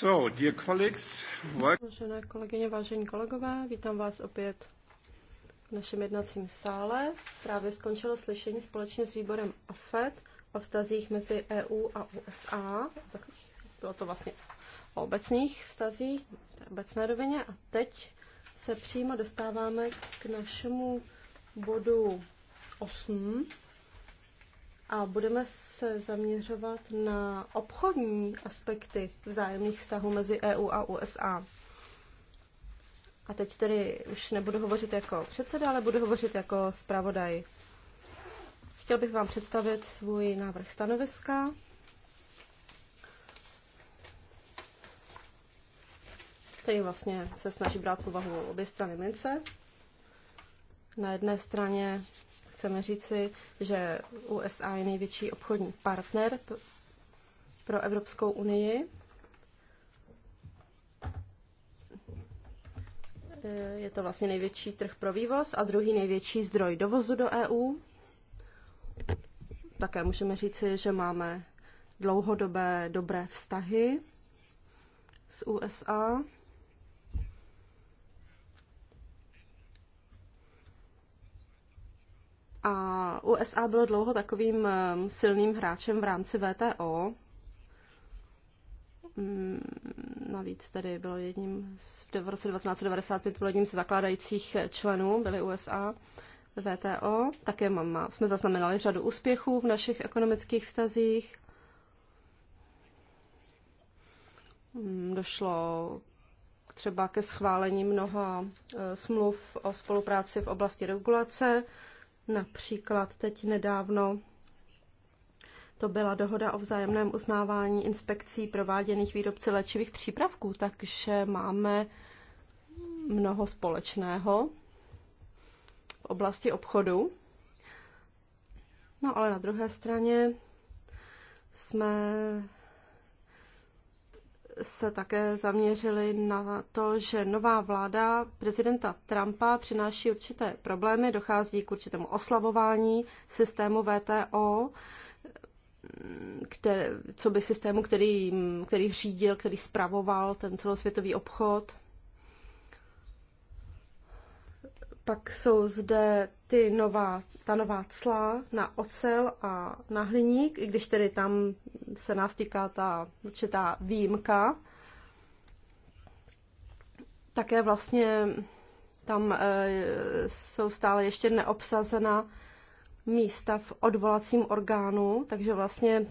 So, dear colleagues, what... Vážené kolegyně, vážení kolegové, vítám vás opět v našem jednacím sále. Právě skončilo slyšení společně s výborem AFED o vztazích mezi EU a USA. Bylo to vlastně o obecných vztazích, obecné rovině. A teď se přímo dostáváme k našemu bodu 8, a budeme se zaměřovat na obchodní aspekty vzájemných vztahů mezi EU a USA. A teď tedy už nebudu hovořit jako předseda, ale budu hovořit jako zpravodaj. Chtěl bych vám představit svůj návrh stanoviska. který vlastně se snaží brát v úvahu obě strany mince. Na jedné straně Chceme říci, že USA je největší obchodní partner pro Evropskou unii. E, je to vlastně největší trh pro vývoz a druhý největší zdroj dovozu do EU. Také můžeme říci, že máme dlouhodobé dobré vztahy s USA. A USA bylo dlouho takovým eh, silným hráčem v rámci VTO. Mm, navíc tedy bylo jedním, z v roce 1995 bylo jedním z zakládajících členů, byly USA ve VTO. Také mama, jsme zaznamenali řadu úspěchů v našich ekonomických vztazích. Mm, došlo třeba ke schválení mnoha eh, smluv o spolupráci v oblasti regulace. Například teď nedávno to byla dohoda o vzájemném uznávání inspekcí prováděných výrobci léčivých přípravků, takže máme mnoho společného v oblasti obchodu. No ale na druhé straně jsme se také zaměřili na to, že nová vláda prezidenta Trumpa přináší určité problémy, dochází k určitému oslabování systému VTO, které, co by systému, který, který řídil, který spravoval ten celosvětový obchod. Pak jsou zde ty nová, ta nová cla na ocel a na hliník, i když tedy tam se nás týká ta určitá výjimka. Také vlastně tam e, jsou stále ještě neobsazena místa v odvolacím orgánu, takže vlastně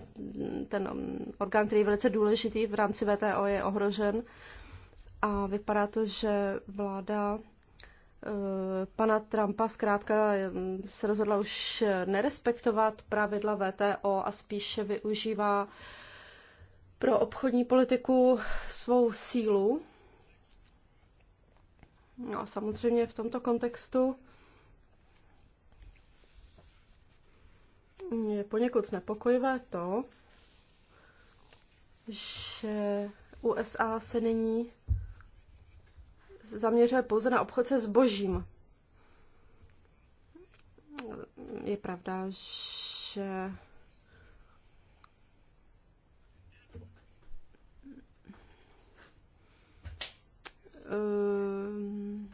ten orgán, který je velice důležitý v rámci VTO, je ohrožen. A vypadá to, že vláda Eh, pana Trumpa zkrátka eh, se rozhodla už eh, nerespektovat pravidla VTO a spíše využívá pro obchodní politiku svou sílu. No a samozřejmě v tomto kontextu je poněkud znepokojivé to, že USA se nyní zaměřuje pouze na obchod se zbožím. Je pravda, že ehm,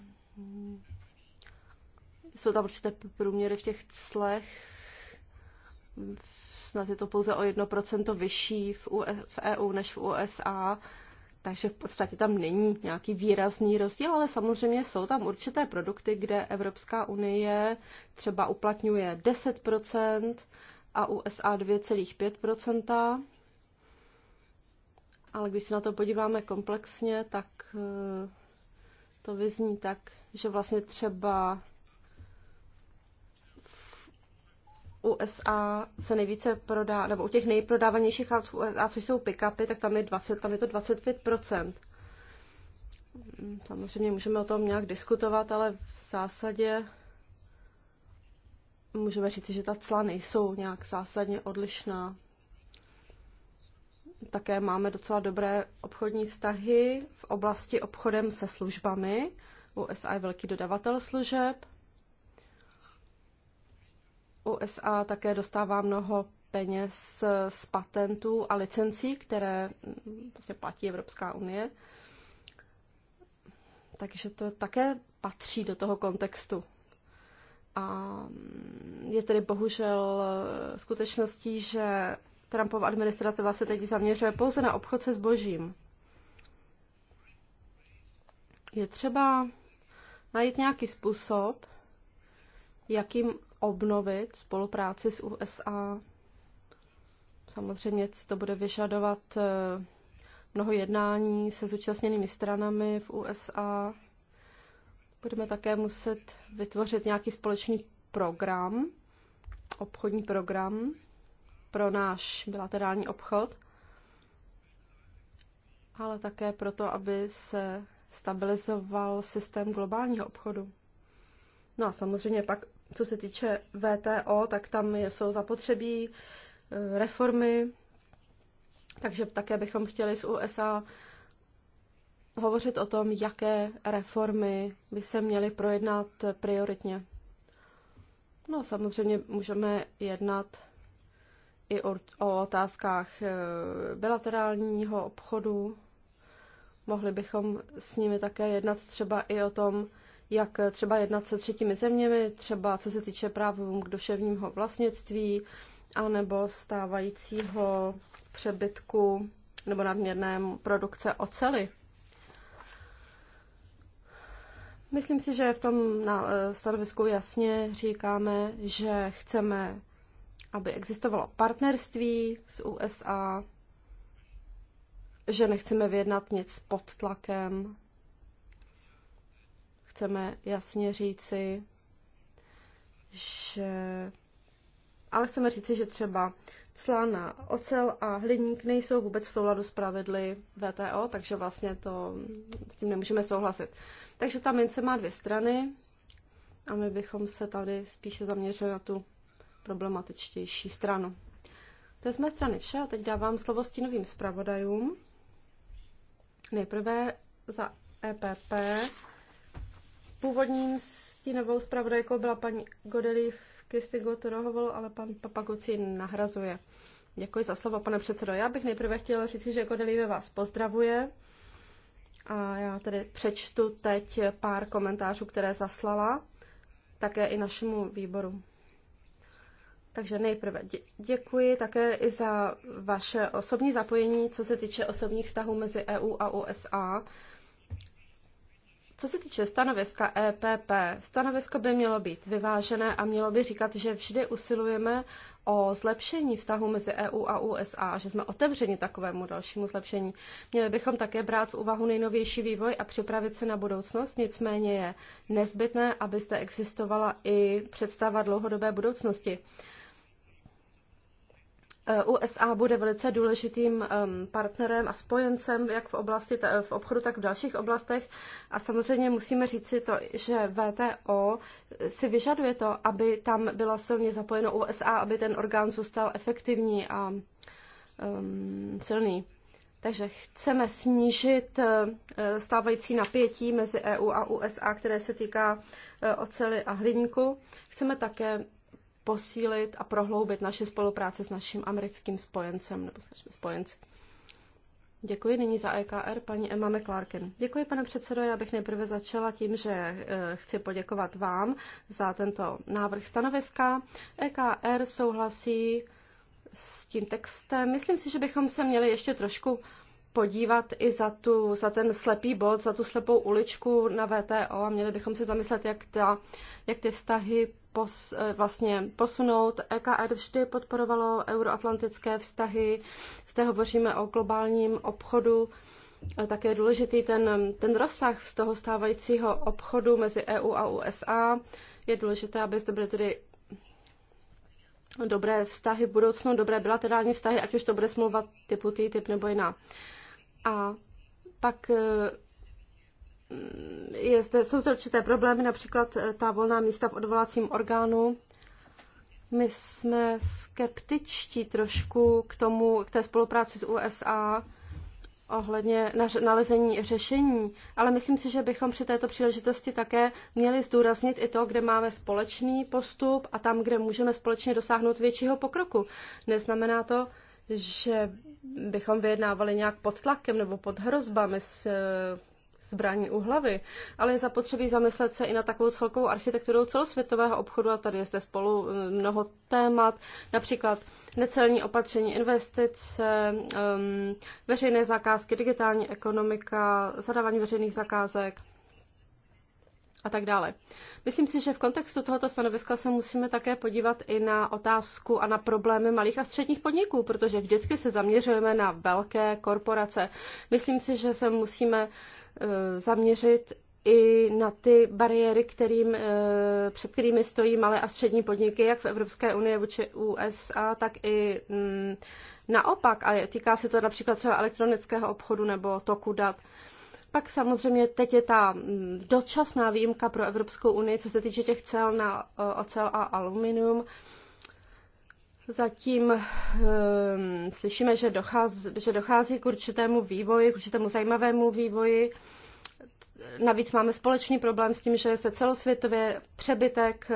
jsou tam určité průměry v těch clech. Snad je to pouze o 1% vyšší v, EU e, e než v USA takže v podstatě tam není nějaký výrazný rozdíl, ale samozřejmě jsou tam určité produkty, kde Evropská unie třeba uplatňuje 10% a USA 2,5%. Ale když se na to podíváme komplexně, tak eh, to vyzní tak, že vlastně třeba USA se nejvíce prodá, nebo u těch nejprodávanějších aut v USA, což jsou pick-upy, tak tam je, 20, tam je to 25%. Samozřejmě můžeme o tom nějak diskutovat, ale v zásadě můžeme říct, že ta cla nejsou nějak zásadně odlišná. Také máme docela dobré obchodní vztahy v oblasti obchodem se službami. USA je velký dodavatel služeb USA také dostává mnoho peněz z patentů a licencí, které mm, vlastně platí Evropská unie. Takže to také patří do toho kontextu. A mm, je tedy bohužel eh, skutečností, že Trumpova administrativa se teď zaměřuje pouze na obchod se zbožím. Je třeba najít nějaký způsob, jakým obnovit spolupráci s USA. Samozřejmě to bude vyžadovat eh, mnoho jednání se zúčastněnými stranami v USA. Budeme také muset vytvořit nějaký společný program, obchodní program pro náš bilaterální obchod, ale také proto, aby se stabilizoval systém globálního obchodu. No a samozřejmě pak co se týče VTO, tak tam jsou zapotřebí e, reformy, takže také bychom chtěli z USA hovořit o tom, jaké reformy by se měly projednat prioritně. No samozřejmě můžeme jednat i o, o otázkách e, bilaterálního obchodu. Mohli bychom s nimi také jednat třeba i o tom, jak třeba jednat se třetími zeměmi, třeba co se týče práv k duševního vlastnictví, anebo stávajícího přebytku nebo nadměrné produkce ocely. Myslím si, že v tom na eh, stanovisku jasně říkáme, že chceme, aby existovalo partnerství s USA, že nechceme vyjednat nic pod tlakem, Chceme jasně říci, že... Ale chceme říci, že třeba cla na ocel a hliník nejsou vůbec v souladu s pravidly VTO, takže vlastně to s tím nemůžeme souhlasit. Takže ta mince má dvě strany a my bychom se tady spíše zaměřili na tu problematičtější stranu. To je z mé strany vše a teď dávám slovo stínovým zpravodajům. Nejprve za EPP Původním stínovou zpravodajkou byla paní Godely v Kistigo Torohovol, ale pan Papagoci nahrazuje. Děkuji za slovo, pane předsedo. Já bych nejprve chtěla říct, že Godelive vás pozdravuje. A já tedy přečtu teď pár komentářů, které zaslala, také i našemu výboru. Takže nejprve děkuji také i za vaše osobní zapojení, co se týče osobních vztahů mezi EU a USA. Co se týče stanoviska EPP, stanovisko by mělo být vyvážené a mělo by říkat, že vždy usilujeme o zlepšení vztahu mezi EU a USA, že jsme otevřeni takovému dalšímu zlepšení. Měli bychom také brát v úvahu nejnovější vývoj a připravit se na budoucnost, nicméně je nezbytné, aby zde existovala i představa dlouhodobé budoucnosti. Eh, USA bude velice důležitým ehm, partnerem a spojencem jak v oblasti v obchodu, tak v dalších oblastech. A samozřejmě musíme říci to, že VTO si vyžaduje to, aby tam byla silně zapojeno USA, aby ten orgán zůstal efektivní a um, silný. Takže chceme snížit eh, stávající napětí mezi EU a USA, které se týká eh, oceli a hliníku. Chceme také posílit a prohloubit naše spolupráce s naším americkým spojencem nebo s našimi spojenci. Děkuji nyní za EKR paní Emma McClarkin. Děkuji, pane předsedo. Já bych nejprve začala tím, že eh, chci poděkovat vám za tento návrh stanoviska. EKR souhlasí s tím textem. Myslím si, že bychom se měli ještě trošku podívat i za, tu, za ten slepý bod, za tu slepou uličku na VTO a měli bychom se zamyslet, jak, ta, jak ty vztahy pos, eh, vlastně posunout. EKR vždy podporovalo euroatlantické vztahy, zde hovoříme o globálním obchodu, eh, také je důležitý ten, ten rozsah z toho stávajícího obchodu mezi EU a USA. Je důležité, aby zde byly tedy dobré vztahy v budoucnu, dobré bilaterální vztahy, ať už to bude smlouva typu TTIP nebo jiná. A pak eh, mm, je zde, jsou zde určité problémy, například eh, ta volná místa v odvolacím orgánu. My jsme skeptičtí trošku k tomu, k té spolupráci s USA ohledně nalezení řešení, ale myslím si, že bychom při této příležitosti také měli zdůraznit i to, kde máme společný postup a tam, kde můžeme společně dosáhnout většího pokroku. Neznamená to, že bychom vyjednávali nějak pod tlakem nebo pod hrozbami s eh, zbraní u hlavy, ale je zapotřebí zamyslet se i na takovou celkovou architekturu celosvětového obchodu a tady je zde spolu eh, mnoho témat, například necelní opatření, investice, ehm, veřejné zakázky, digitální ekonomika, zadávání veřejných zakázek a tak dále. Myslím si, že v kontextu tohoto stanoviska se musíme také podívat i na otázku a na problémy malých a středních podniků, protože vždycky se zaměřujeme na velké korporace. Myslím si, že se musíme e, zaměřit i na ty bariéry, kterým, e, před kterými stojí malé a střední podniky, jak v Evropské unii vůči USA, tak i mm, naopak. A týká se to například třeba elektronického obchodu nebo toku dat. Pak samozřejmě teď je ta mm, dočasná výjimka pro Evropskou unii, co se týče těch cel na ocel a aluminium. Zatím um, slyšíme, že, docház, že dochází k určitému vývoji, k určitému zajímavému vývoji. Navíc máme společný problém s tím, že se celosvětově přebytek eh,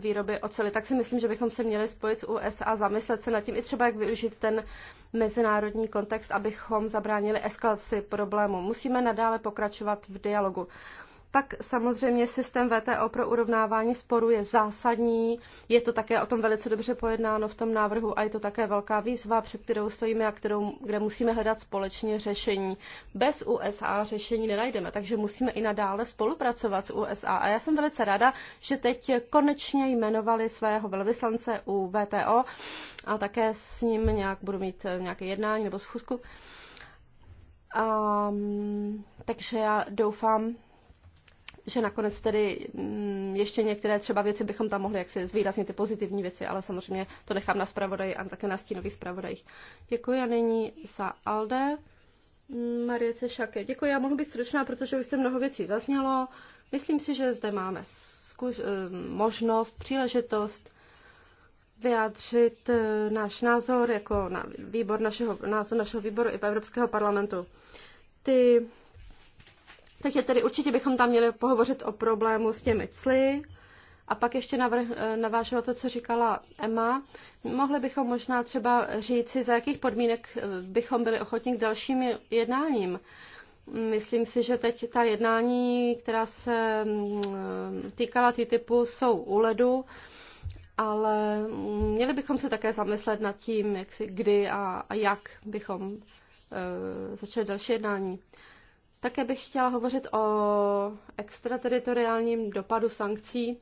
výroby oceli. Tak si myslím, že bychom se měli spojit s USA, zamyslet se nad tím i třeba, jak využít ten mezinárodní kontext, abychom zabránili eskalaci problému. Musíme nadále pokračovat v dialogu. Tak samozřejmě systém VTO pro urovnávání sporů je zásadní. Je to také o tom velice dobře pojednáno v tom návrhu a je to také velká výzva, před kterou stojíme a kterou, kde musíme hledat společně řešení. Bez USA řešení nenajdeme, takže musíme i nadále spolupracovat s USA. A já jsem velice ráda, že teď konečně jmenovali svého velvyslance u VTO a také s ním nějak budu mít nějaké jednání nebo schůzku. Um, takže já doufám, že nakonec tedy mm, ještě některé třeba věci bychom tam mohli jaksi zvýraznit ty pozitivní věci, ale samozřejmě to nechám na zpravodaji a také na stínových zpravodajích. Děkuji a nyní za Alde. Mm, Marie Cešake, děkuji. Já mohu být stručná, protože už jste mnoho věcí zaznělo. Myslím si, že zde máme zkuš- eh, možnost, příležitost vyjádřit eh, náš názor jako na výbor našeho, názor našeho výboru i Evropského parlamentu. Ty takže tedy určitě bychom tam měli pohovořit o problému s těmi cly. A pak ještě navr- eh, navážu na to, co říkala Emma. Mohli bychom možná třeba říci, za jakých podmínek eh, bychom byli ochotni k dalším jednáním. Myslím si, že teď ta jednání, která se mm, eh, týkala TTIPu, jsou u ledu, ale mm, měli bychom se také zamyslet nad tím, jak si, kdy a, a jak bychom e, začali další jednání. Také bych chtěla hovořit o extrateritoriálním dopadu sankcí.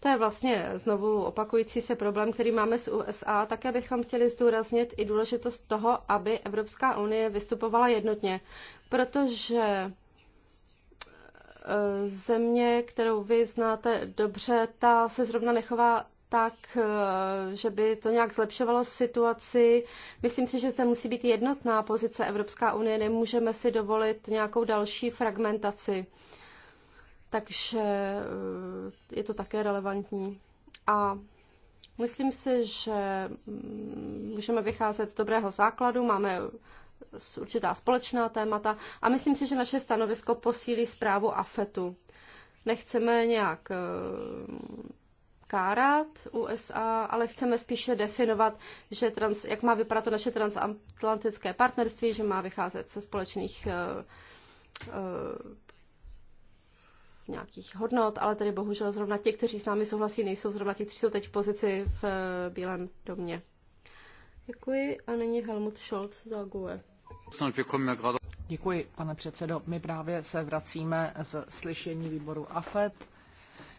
To je vlastně znovu opakující se problém, který máme s USA. Také bychom chtěli zdůraznit i důležitost toho, aby Evropská unie vystupovala jednotně, protože eh, země, kterou vy znáte dobře, ta se zrovna nechová tak, eh, že by to nějak zlepšovalo situaci. Myslím si, že zde musí být jednotná pozice Evropská unie, nemůžeme si dovolit nějakou další fragmentaci. Takže eh, je to také relevantní. A myslím si, že mm, můžeme vycházet z dobrého základu, máme eh, určitá společná témata a myslím si, že naše stanovisko posílí zprávu AFETu. Nechceme nějak kárat USA, ale chceme spíše definovat, že trans, jak má vypadat to naše transatlantické partnerství, že má vycházet ze společných uh, uh, nějakých hodnot, ale tady bohužel zrovna ti, kteří s námi souhlasí, nejsou zrovna ti, kteří jsou teď v pozici v eh, Bílém domě. Děkuji a nyní Helmut Scholz za GUE. Děkuji, pane předsedo. My právě se vracíme z slyšení výboru AFET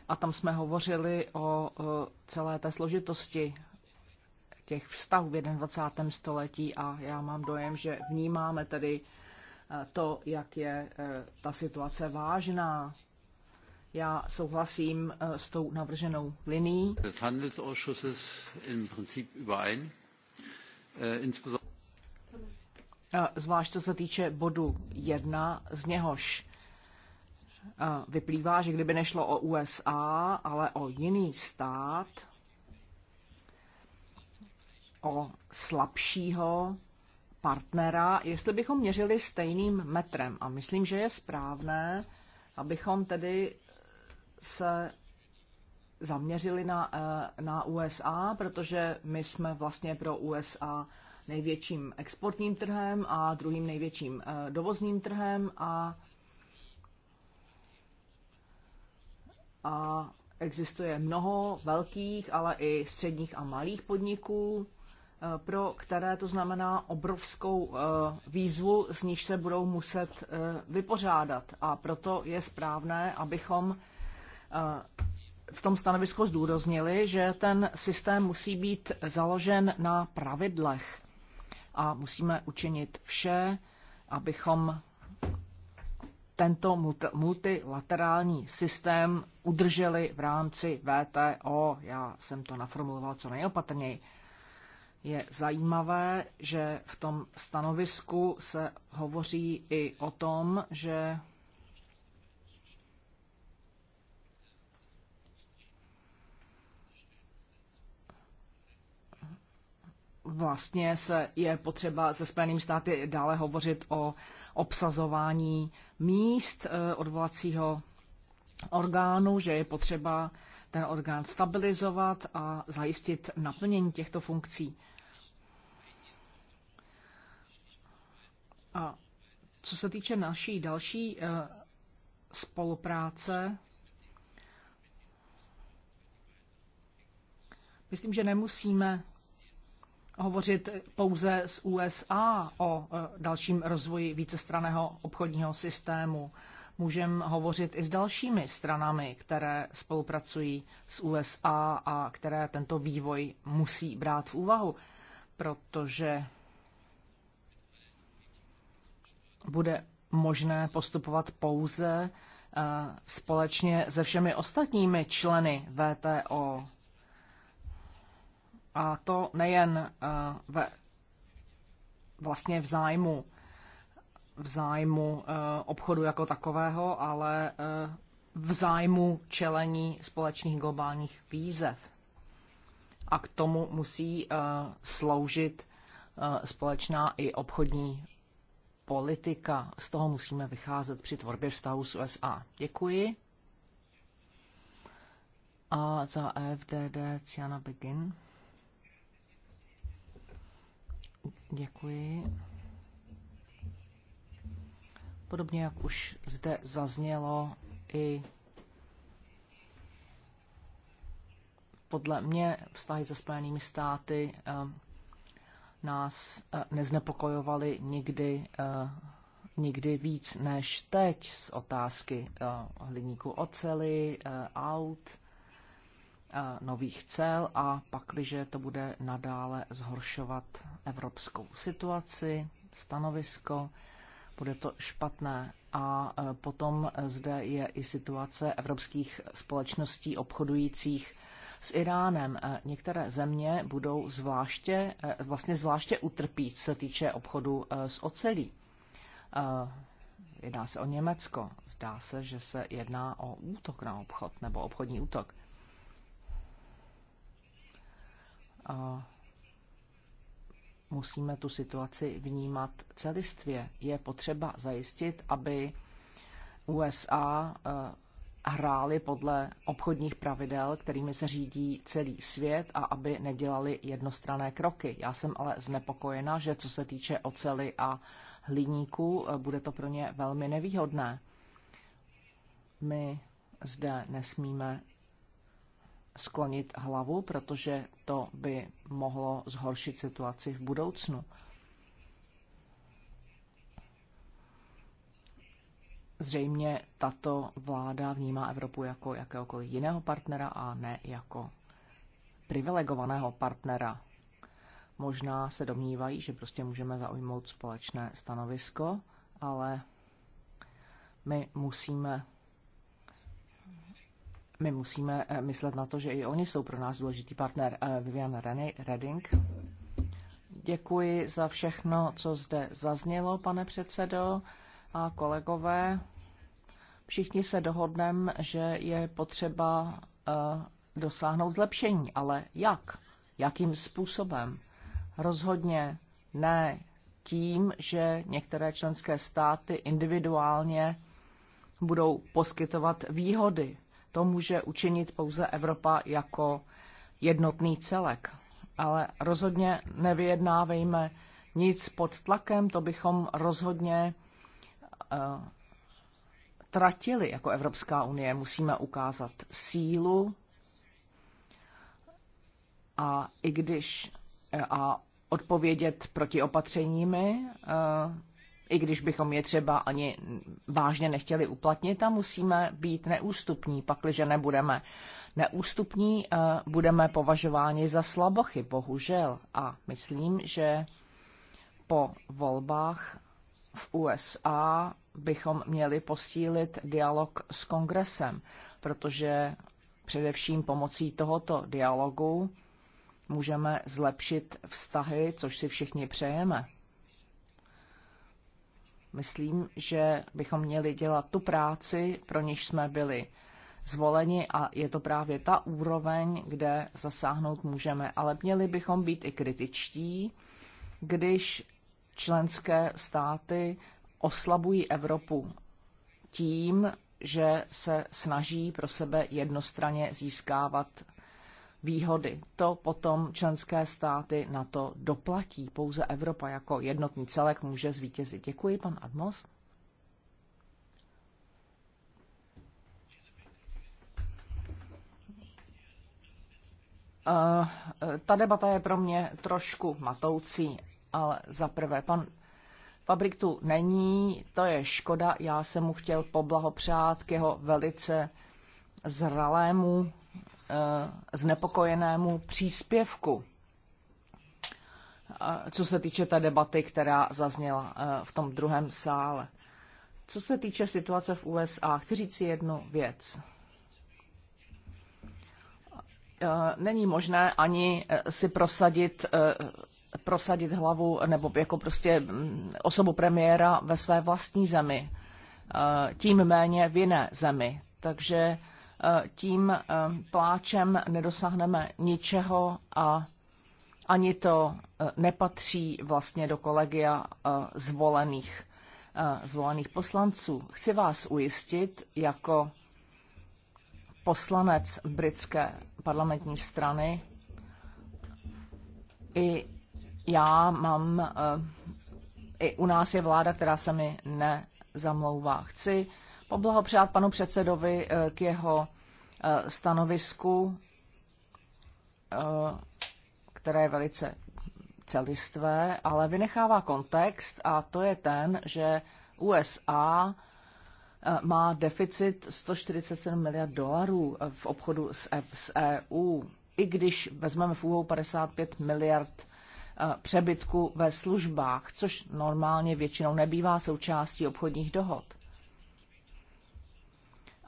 a tam jsme hovořili o celé té složitosti těch vztahů v 21. století a já mám dojem, že vnímáme tedy e, to, jak je e, ta situace vážná. Já souhlasím e, s tou navrženou linií. Des Handelsausschusses im Prinzip überein. Zvlášť co se týče bodu 1, z něhož Eh, vyplývá, že kdyby nešlo o USA, ale o jiný stát, o slabšího partnera, jestli bychom měřili stejným metrem. A myslím, že je správné, abychom tedy se zaměřili na, eh, na USA, protože my jsme vlastně pro USA největším exportním trhem a druhým největším eh, dovozním trhem a a existuje mnoho velkých, ale i středních a malých podniků, eh, pro které to znamená obrovskou eh, výzvu, s níž se budou muset eh, vypořádat. A proto je správné, abychom v tom stanovisku zdůraznili, že ten systém musí být založen na pravidlech a musíme učinit vše, abychom tento multilaterální systém udrželi v rámci VTO. Já jsem to naformuloval co nejopatrněji. Je zajímavé, že v tom stanovisku se hovoří i o tom, že vlastně se je potřeba se Spojenými státy dále hovořit o obsazování míst eh, odvolacího orgánu, že je potřeba ten orgán stabilizovat a zajistit naplnění těchto funkcí. A co se týče naší další eh, spolupráce, myslím, že nemusíme hovořit pouze s USA o e, dalším rozvoji vícestraného obchodního systému. Můžeme hovořit i s dalšími stranami, které spolupracují s USA a které tento vývoj musí brát v úvahu, protože bude možné postupovat pouze e, společně se všemi ostatními členy VTO. A to nejen eh, ve, vlastně v zájmu, v zájmu eh, obchodu jako takového, ale eh, v zájmu čelení společných globálních výzev. A k tomu musí sloužit společná i obchodní politika. Z toho musíme vycházet při tvorbě vztahu s USA. Děkuji. A za e FDD Ciana Begin. Děkuji. Podobně jak už zde zaznělo, i podle mě vztahy se Spojenými státy eh, nás eh, neznepokojovaly nikdy, eh, nikdy víc než teď z otázky hliníku oceli, aut nových cel a pakliže to bude nadále zhoršovat evropskou situaci, stanovisko, bude to špatné. A e, potom zde je i situace evropských společností obchodujících s Iránem. E, některé země budou zvláště, e, vlastně zvláště utrpí, co se týče obchodu s ocelí. Jedná se o Německo. Zdá se, že se jedná o útok na obchod nebo obchodní útok. A musíme tu situaci vnímat celistvě. Je potřeba zajistit, aby USA eh, hráli podle obchodních pravidel, kterými se řídí celý svět a aby nedělali jednostrané kroky. Já jsem ale znepokojena, že co se týče ocely a hliníku, eh, bude to pro ně velmi nevýhodné. My zde nesmíme sklonit hlavu, protože to by mohlo zhoršit situaci v budoucnu. Zřejmě tato vláda vnímá Evropu jako jakéhokoliv jiného partnera a ne jako privilegovaného partnera. Možná se domnívají, že prostě můžeme zaujmout společné stanovisko, ale my musíme my musíme eh, myslet na to, že i oni jsou pro nás důležitý partner. Eh, Vivian Redding. Děkuji za všechno, co zde zaznělo, pane předsedo a kolegové. Všichni se dohodneme, že je potřeba eh, dosáhnout zlepšení, ale jak? Jakým způsobem? Rozhodně ne tím, že některé členské státy individuálně budou poskytovat výhody to může učinit pouze Evropa jako jednotný celek. Ale rozhodně nevyjednávejme nic pod tlakem, to bychom rozhodně uh, tratili jako Evropská unie. Musíme ukázat sílu a i když eh, a odpovědět proti opatřeními, uh, i když bychom je třeba ani vážně nechtěli uplatnit a musíme být neústupní, pakliže nebudeme neústupní, eh, budeme považováni za slabochy, bohužel. A myslím, že po volbách v USA bychom měli posílit dialog s kongresem, protože především pomocí tohoto dialogu můžeme zlepšit vztahy, což si všichni přejeme. Myslím, že bychom měli dělat tu práci, pro niž jsme byli zvoleni a je to právě ta úroveň, kde zasáhnout můžeme. Ale měli bychom být i kritičtí, když členské státy oslabují Evropu tím, že se snaží pro sebe jednostranně získávat výhody. To potom členské státy na to doplatí. Pouze Evropa jako jednotný celek může zvítězit. Děkuji, pan Admos. Eh, ta debata je pro mě trošku matoucí, ale za prvé, pan Fabrik tu není, to je škoda, já jsem mu chtěl poblahopřát k jeho velice zralému Eh, znepokojenému příspěvku, eh, co se týče té debaty, která zazněla eh, v tom druhém sále. Co se týče situace v USA, chci říct si jednu věc. Není možné ani si prosadit, prosadit hlavu nebo jako prostě mm, osobu premiéra ve své vlastní zemi, tím méně v jiné zemi. Takže Eh, tím eh, pláčem nedosáhneme ničeho a ani to eh, nepatří vlastně do kolegia zvolených, zvolených poslanců. Chci vás ujistit jako poslanec britské parlamentní strany. I já mám, i u nás je vláda, která se mi nezamlouvá. Chci poblahopřát panu předsedovi eh, k jeho eh, stanovisku, eh, které je velice celistvé, ale vynechává kontext a to je ten, že USA má deficit 147 miliard dolarů v obchodu s EU, e i když vezmeme v úvahu 55 miliard přebytku ve službách, což normálně většinou nebývá součástí obchodních dohod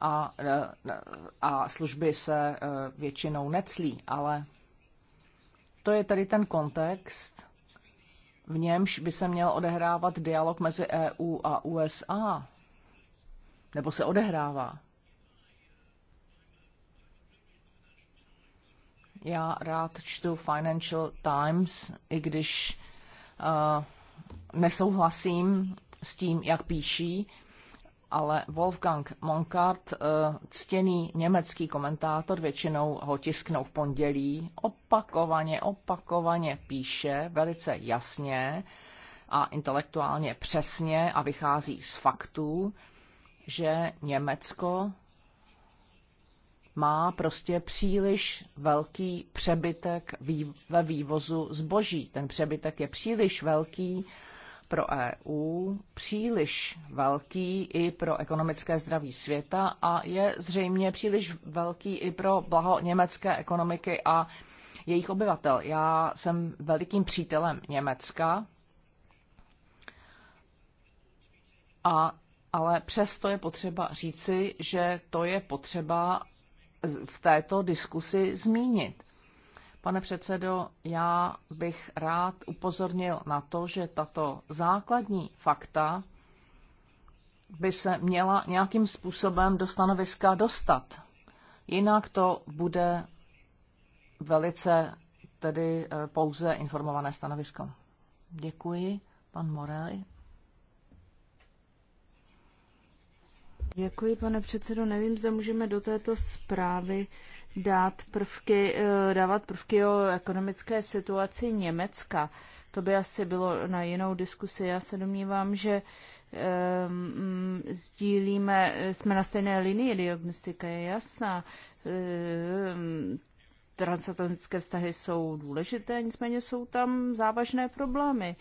a, e, a služby se e, většinou neclí, ale to je tedy ten kontext, v němž by se měl odehrávat dialog mezi EU a USA. Nebo se odehrává. Já rád čtu Financial Times, i když uh, nesouhlasím s tím, jak píší, ale Wolfgang Monkart, eh, ctěný německý komentátor, většinou ho tisknou v pondělí, opakovaně, opakovaně píše, velice jasně a intelektuálně přesně a vychází z faktů, že Německo má prostě příliš velký přebytek ve vývozu zboží. Ten přebytek je příliš velký pro EU, příliš velký i pro ekonomické zdraví světa a je zřejmě příliš velký i pro blaho německé ekonomiky a jejich obyvatel. Já jsem velikým přítelem Německa, a, ale přesto je potřeba říci, že to je potřeba v této diskusi zmínit. Pane předsedo, já bych rád upozornil na to, že tato základní fakta by se měla nějakým způsobem do stanoviska dostat. Jinak to bude velice tedy eh, pouze informované stanovisko. Děkuji, pan Morelli. Děkuji, pane předsedo. Nevím, zda můžeme do této zprávy dát prvky, eh, dávat prvky o ekonomické situaci Německa. To by asi bylo na jinou diskusi. Já se domnívám, že um, sdílíme, jsme na stejné linii, diagnostika je jasná. Um, transatlantické vztahy jsou důležité, nicméně jsou tam závažné problémy.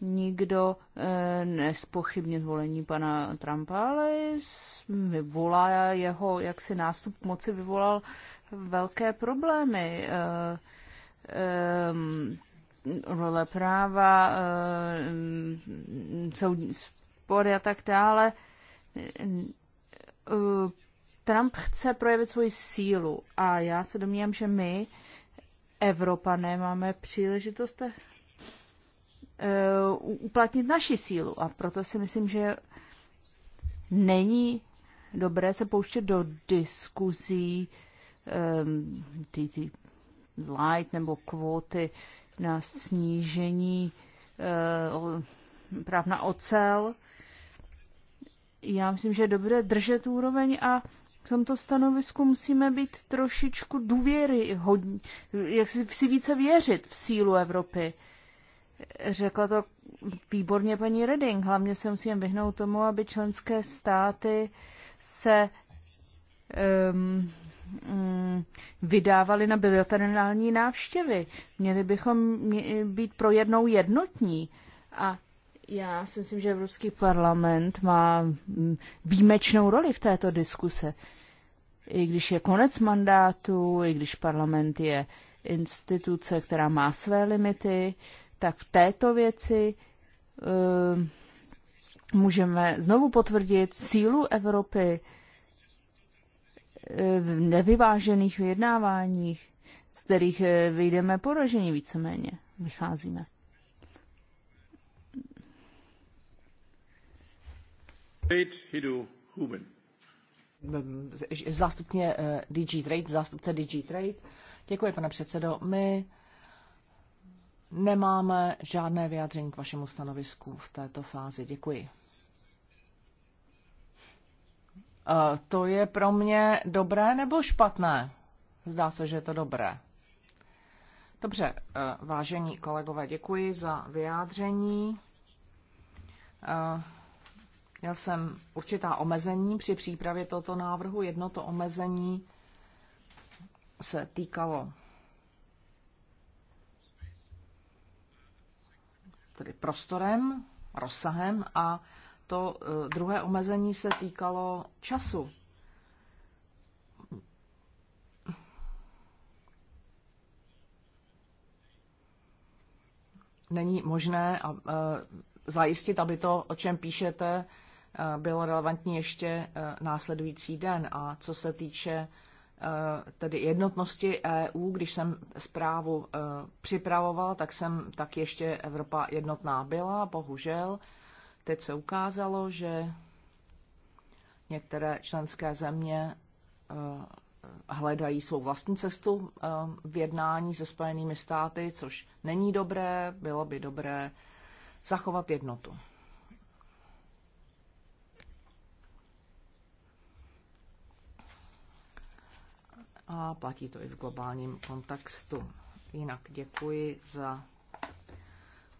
Nikdo e, nespochybně zvolení pana Trumpa, ale vyvolá jeho, jak si nástup k moci vyvolal velké problémy. Eh, eh, role práva, eh, soudní spory a tak dále. Trump chce projevit svoji sílu a já se domnívám, že my, Evropané, máme příležitost uplatnit naši sílu a proto si myslím, že není dobré se pouštět do diskuzí Ehm, ty, ty light nebo kvóty na snížení eh, práv na ocel. Já myslím, že je dobré držet úroveň a v tomto stanovisku musíme být trošičku důvěry, hodně, jak si, si více věřit v sílu Evropy. Řekla to výborně paní Reding. Hlavně se musíme vyhnout tomu, aby členské státy se um, Mm, vydávali na bilaterální návštěvy. Měli bychom být pro jednou jednotní. A já si myslím, že Evropský parlament má mm, výjimečnou roli v této diskuse. I když je konec mandátu, i když parlament je instituce, která má své limity, tak v této věci uh, můžeme znovu potvrdit sílu Evropy, E, v nevyvážených vyjednáváních, z kterých e, vyjdeme poražení víceméně, vycházíme. Zástupně e, DG Trade, zástupce DG Trade. Děkuji, pane předsedo. My nemáme žádné vyjádření k vašemu stanovisku v této fázi. Děkuji to je pro mě dobré nebo špatné? Zdá se, že je to dobré. Dobře, e, vážení kolegové, děkuji za vyjádření. E, měl jsem určitá omezení při přípravě tohoto návrhu. Jedno to omezení se týkalo tedy prostorem, rozsahem a to eh, druhé omezení se týkalo času. Není možné eh, zajistit, aby to, o čem píšete, eh, bylo relevantní ještě následující den. A co se týče tedy jednotnosti EU, když jsem zprávu připravoval, tak jsem tak ještě Evropa jednotná byla, bohužel. Teď se ukázalo, že některé členské země eh, hledají svou vlastní cestu eh, v jednání se Spojenými státy, což není dobré, bylo by dobré zachovat jednotu. A platí to i v globálním kontextu. Jinak děkuji za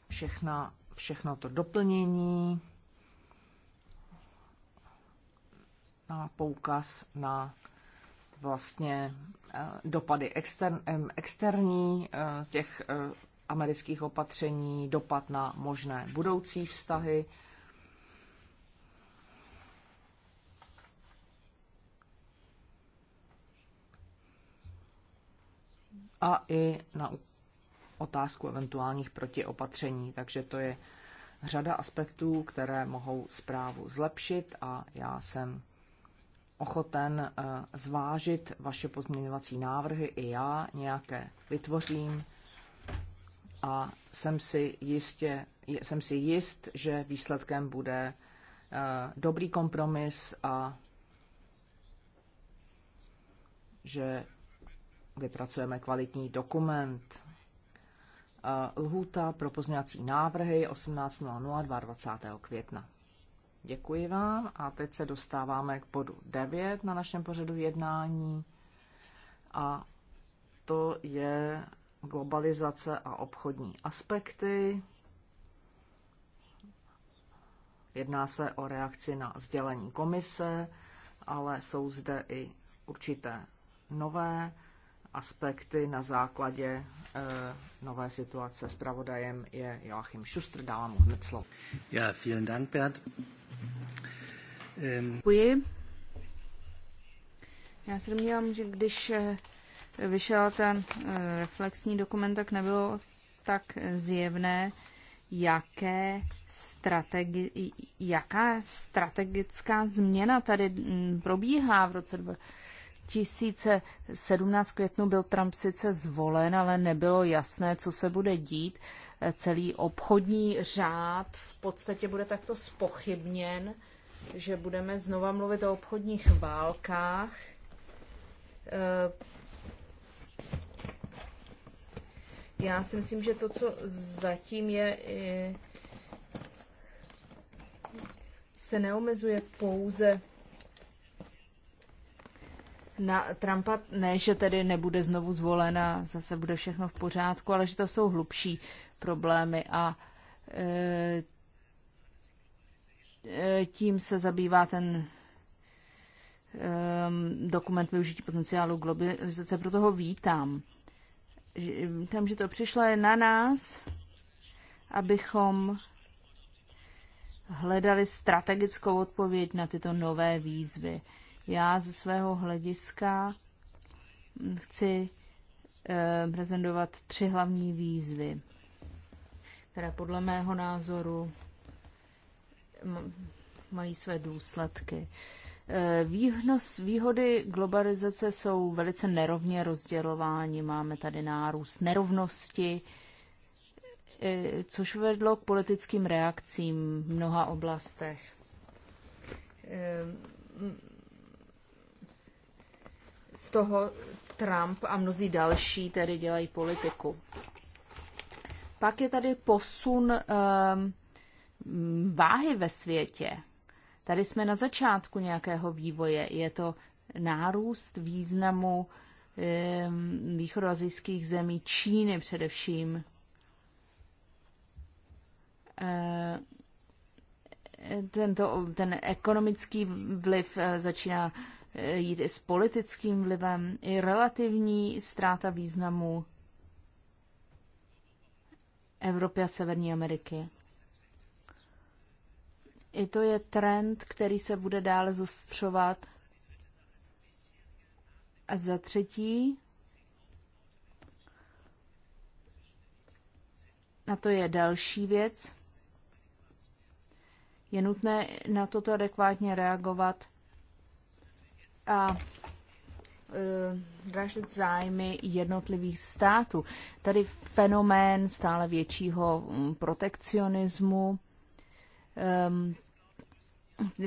všechna všechno to doplnění a poukaz na vlastně eh, dopady extern, externí eh, z těch eh, amerických opatření, dopad na možné budoucí vztahy. A i na otázku eventuálních protiopatření. Takže to je řada aspektů, které mohou zprávu zlepšit a já jsem ochoten eh, zvážit vaše pozměňovací návrhy i já nějaké vytvořím a jsem si, jistě, jsem si jist, že výsledkem bude eh, dobrý kompromis a že vypracujeme kvalitní dokument. Eh, lhůta pro pozměňovací návrhy 18.00 22. května. Děkuji vám a teď se dostáváme k bodu 9 na našem pořadu jednání a to je globalizace a obchodní aspekty. Jedná se o reakci na sdělení komise, ale jsou zde i určité nové aspekty na základě eh, nové situace. pravodajem je Joachim Šustr, dávám mu hned slovo. Ja, vielen Dank, Bert. Ähm, Děkuji. Já se domnívám, že když eh, vyšel ten eh, reflexní dokument, tak nebylo tak zjevné, jaké strategi- jaká strategická změna tady mm, probíhá v roce 2020 2017 květnu byl Trump sice zvolen, ale nebylo jasné, co se bude dít. Eh, celý obchodní řád v podstatě bude takto spochybněn, že budeme znova mluvit o obchodních válkách. Eh, já si myslím, že to, co zatím je, eh, se neomezuje pouze na Trumpa, ne, že tedy nebude znovu zvolena, zase bude všechno v pořádku, ale že to jsou hlubší problémy a e, e tím se zabývá ten um, dokument využití potenciálu globalizace, proto ho vítám. Tam, že to přišlo, je na nás, abychom hledali strategickou odpověď na tyto nové výzvy. Já ze svého hlediska chci eh, prezentovat tři hlavní výzvy, které podle mého názoru mají své důsledky. Eh, výhnos, výhody globalizace jsou velice nerovně rozdělování. Máme tady nárůst nerovnosti, eh, což vedlo k politickým reakcím v mnoha oblastech z toho Trump a mnozí další tedy dělají politiku. Pak je tady posun um, váhy ve světě. Tady jsme na začátku nějakého vývoje. Je to nárůst významu um, východoazijských zemí, Číny především. Ehm, tento, ten ekonomický vliv eh, začíná jít i s politickým vlivem, i relativní ztráta významu Evropy a Severní Ameriky. I to je trend, který se bude dále zostřovat. A za třetí, a to je další věc, je nutné na toto adekvátně reagovat a e, dražit zájmy jednotlivých států. Tady fenomén stále většího mm, protekcionismu,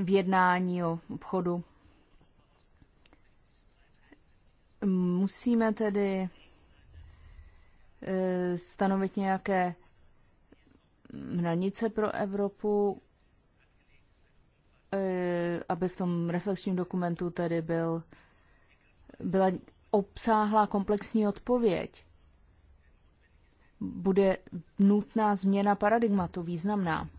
v jednání o obchodu. Musíme tedy e, stanovit nějaké hranice pro Evropu, Eh, aby v tom reflexním dokumentu tedy byl, byla obsáhlá komplexní odpověď. Bude nutná změna paradigmatu, významná.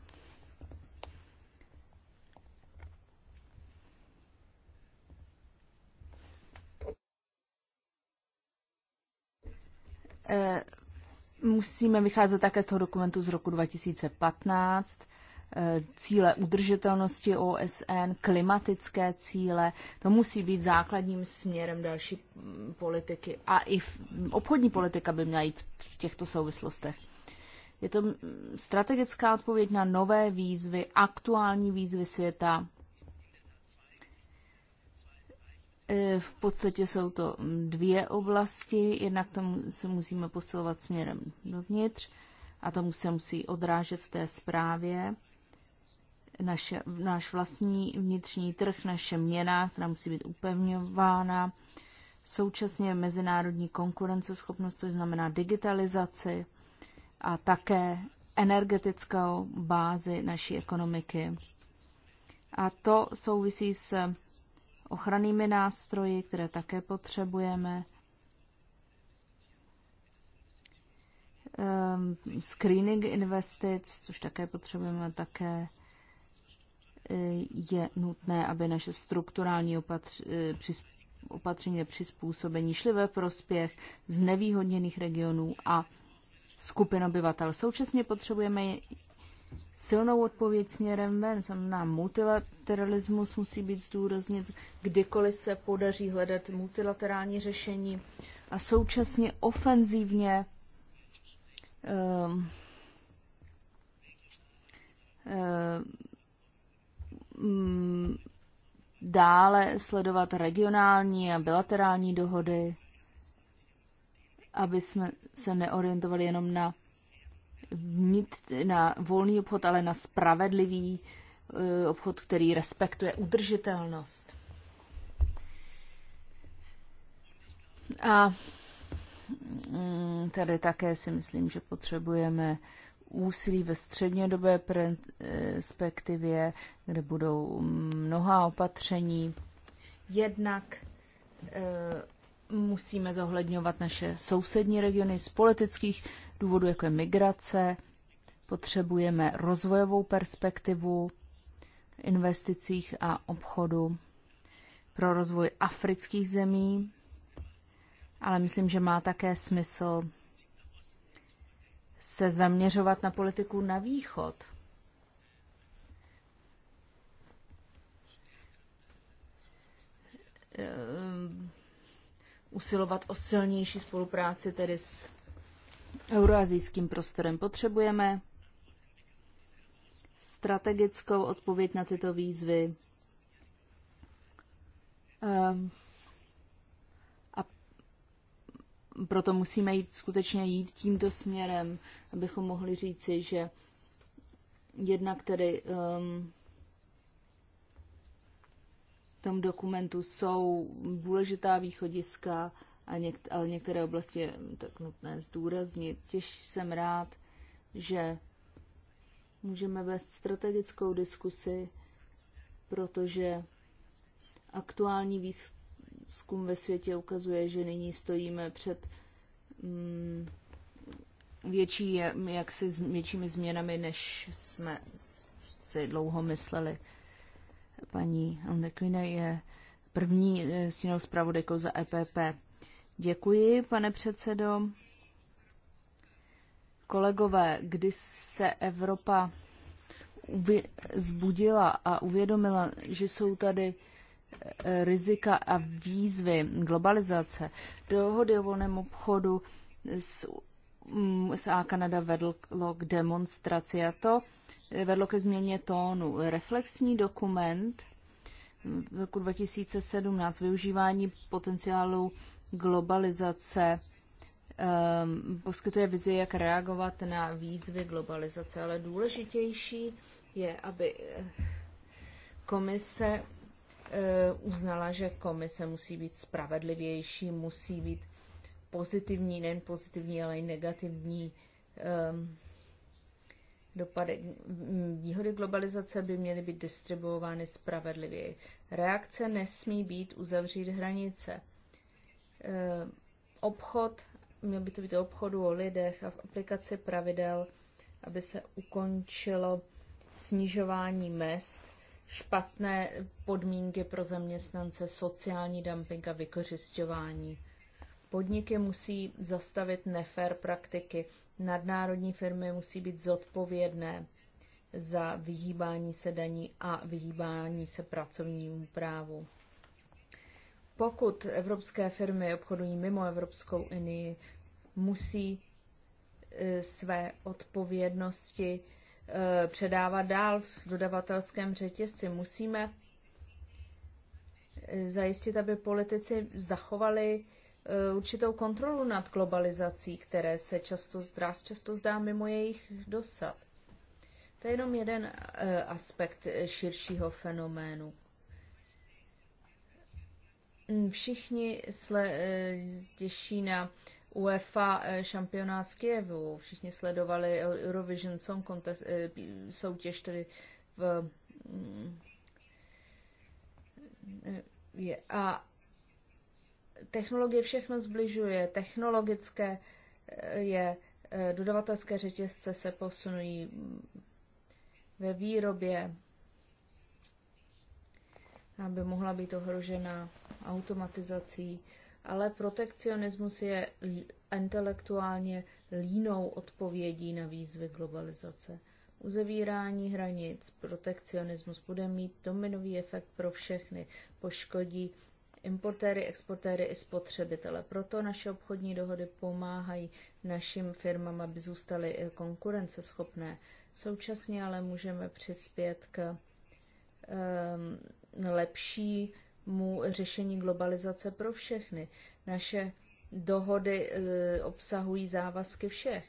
Eh, musíme vycházet také z toho dokumentu z roku 2015, Eh, cíle udržitelnosti OSN, klimatické cíle. To musí být základním směrem další mm, politiky. A i obchodní politika by měla jít v těchto souvislostech. Je to mm, strategická odpověď na nové výzvy, aktuální výzvy světa. Eh, v podstatě jsou to mm, dvě oblasti. Jednak tomu se musíme posilovat směrem dovnitř a tomu se musí odrážet v té zprávě naše, náš vlastní vnitřní trh, naše měna, která musí být upevňována, současně mezinárodní konkurenceschopnost, což znamená digitalizaci a také energetickou bázi naší ekonomiky. A to souvisí s ochrannými nástroji, které také potřebujeme, ehm, screening investic, což také potřebujeme také je nutné, aby naše strukturální opatř, eh, opatření přizpůsobení šly ve prospěch znevýhodněných regionů a skupin obyvatel. Současně potřebujeme silnou odpověď směrem ven. Znamená, multilateralismus musí být zdůraznit, kdykoliv se podaří hledat multilaterální řešení a současně ofenzivně. um, um Mm, dále sledovat regionální a bilaterální dohody, aby jsme se neorientovali jenom na, vnit, na volný obchod, ale na spravedlivý eh, obchod, který respektuje udržitelnost. A mm, tady také si myslím, že potřebujeme úsilí ve střednědobé perspektivě, kde budou mnoha opatření. Jednak eh, musíme zohledňovat naše sousední regiony z politických důvodů, jako je migrace, potřebujeme rozvojovou perspektivu investicích a obchodu pro rozvoj afrických zemí, ale myslím, že má také smysl se zaměřovat na politiku na východ. Ehm, usilovat o silnější spolupráci tedy s euroazijským prostorem potřebujeme strategickou odpověď na tyto výzvy. Um proto musíme jít skutečně jít tímto směrem, abychom mohli říci, že jednak tedy um, v tom dokumentu jsou důležitá východiska, a něk- ale některé oblasti je tak nutné zdůraznit. Těž jsem rád, že můžeme vést strategickou diskusi, protože aktuální výs- výzkum ve světě ukazuje, že nyní stojíme před mm, větší, jaksi, většími změnami, než jsme si dlouho mysleli. Paní Andekvine je první eh, stínou zpravodajkou za EPP. Děkuji, pane předsedo. Kolegové, když se Evropa zbudila a uvědomila, že jsou tady rizika a výzvy globalizace, dohody o volném obchodu s USA mm, Kanada vedlo k demonstraci a to vedlo ke změně tónu. Reflexní dokument v roku 2017 využívání potenciálu globalizace um, poskytuje vizi, jak reagovat na výzvy globalizace, ale důležitější je, aby eh, komise Eh, uznala, že komise musí být spravedlivější, musí být pozitivní, nejen pozitivní, ale i negativní ehm, dopady, mm, výhody globalizace by měly být distribuovány spravedlivěji. Reakce nesmí být uzavřít hranice. Eh, obchod, měl by to být obchodu o lidech a v aplikaci pravidel, aby se ukončilo snižování mest špatné podmínky pro zaměstnance, sociální dumping a vykořišťování. Podniky musí zastavit nefér praktiky. Nadnárodní firmy musí být zodpovědné za vyhýbání se daní a vyhýbání se pracovnímu právu. Pokud evropské firmy obchodují mimo Evropskou unii, musí e, své odpovědnosti Eh, předávat dál v dodavatelském řetězci. Musíme eh, zajistit, aby politici zachovali eh, určitou kontrolu nad globalizací, které se často, nás často zdá mimo jejich dosah. To je jenom jeden aspekt širšího fenoménu. Hm, všichni se těší na UEFA eh, šampionát v Kijevu. Všichni sledovali Eurovision Song Contest, eh, soutěž tedy v mm, a technologie všechno zbližuje, technologické eh, je, dodavatelské řetězce se posunují mm, ve výrobě, aby mohla být ohrožena automatizací ale protekcionismus je intelektuálně línou odpovědí na výzvy globalizace. Uzavírání hranic, protekcionismus bude mít dominový efekt pro všechny, poškodí importéry, exportéry i spotřebitele. Proto naše obchodní dohody pomáhají našim firmám, aby zůstaly konkurenceschopné. Současně ale můžeme přispět k um, lepší mu řešení globalizace pro všechny. Naše dohody e, obsahují závazky všech,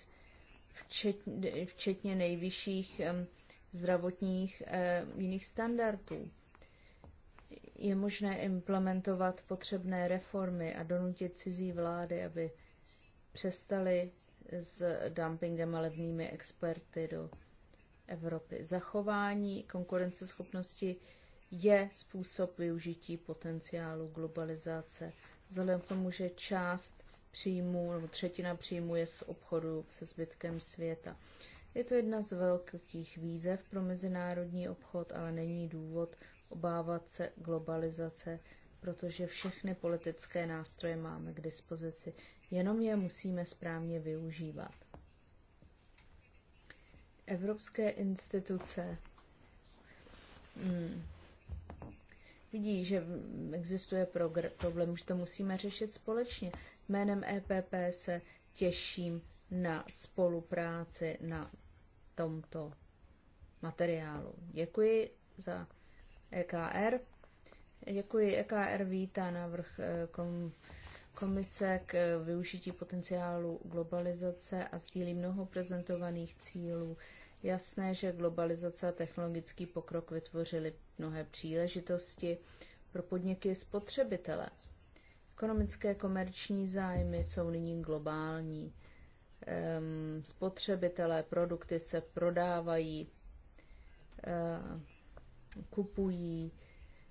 včetně, včetně nejvyšších e, zdravotních e, jiných standardů. Je možné implementovat potřebné reformy a donutit cizí vlády, aby přestali s dumpingem a levnými experty do Evropy. Zachování konkurenceschopnosti je způsob využití potenciálu globalizace. Vzhledem k tomu, že část příjmů, nebo třetina příjmů je z obchodu se zbytkem světa. Je to jedna z velkých výzev pro mezinárodní obchod, ale není důvod obávat se globalizace, protože všechny politické nástroje máme k dispozici, jenom je musíme správně využívat. Evropské instituce hmm vidí, že existuje problém, že to musíme řešit společně. Jménem EPP se těším na spolupráci na tomto materiálu. Děkuji za EKR. Děkuji. EKR vítá návrh eh, komise k eh, využití potenciálu globalizace a sdílí mnoho prezentovaných cílů jasné, že globalizace a technologický pokrok vytvořily mnohé příležitosti pro podniky spotřebitele. Ekonomické komerční zájmy jsou nyní globální. Um, spotřebitelé, produkty se prodávají, eh, kupují,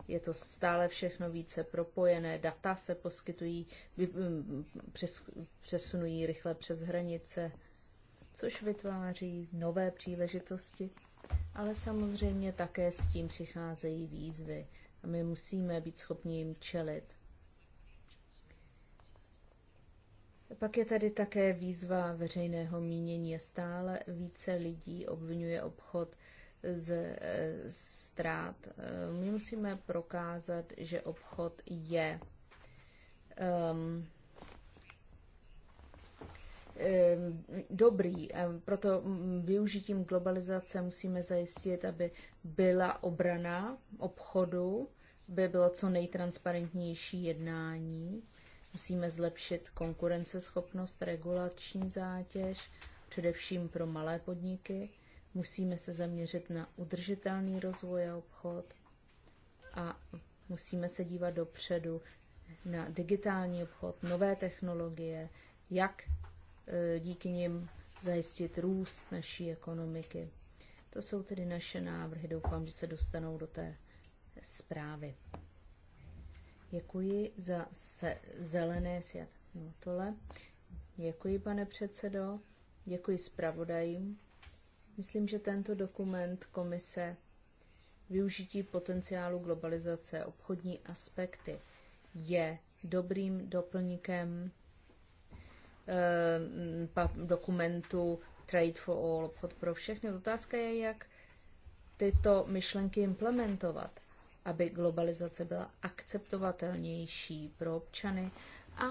je to stále všechno více propojené, data se poskytují, mm, přesunují rychle přes hranice což vytváří nové příležitosti, ale samozřejmě také s tím přicházejí výzvy a my musíme být schopni jim čelit. Pak je tady také výzva veřejného mínění. Stále více lidí obvinuje obchod z eh, ztrát. Eh, my musíme prokázat, že obchod je um, Eh, dobrý. Proto využitím globalizace musíme zajistit, aby byla obrana obchodu, by bylo co nejtransparentnější jednání. Musíme zlepšit konkurenceschopnost, regulační zátěž, především pro malé podniky. Musíme se zaměřit na udržitelný rozvoj a obchod a musíme se dívat dopředu na digitální obchod, nové technologie, jak Eh, díky nim zajistit růst naší ekonomiky. To jsou tedy naše návrhy. Doufám, že se dostanou do té zprávy. Děkuji za se, zelené sjatnotole. Děkuji, pane předsedo. Děkuji zpravodajím. Myslím, že tento dokument komise využití potenciálu globalizace, obchodní aspekty je dobrým doplníkem Eh, dokumentu Trade for All, obchod pro všechny. Otázka je, jak tyto myšlenky implementovat, aby globalizace byla akceptovatelnější pro občany a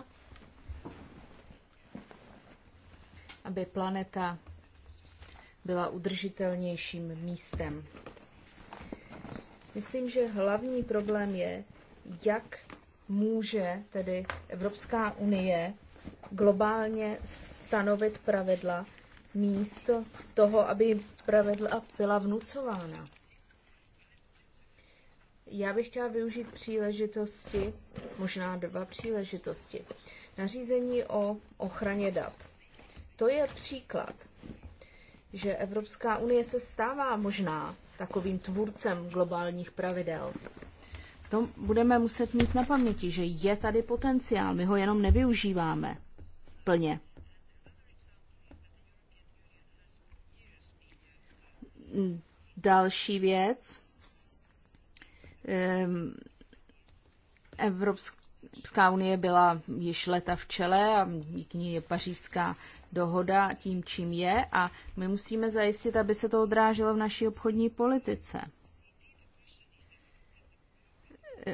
aby planeta byla udržitelnějším místem. Myslím, že hlavní problém je, jak může tedy Evropská unie globálně stanovit pravidla místo toho, aby pravidla byla vnucována. Já bych chtěla využít příležitosti, možná dva příležitosti. Nařízení o ochraně dat. To je příklad, že Evropská unie se stává možná takovým tvůrcem globálních pravidel to budeme muset mít na paměti, že je tady potenciál, my ho jenom nevyužíváme plně. Další věc. Ehm, Evropská unie byla již leta v čele a k ní je pařížská dohoda tím, čím je a my musíme zajistit, aby se to odráželo v naší obchodní politice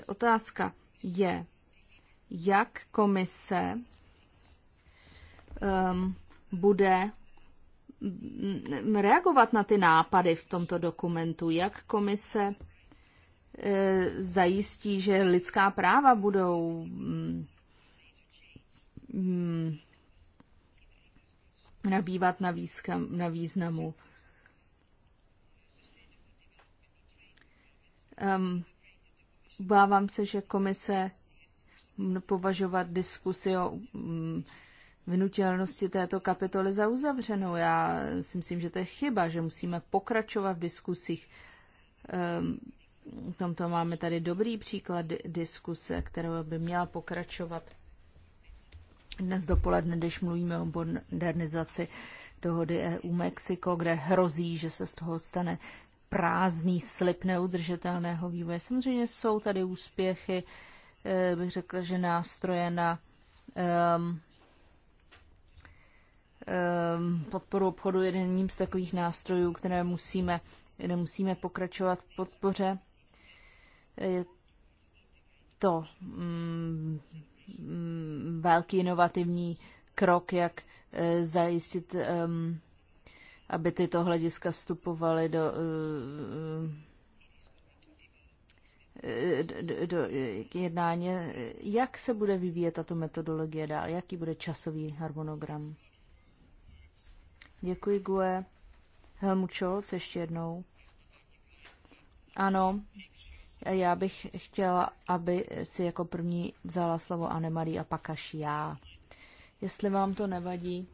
otázka je, jak komise um, bude mm, reagovat na ty nápady v tomto dokumentu, jak komise uh, zajistí, že lidská práva budou mm, mm, nabývat na, výzkam, na významu. Um, Obávám se, že komise považovat diskusi o mm, vynutelnosti této kapitoly za uzavřenou. Já si myslím, že to je chyba, že musíme pokračovat v diskusích. Ehm, v tomto máme tady dobrý příklad diskuse, kterou by měla pokračovat dnes dopoledne, když mluvíme o modernizaci dohody EU-Mexiko, kde hrozí, že se z toho stane prázdný slib neudržitelného vývoje. Samozřejmě jsou tady úspěchy, eh, bych řekla, že nástroje na um, um, podporu obchodu je jedním z takových nástrojů, které musíme, kde musíme pokračovat v podpoře. Je to um, velký inovativní krok, jak eh, zajistit um, aby tyto hlediska vstupovaly do, eh, eh, do, do jednání. Jak se bude vyvíjet tato metodologie dál? Jaký bude časový harmonogram? Děkuji, Gue. Helmut Scholz ještě jednou. Ano, já bych chtěla, aby si jako první vzala slovo Anemarie a pak až já. Jestli vám to nevadí,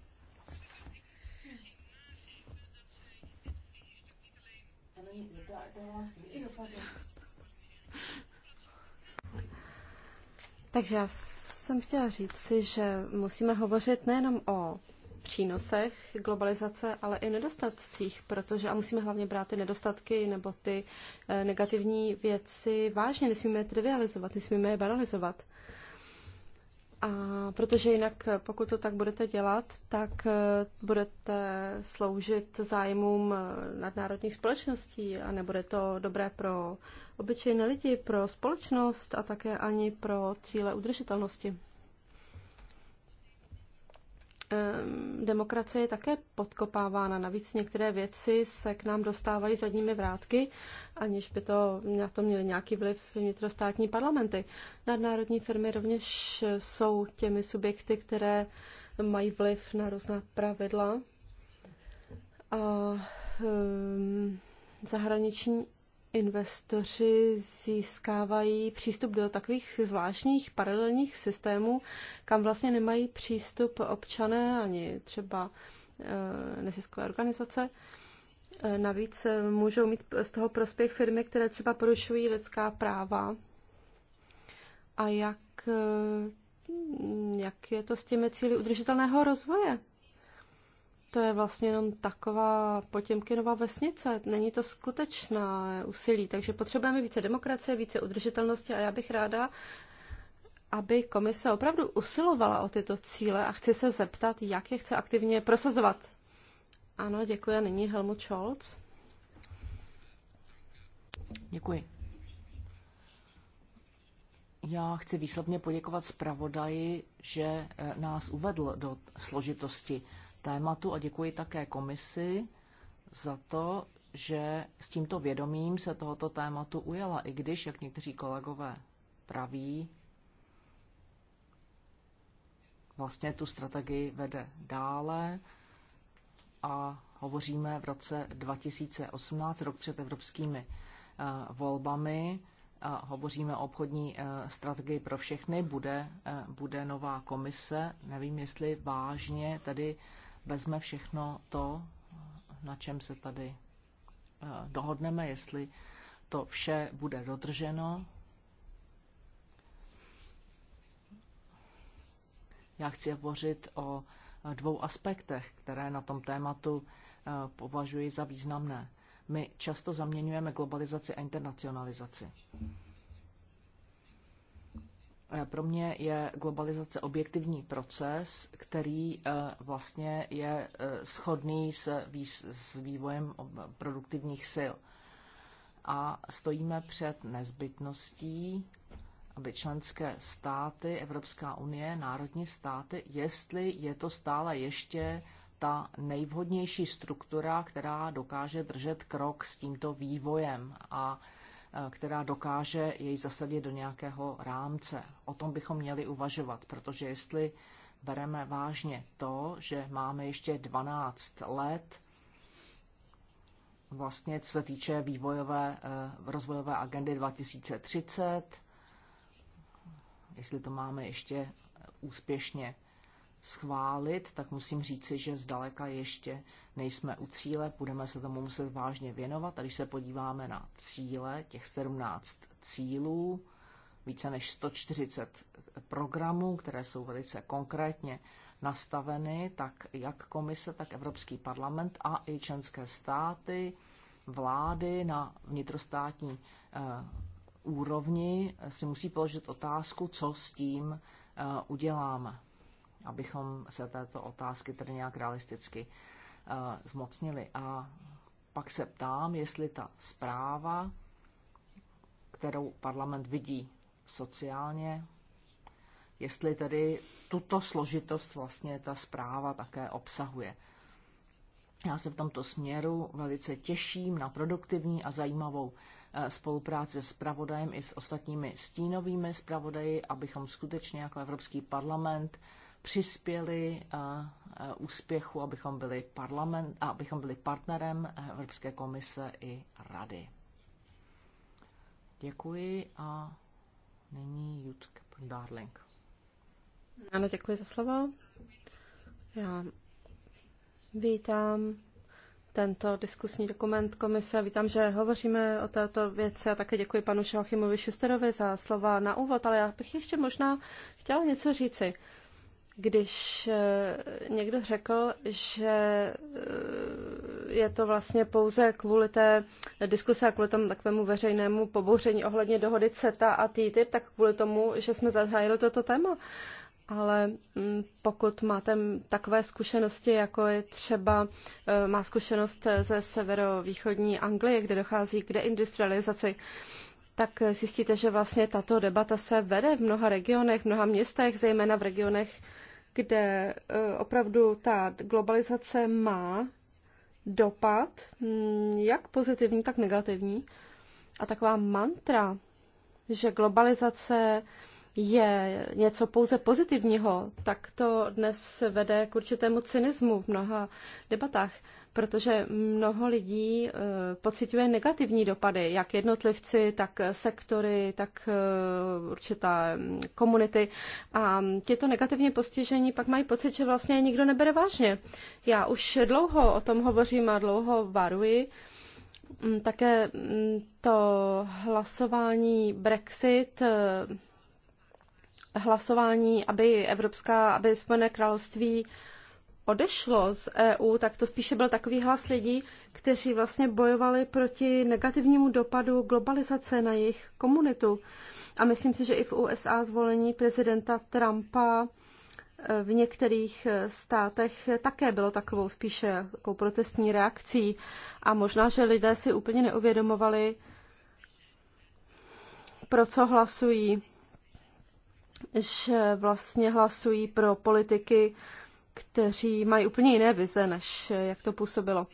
Takže já jsem chtěla říct si, že musíme hovořit nejenom o přínosech globalizace, ale i nedostatcích, protože a musíme hlavně brát ty nedostatky nebo ty eh, negativní věci vážně, nesmíme je trivializovat, nesmíme je banalizovat. A protože jinak, pokud to tak budete dělat, tak eh, budete sloužit zájmům eh, nadnárodních společností a nebude to dobré pro obyčejné lidi, pro společnost a také ani pro cíle udržitelnosti. Ehm, demokracie je také podkopávána. Navíc některé věci se k nám dostávají zadními vrátky, aniž by to na to měly nějaký vliv vnitrostátní parlamenty. Nadnárodní firmy rovněž jsou těmi subjekty, které mají vliv na různá pravidla. A um, zahraniční investoři získávají přístup do takových zvláštních paralelních systémů, kam vlastně nemají přístup občané ani třeba eh, neziskové organizace. Eh, navíc eh, můžou mít z toho prospěch firmy, které třeba porušují lidská práva. A jak, jak je to s těmi cíly udržitelného rozvoje? to je vlastně jenom taková potěmkinová vesnice. Není to skutečná úsilí, takže potřebujeme více demokracie, více udržitelnosti a já bych ráda, aby komise opravdu usilovala o tyto cíle a chci se zeptat, jak je chce aktivně prosazovat. Ano, děkuji. A nyní Helmut Scholz. Děkuji. Já chci výslovně poděkovat zpravodaji, že eh, nás uvedl do složitosti tématu a děkuji také komisi za to, že s tímto vědomím se tohoto tématu ujala, i když, jak někteří kolegové praví, vlastně tu strategii vede dále a hovoříme v roce 2018, rok před evropskými eh, volbami. A hovoříme o obchodní eh, strategii pro všechny, bude, eh, bude nová komise. Nevím, jestli vážně tedy vezme všechno to, na čem se tady eh, dohodneme, jestli to vše bude dodrženo. Já chci hovořit o eh, dvou aspektech, které na tom tématu eh, považuji za významné. My často zaměňujeme globalizaci a internacionalizaci. Eh, pro mě je globalizace objektivní proces, který eh, vlastně je eh, shodný s vývojem produktivních sil. A stojíme před nezbytností, aby členské státy, Evropská unie, národní státy, jestli je to stále ještě ta nejvhodnější struktura, která dokáže držet krok s tímto vývojem a Eh, která dokáže jej zasadit do nějakého rámce. O tom bychom měli uvažovat, protože jestli bereme vážně to, že máme ještě 12 let, vlastně co se týče vývojové, eh, rozvojové agendy 2030, jestli to máme ještě úspěšně schválit, tak musím říci, že zdaleka ještě nejsme u cíle, budeme se tomu muset vážně věnovat. A když se podíváme na cíle, těch 17 cílů, více než 140 programů, které jsou velice konkrétně nastaveny, tak jak komise, tak Evropský parlament a i členské státy, vlády na vnitrostátní eh, úrovni si musí položit otázku, co s tím eh, uděláme abychom se této otázky tedy nějak realisticky eh, zmocnili. A pak se ptám, jestli ta zpráva, kterou parlament vidí sociálně, jestli tedy tuto složitost vlastně ta zpráva také obsahuje. Já se v tomto směru velice těším na produktivní a zajímavou eh, spolupráci s pravodajem i s ostatními stínovými zpravodaji, abychom skutečně jako Evropský parlament přispěli eh, eh, úspěchu, abychom byli, parlament, abychom byli partnerem Evropské komise i rady. Děkuji a nyní Jutk Darling. Ano, děkuji za slovo. Já vítám tento diskusní dokument komise. Vítám, že hovoříme o této věci a také děkuji panu Šalchymovi Šusterovi za slova na úvod, ale já bych ještě možná chtěla něco říci když eh, někdo řekl, že eh, je to vlastně pouze kvůli té diskuse a kvůli tomu takovému veřejnému pobouření ohledně dohody CETA a TTIP, tak kvůli tomu, že jsme zahájili toto téma. Ale mm, pokud máte takové zkušenosti, jako je třeba, eh, má zkušenost ze severovýchodní Anglie, kde dochází k deindustrializaci, tak zjistíte, že vlastně tato debata se vede v mnoha regionech, v mnoha městech, zejména v regionech, kde eh, opravdu ta globalizace má dopad, mm, jak pozitivní, tak negativní. A taková mantra, že globalizace je něco pouze pozitivního, tak to dnes vede k určitému cynismu v mnoha debatách protože mnoho lidí eh, pociťuje negativní dopady, jak jednotlivci, tak sektory, tak eh, určitá mm, komunity. A těto negativně postižení pak mají pocit, že vlastně nikdo nebere vážně. Já už dlouho o tom hovořím a dlouho varuji. Mm, také mm, to hlasování Brexit eh, hlasování, aby Evropská, aby Spojené království odešlo z EU, tak to spíše byl takový hlas lidí, kteří vlastně bojovali proti negativnímu dopadu globalizace na jejich komunitu. A myslím si, že i v USA zvolení prezidenta Trumpa eh, v některých eh, státech také bylo takovou spíše takovou protestní reakcí a možná, že lidé si úplně neuvědomovali, pro co hlasují, že vlastně hlasují pro politiky, kteří mají úplně jiné vize, než jak to působilo.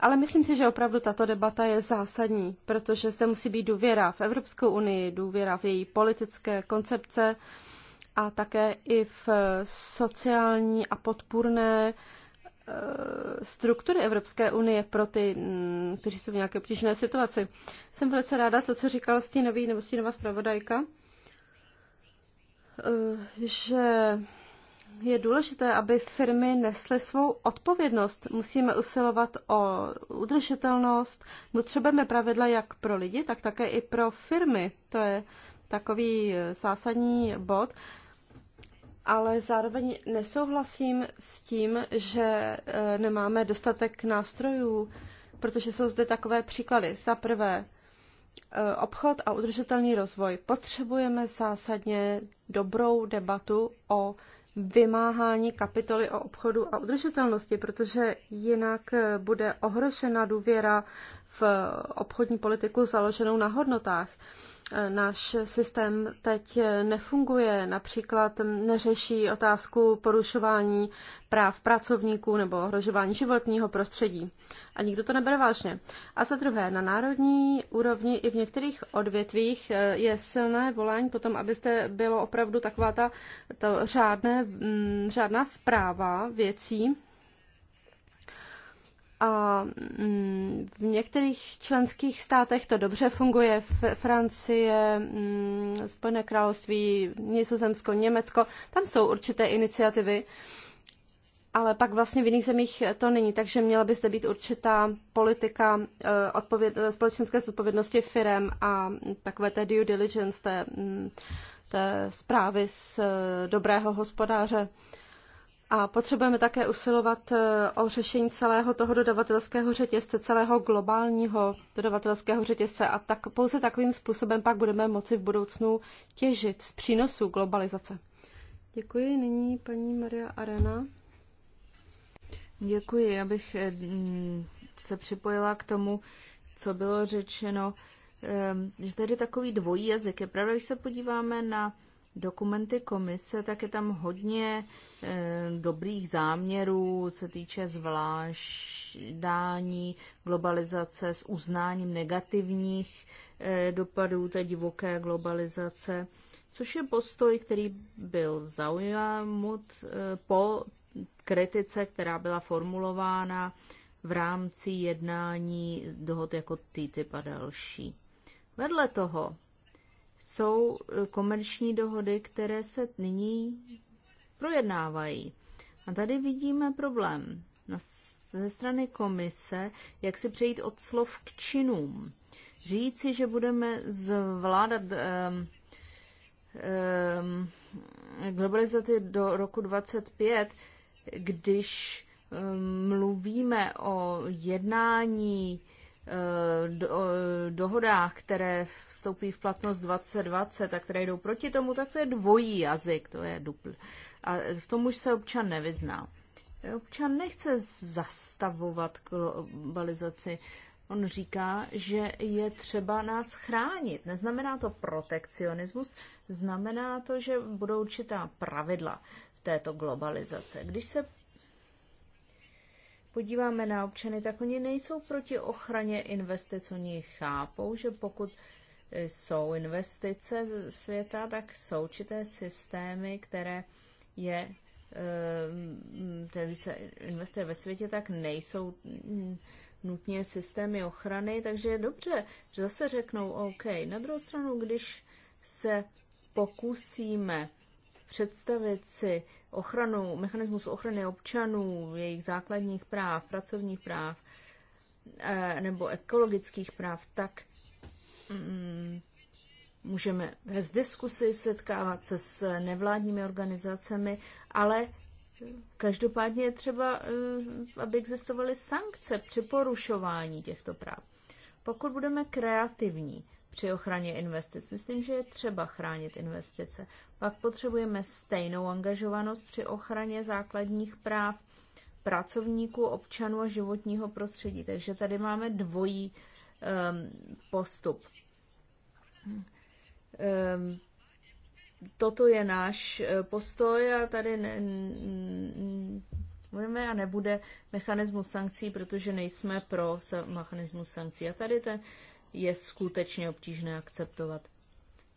Ale myslím si, že opravdu tato debata je zásadní, protože zde musí být důvěra v Evropskou unii, důvěra v její politické koncepce a také i v sociální a podpůrné eh, struktury Evropské unie pro ty, mm, kteří jsou v nějaké obtížné situaci. Jsem velice ráda to, co říkal stínový nebo stínová zpravodajka, eh, že je důležité, aby firmy nesly svou odpovědnost. Musíme usilovat o udržitelnost, potřebujeme pravidla jak pro lidi, tak také i pro firmy. To je takový eh, zásadní bod. Ale zároveň nesouhlasím s tím, že eh, nemáme dostatek nástrojů, protože jsou zde takové příklady. Za prvé, eh, obchod a udržitelný rozvoj. Potřebujeme zásadně dobrou debatu o vymáhání kapitoly o obchodu a udržitelnosti, protože jinak bude ohrošena důvěra v obchodní politiku založenou na hodnotách náš systém teď nefunguje, například neřeší otázku porušování práv pracovníků nebo ohrožování životního prostředí. A nikdo to nebere vážně. A za druhé, na národní úrovni i v některých odvětvích eh, je silné volání potom, abyste bylo opravdu taková ta to řádné, mm, řádná zpráva věcí, a mm, v některých členských státech to dobře funguje. Francie, mm, Spojené království, Nizozemsko, Německo, tam jsou určité iniciativy, ale pak vlastně v jiných zemích to není, takže měla by zde být určitá politika eh, odpověd, eh, společenské zodpovědnosti firem a takové té due diligence, té, mm, té zprávy z eh, dobrého hospodáře. A potřebujeme také usilovat eh, o řešení celého toho dodavatelského řetězce, celého globálního dodavatelského řetězce a tak, pouze takovým způsobem pak budeme moci v budoucnu těžit z přínosů globalizace. Děkuji. Nyní paní Maria Arena. Děkuji. Já bych mm, se připojila k tomu, co bylo řečeno, ehm, že tady takový dvojí jazyk. Je pravda, když se podíváme na dokumenty komise, tak je tam hodně e, dobrých záměrů, co týče zvláštní globalizace s uznáním negativních e, dopadů té divoké globalizace, což je postoj, který byl zaujat e, po kritice, která byla formulována v rámci jednání dohod jako TTIP a další. Vedle toho jsou eh, komerční dohody, které se nyní projednávají. A tady vidíme problém na, ze strany komise, jak si přejít od slov k činům. Říci, že budeme zvládat um, um, globalizaci do roku 25, když um, mluvíme o jednání Eh, eh, dohodách, které vstoupí v platnost 2020 a které jdou proti tomu, tak to je dvojí jazyk, to je dupl. A v tom už se občan nevyzná. Občan nechce zastavovat globalizaci. On říká, že je třeba nás chránit. Neznamená to protekcionismus, znamená to, že budou určitá pravidla této globalizace. Když se podíváme na občany, tak oni nejsou proti ochraně investic. Oni chápou, že pokud eh, jsou investice světa, tak jsou určité systémy, které je eh, který se investuje ve světě, tak nejsou mm, nutně systémy ochrany, takže je dobře, že zase řeknou OK. Na druhou stranu, když se pokusíme představit si ochranu, mechanismus ochrany občanů, jejich základních práv, pracovních práv eh, nebo ekologických práv, tak mm, můžeme bez diskusy setkávat se s nevládními organizacemi, ale každopádně je třeba, eh, aby existovaly sankce při porušování těchto práv. Pokud budeme kreativní, při ochraně investic. Myslím, že je třeba chránit investice. Pak potřebujeme stejnou angažovanost při ochraně základních práv pracovníků, občanů a životního prostředí. Takže tady máme dvojí um, postup. Um, toto je náš e, postoj a tady ne, budeme a nebude mechanismus sankcí, protože nejsme pro mechanismus sankcí. A tady ten je skutečně obtížné akceptovat.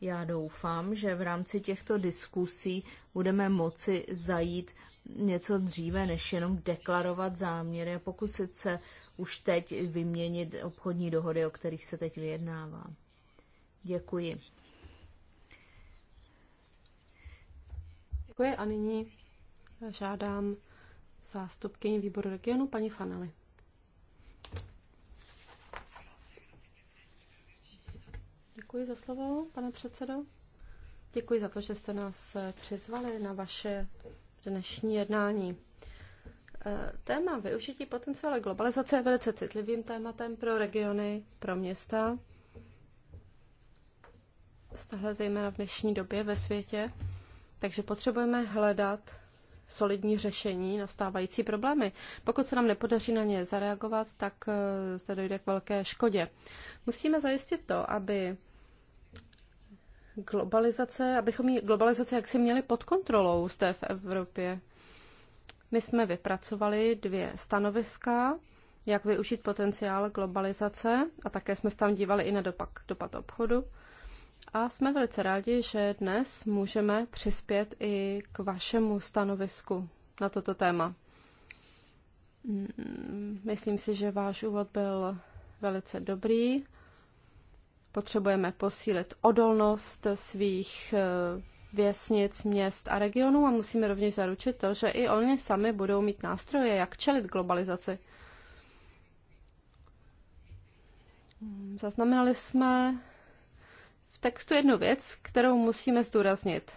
Já doufám, že v rámci těchto diskusí budeme moci zajít něco dříve, než jenom deklarovat záměry a pokusit se už teď vyměnit obchodní dohody, o kterých se teď vyjednává. Děkuji. Děkuji a nyní žádám zástupkyni výboru regionu paní Fanely. Děkuji za slovo, pane předsedo. Děkuji za to, že jste nás eh, přizvali na vaše dnešní jednání. Eh, téma využití potenciálu globalizace je velice citlivým tématem pro regiony, pro města. Stále zejména v dnešní době ve světě. Takže potřebujeme hledat solidní řešení na stávající problémy. Pokud se nám nepodaří na ně zareagovat, tak eh, zde dojde k velké škodě. Musíme zajistit to, aby globalizace, abychom ji globalizaci jaksi měli pod kontrolou zde v Evropě. My jsme vypracovali dvě stanoviska, jak využít potenciál globalizace a také jsme se tam dívali i na dopak, dopad obchodu. A jsme velice rádi, že dnes můžeme přispět i k vašemu stanovisku na toto téma. Mm, myslím si, že váš úvod byl velice dobrý Potřebujeme posílit odolnost svých eh, věsnic, měst a regionů a musíme rovněž zaručit to, že i oni sami budou mít nástroje, jak čelit globalizaci. Zaznamenali jsme v textu jednu věc, kterou musíme zdůraznit.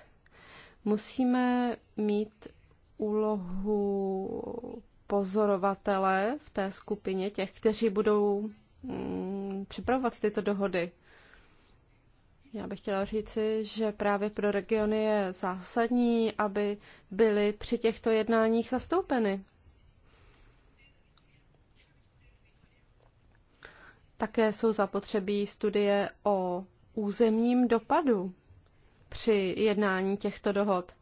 Musíme mít úlohu pozorovatele v té skupině těch, kteří budou mm, připravovat tyto dohody. Já bych chtěla říci, že právě pro regiony je zásadní, aby byly při těchto jednáních zastoupeny. Také jsou zapotřebí studie o územním dopadu při jednání těchto dohod.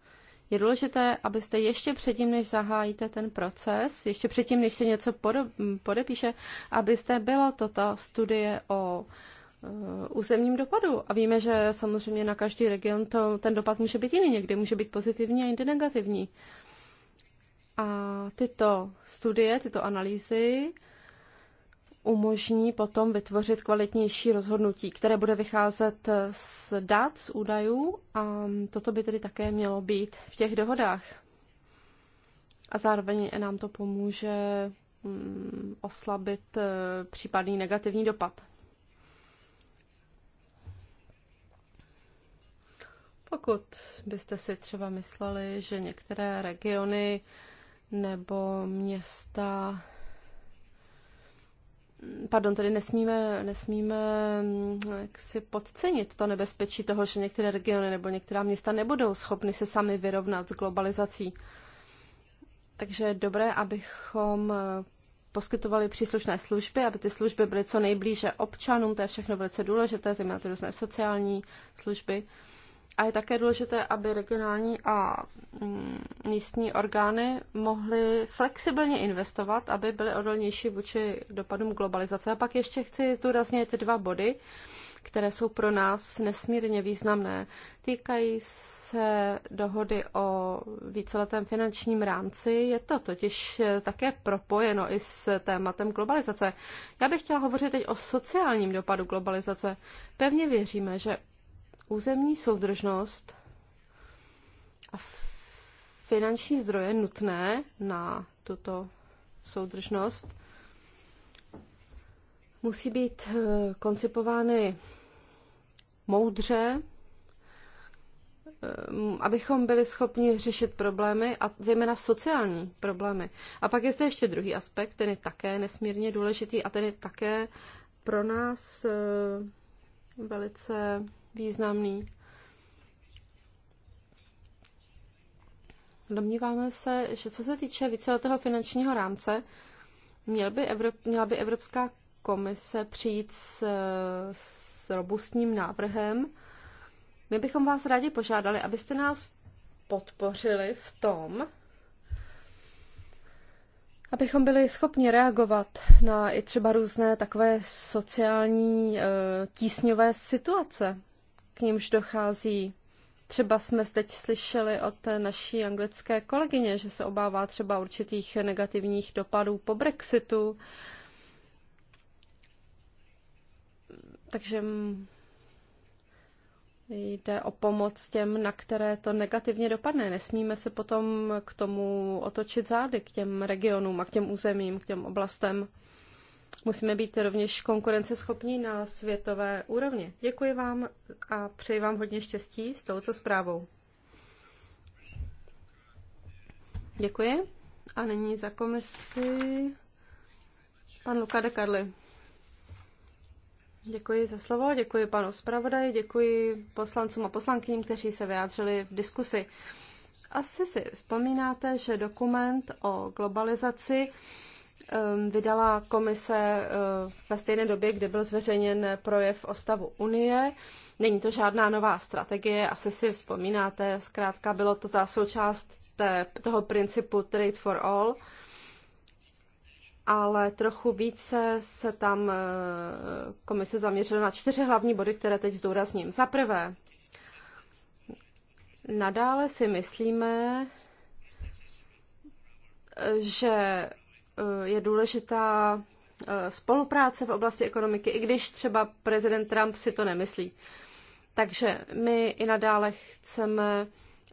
Je důležité, abyste ještě předtím, než zahájíte ten proces, ještě předtím, než se něco podepíše, abyste bylo toto studie o Eh, územním dopadu. A víme, že samozřejmě na každý region to, ten dopad může být jiný. Někdy může být pozitivní a jindy negativní. A tyto studie, tyto analýzy umožní potom vytvořit kvalitnější rozhodnutí, které bude vycházet z dat, z údajů a toto by tedy také mělo být v těch dohodách. A zároveň nám to pomůže mm, oslabit eh, případný negativní dopad. Pokud byste si třeba mysleli, že některé regiony nebo města pardon, tedy nesmíme, nesmíme mm, jak si podcenit to nebezpečí toho, že některé regiony nebo některá města nebudou schopny se sami vyrovnat s globalizací. Takže je dobré, abychom eh, poskytovali příslušné služby, aby ty služby byly co nejblíže občanům, to je všechno velice důležité, zejména ty různé sociální služby. A je také důležité, aby regionální a mm, místní orgány mohly flexibilně investovat, aby byly odolnější vůči dopadům globalizace. A pak ještě chci zdůraznit ty dva body, které jsou pro nás nesmírně významné. Týkají se dohody o víceletém finančním rámci. Je to totiž eh, také propojeno i s tématem globalizace. Já bych chtěla hovořit teď o sociálním dopadu globalizace. Pevně věříme, že Územní soudržnost a finanční zdroje nutné na tuto soudržnost musí být eh, koncipovány moudře, eh, abychom byli schopni řešit problémy a zejména sociální problémy. A pak je zde ještě druhý aspekt, ten je také nesmírně důležitý a ten je také pro nás eh, velice významný. Domníváme se, že co se týče víceletého finančního rámce, měl by Evrop, měla by Evropská komise přijít s, s robustním návrhem. My bychom vás rádi požádali, abyste nás podpořili v tom, abychom byli schopni reagovat na i třeba různé takové sociální e, tísňové situace k nímž dochází. Třeba jsme teď slyšeli od naší anglické kolegyně, že se obává třeba určitých negativních dopadů po Brexitu. Takže jde o pomoc těm, na které to negativně dopadne. Nesmíme se potom k tomu otočit zády, k těm regionům a k těm územím, k těm oblastem musíme být rovněž konkurenceschopní na světové úrovni. Děkuji vám a přeji vám hodně štěstí s touto zprávou. Děkuji. A nyní za komisi pan Luka de Karli. Děkuji za slovo, děkuji panu zpravodaji, děkuji poslancům a poslankyním, kteří se vyjádřili v diskusi. Asi si vzpomínáte, že dokument o globalizaci vydala komise eh, ve stejné době, kdy byl zveřejněn projev o stavu Unie. Není to žádná nová strategie, asi si vzpomínáte, zkrátka bylo to ta součást té, toho principu Trade for All, ale trochu více se tam eh, komise zaměřila na čtyři hlavní body, které teď zdůrazním. Za prvé, nadále si myslíme, eh, že Eh, je důležitá eh, spolupráce v oblasti ekonomiky, i když třeba prezident Trump si to nemyslí. Takže my i nadále chceme,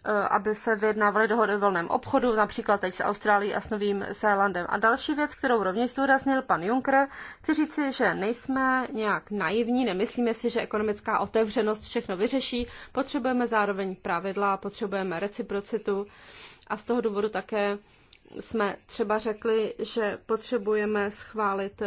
eh, aby se vyjednávaly dohody o volném obchodu, například teď s Austrálií a s Novým Zélandem. A další věc, kterou rovněž zdůraznil pan Juncker, chci říci, že nejsme nějak naivní, nemyslíme si, že ekonomická otevřenost všechno vyřeší, potřebujeme zároveň pravidla, potřebujeme reciprocitu a z toho důvodu také jsme třeba řekli, že potřebujeme schválit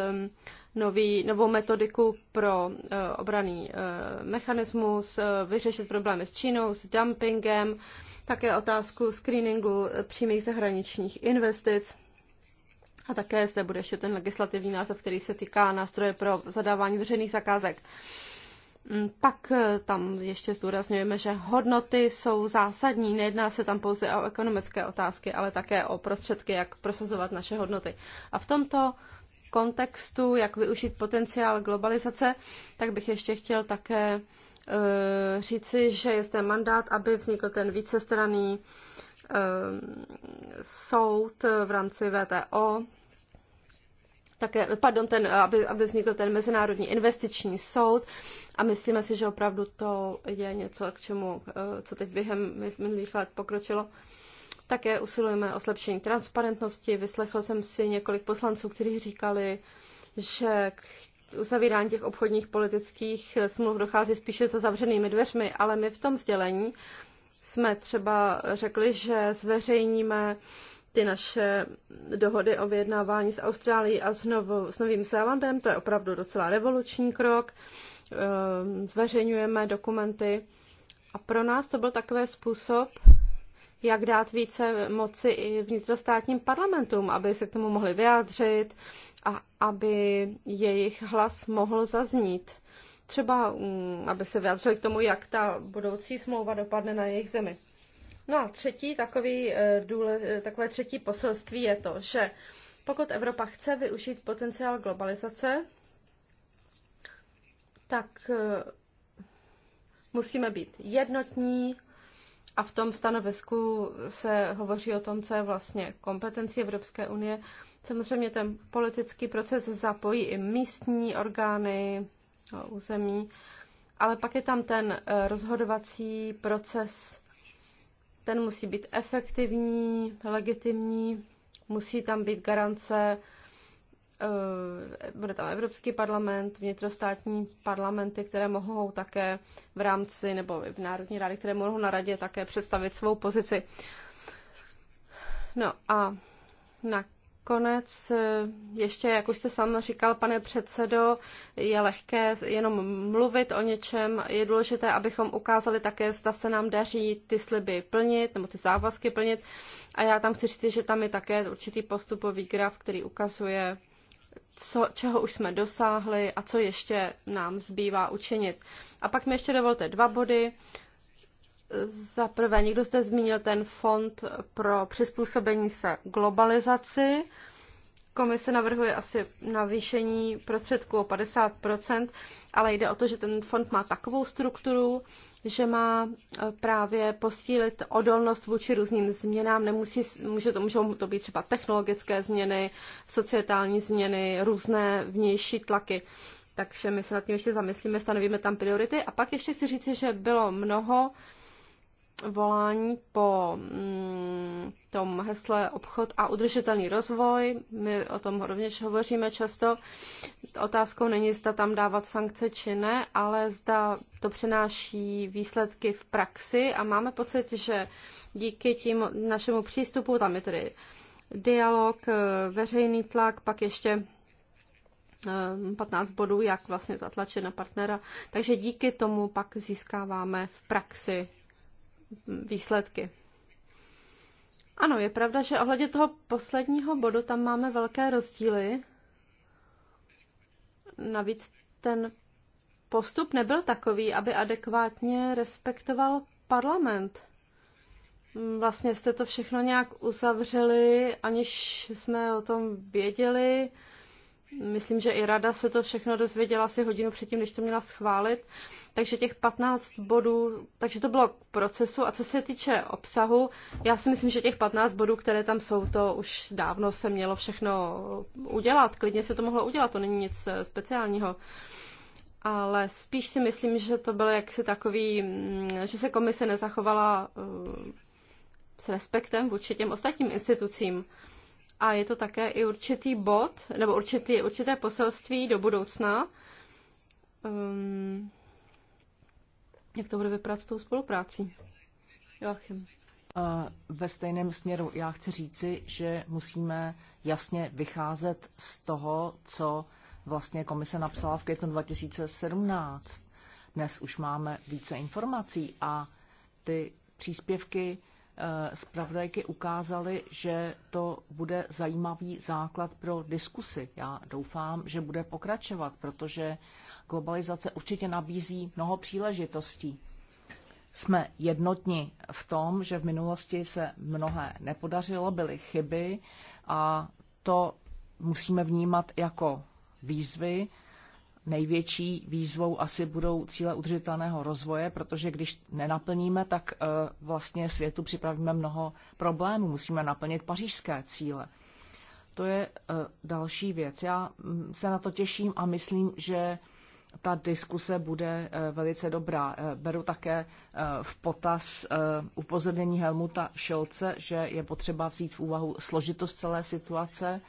nový, novou metodiku pro eh, obraný eh, mechanismus, eh, vyřešit problémy s Čínou, s dumpingem, také otázku screeningu přímých zahraničních investic. A také zde bude ještě ten legislativní název, který se týká nástroje pro zadávání veřejných zakázek. Mm, pak eh, tam ještě zdůrazňujeme, že hodnoty jsou zásadní. Nejedná se tam pouze o ekonomické otázky, ale také o prostředky, jak prosazovat naše hodnoty. A v tomto kontextu, jak využít potenciál globalizace, tak bych ještě chtěl také eh, říci, že je zde mandát, aby vznikl ten vícestranný eh, soud v rámci VTO, také, pardon, ten, aby, aby vznikl ten Mezinárodní investiční soud a myslíme si, že opravdu to je něco, k čemu, eh, co teď během minulých let pokročilo. Také usilujeme o zlepšení transparentnosti. Vyslechl jsem si několik poslanců, kteří říkali, že k uzavírání těch obchodních politických smluv dochází spíše za zavřenými dveřmi, ale my v tom sdělení jsme třeba řekli, že zveřejníme ty naše dohody o vyjednávání s Austrálií a s, novou, s Novým Zélandem, to je opravdu docela revoluční krok. Ehm, zveřejňujeme dokumenty a pro nás to byl takový způsob, jak dát více moci i vnitrostátním parlamentům, aby se k tomu mohli vyjádřit a aby jejich hlas mohl zaznít. Třeba, mm, aby se vyjádřili k tomu, jak ta budoucí smlouva dopadne na jejich zemi. No a třetí takový, eh, důle, eh, takové třetí poselství je to, že pokud Evropa chce využít potenciál globalizace, tak eh, musíme být jednotní a v tom stanovisku se hovoří o tom, co je vlastně kompetenci Evropské unie. Samozřejmě ten politický proces zapojí i místní orgány území, ale pak je tam ten rozhodovací proces ten musí být efektivní, legitimní, musí tam být garance, eh, bude tam Evropský parlament, vnitrostátní parlamenty, které mohou také v rámci nebo v Národní rady, které mohou na radě také představit svou pozici. No a na Nakonec eh, ještě, jak už jste sám říkal, pane předsedo, je lehké jenom mluvit o něčem. Je důležité, abychom ukázali také, zda se nám daří ty sliby plnit nebo ty závazky plnit. A já tam chci říct, že tam je také určitý postupový graf, který ukazuje, co, čeho už jsme dosáhli a co ještě nám zbývá učinit. A pak mi ještě dovolte dva body. Za prvé, někdo zde zmínil ten fond pro přizpůsobení se globalizaci. Komise navrhuje asi navýšení prostředků o 50 ale jde o to, že ten fond má takovou strukturu, že má e, právě posílit odolnost vůči různým změnám. Nemusí, může to, můžou to být třeba technologické změny, societální změny, různé vnější tlaky. Takže my se nad tím ještě zamyslíme, stanovíme tam priority. A pak ještě chci říci, že bylo mnoho volání po mm, tom hesle obchod a udržitelný rozvoj. My o tom rovněž hovoříme často. Otázkou není, zda tam dávat sankce či ne, ale zda to přináší výsledky v praxi a máme pocit, že díky tím našemu přístupu, tam je tedy dialog, eh, veřejný tlak, pak ještě 15 eh, bodů, jak vlastně zatlačit na partnera. Takže díky tomu pak získáváme v praxi výsledky. Ano, je pravda, že ohledně toho posledního bodu tam máme velké rozdíly. Navíc ten postup nebyl takový, aby adekvátně respektoval parlament. Vlastně jste to všechno nějak uzavřeli, aniž jsme o tom věděli. Myslím, že i rada se to všechno dozvěděla asi hodinu předtím, než to měla schválit. Takže těch 15 bodů, takže to bylo k procesu. A co se týče obsahu, já si myslím, že těch 15 bodů, které tam jsou, to už dávno se mělo všechno udělat. Klidně se to mohlo udělat, to není nic eh, speciálního. Ale spíš si myslím, že to bylo jaksi takový, mm, že se komise nezachovala eh, s respektem vůči těm ostatním institucím a je to také i určitý bod, nebo určitý, určité poselství do budoucna, um, jak to bude vypadat s tou spoluprácí. Joachim. Ve stejném směru já chci říci, že musíme jasně vycházet z toho, co vlastně komise napsala v květnu 2017. Dnes už máme více informací a ty příspěvky Eh, zpravodajky ukázaly, že to bude zajímavý základ pro diskusy. Já doufám, že bude pokračovat, protože globalizace určitě nabízí mnoho příležitostí. Jsme jednotni v tom, že v minulosti se mnohé nepodařilo, byly chyby a to musíme vnímat jako výzvy, největší výzvou asi budou cíle udržitelného rozvoje, protože když nenaplníme, tak eh, vlastně světu připravíme mnoho problémů. Musíme naplnit pařížské cíle. To je eh, další věc. Já mm, se na to těším a myslím, že ta diskuse bude eh, velice dobrá. Beru také v potaz upozornění Helmuta Šelce, že je potřeba vzít v úvahu složitost celé situace,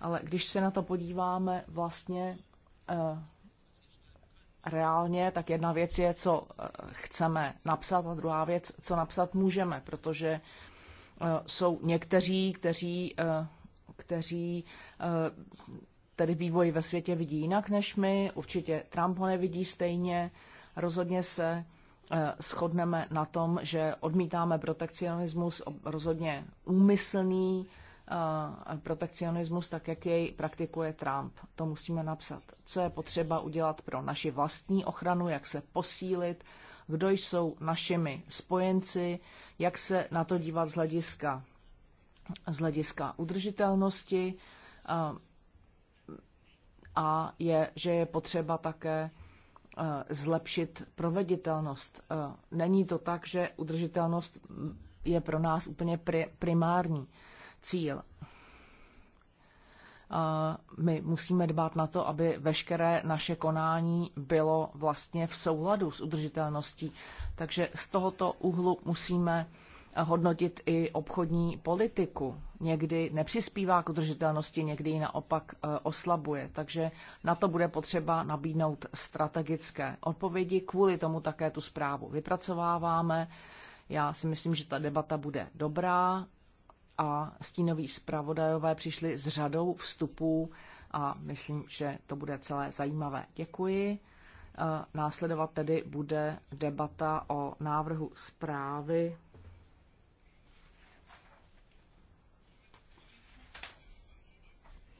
ale když se na to podíváme, vlastně Eh, reálně, tak jedna věc je, co eh, chceme napsat a druhá věc, co napsat můžeme, protože eh, jsou někteří, kteří, kteří tedy vývoj ve světě vidí jinak než my, určitě Trump ho nevidí stejně, rozhodně se shodneme na tom, že odmítáme protekcionismus rozhodně úmyslný, protekcionismus, tak jak jej praktikuje Trump. To musíme napsat. Co je potřeba udělat pro naši vlastní ochranu, jak se posílit, kdo jsou našimi spojenci, jak se na to dívat z hlediska, z hlediska udržitelnosti a je, že je potřeba také zlepšit proveditelnost. Není to tak, že udržitelnost je pro nás úplně primární cíl. My musíme dbát na to, aby veškeré naše konání bylo vlastně v souladu s udržitelností. Takže z tohoto úhlu musíme hodnotit i obchodní politiku. Někdy nepřispívá k udržitelnosti, někdy ji naopak e, oslabuje. Takže na to bude potřeba nabídnout strategické odpovědi. Kvůli tomu také tu zprávu vypracováváme. Já si myslím, že ta debata bude dobrá a stínoví zpravodajové přišli s řadou vstupů a myslím, že to bude celé zajímavé. Děkuji. E, následovat tedy bude debata o návrhu zprávy.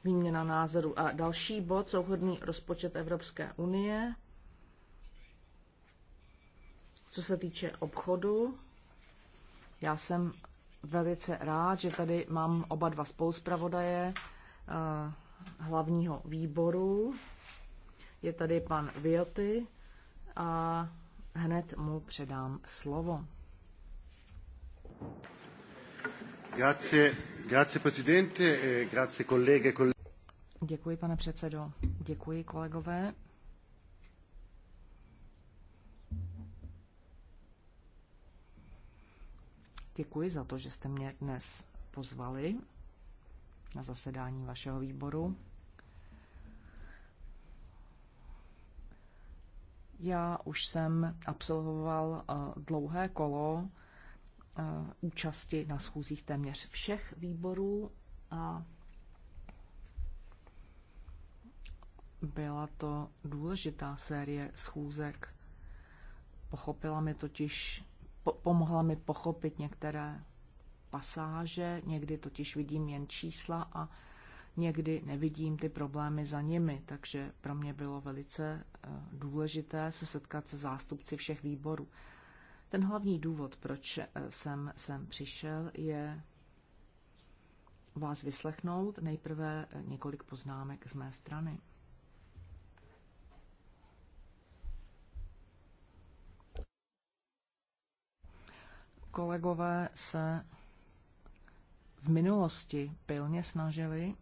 Výměna názoru. A další bod, souhodný rozpočet Evropské unie. Co se týče obchodu, já jsem velice rád, že tady mám oba dva spoluspravodaje eh, hlavního výboru. Je tady pan Vioty a hned mu předám slovo. Grazie, grazie presidente, eh, grazie colleghe, e Děkuji, pane předsedo. Děkuji, kolegové. Děkuji za to, že jste mě dnes pozvali na zasedání vašeho výboru. Já už jsem absolvoval eh, dlouhé kolo eh, účasti na schůzích téměř všech výborů a byla to důležitá série schůzek. Pochopila mi totiž pomohla mi pochopit některé pasáže, někdy totiž vidím jen čísla a někdy nevidím ty problémy za nimi, takže pro mě bylo velice eh, důležité se setkat se zástupci všech výborů. Ten hlavní důvod, proč eh, jsem sem přišel, je vás vyslechnout nejprve eh, několik poznámek z mé strany. Kolegové se v minulosti pilně snažili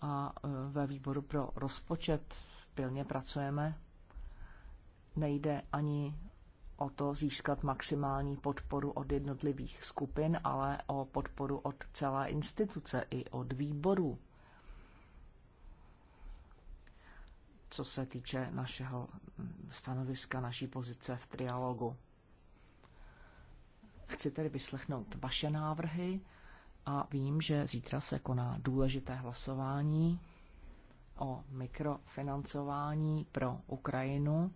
a e, ve výboru pro rozpočet pilně pracujeme. Nejde ani o to získat maximální podporu od jednotlivých skupin, ale o podporu od celé instituce i od výborů. co se týče našeho mm, stanoviska, naší pozice v trialogu. Chci tedy vyslechnout vaše návrhy a vím, že zítra se koná důležité hlasování o mikrofinancování pro Ukrajinu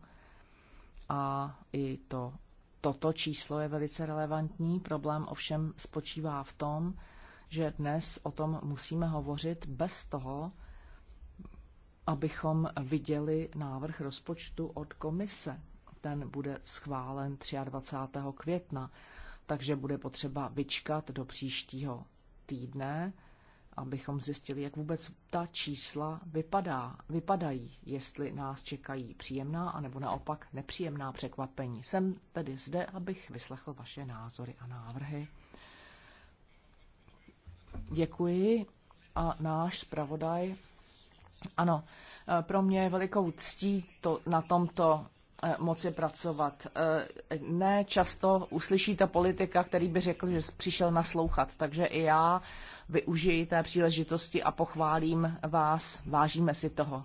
a i to, toto číslo je velice relevantní. Problém ovšem spočívá v tom, že dnes o tom musíme hovořit bez toho, abychom viděli návrh rozpočtu od komise. Ten bude schválen 23. května, takže bude potřeba vyčkat do příštího týdne, abychom zjistili, jak vůbec ta čísla vypadá, vypadají, jestli nás čekají příjemná anebo naopak nepříjemná překvapení. Jsem tedy zde, abych vyslechl vaše názory a návrhy. Děkuji a náš zpravodaj ano, eh, pro mě je velikou ctí to, na tomto eh, moci pracovat. Eh, ne často uslyšíte politika, který by řekl, že přišel naslouchat, takže i já využiji té příležitosti a pochválím vás, vážíme si toho.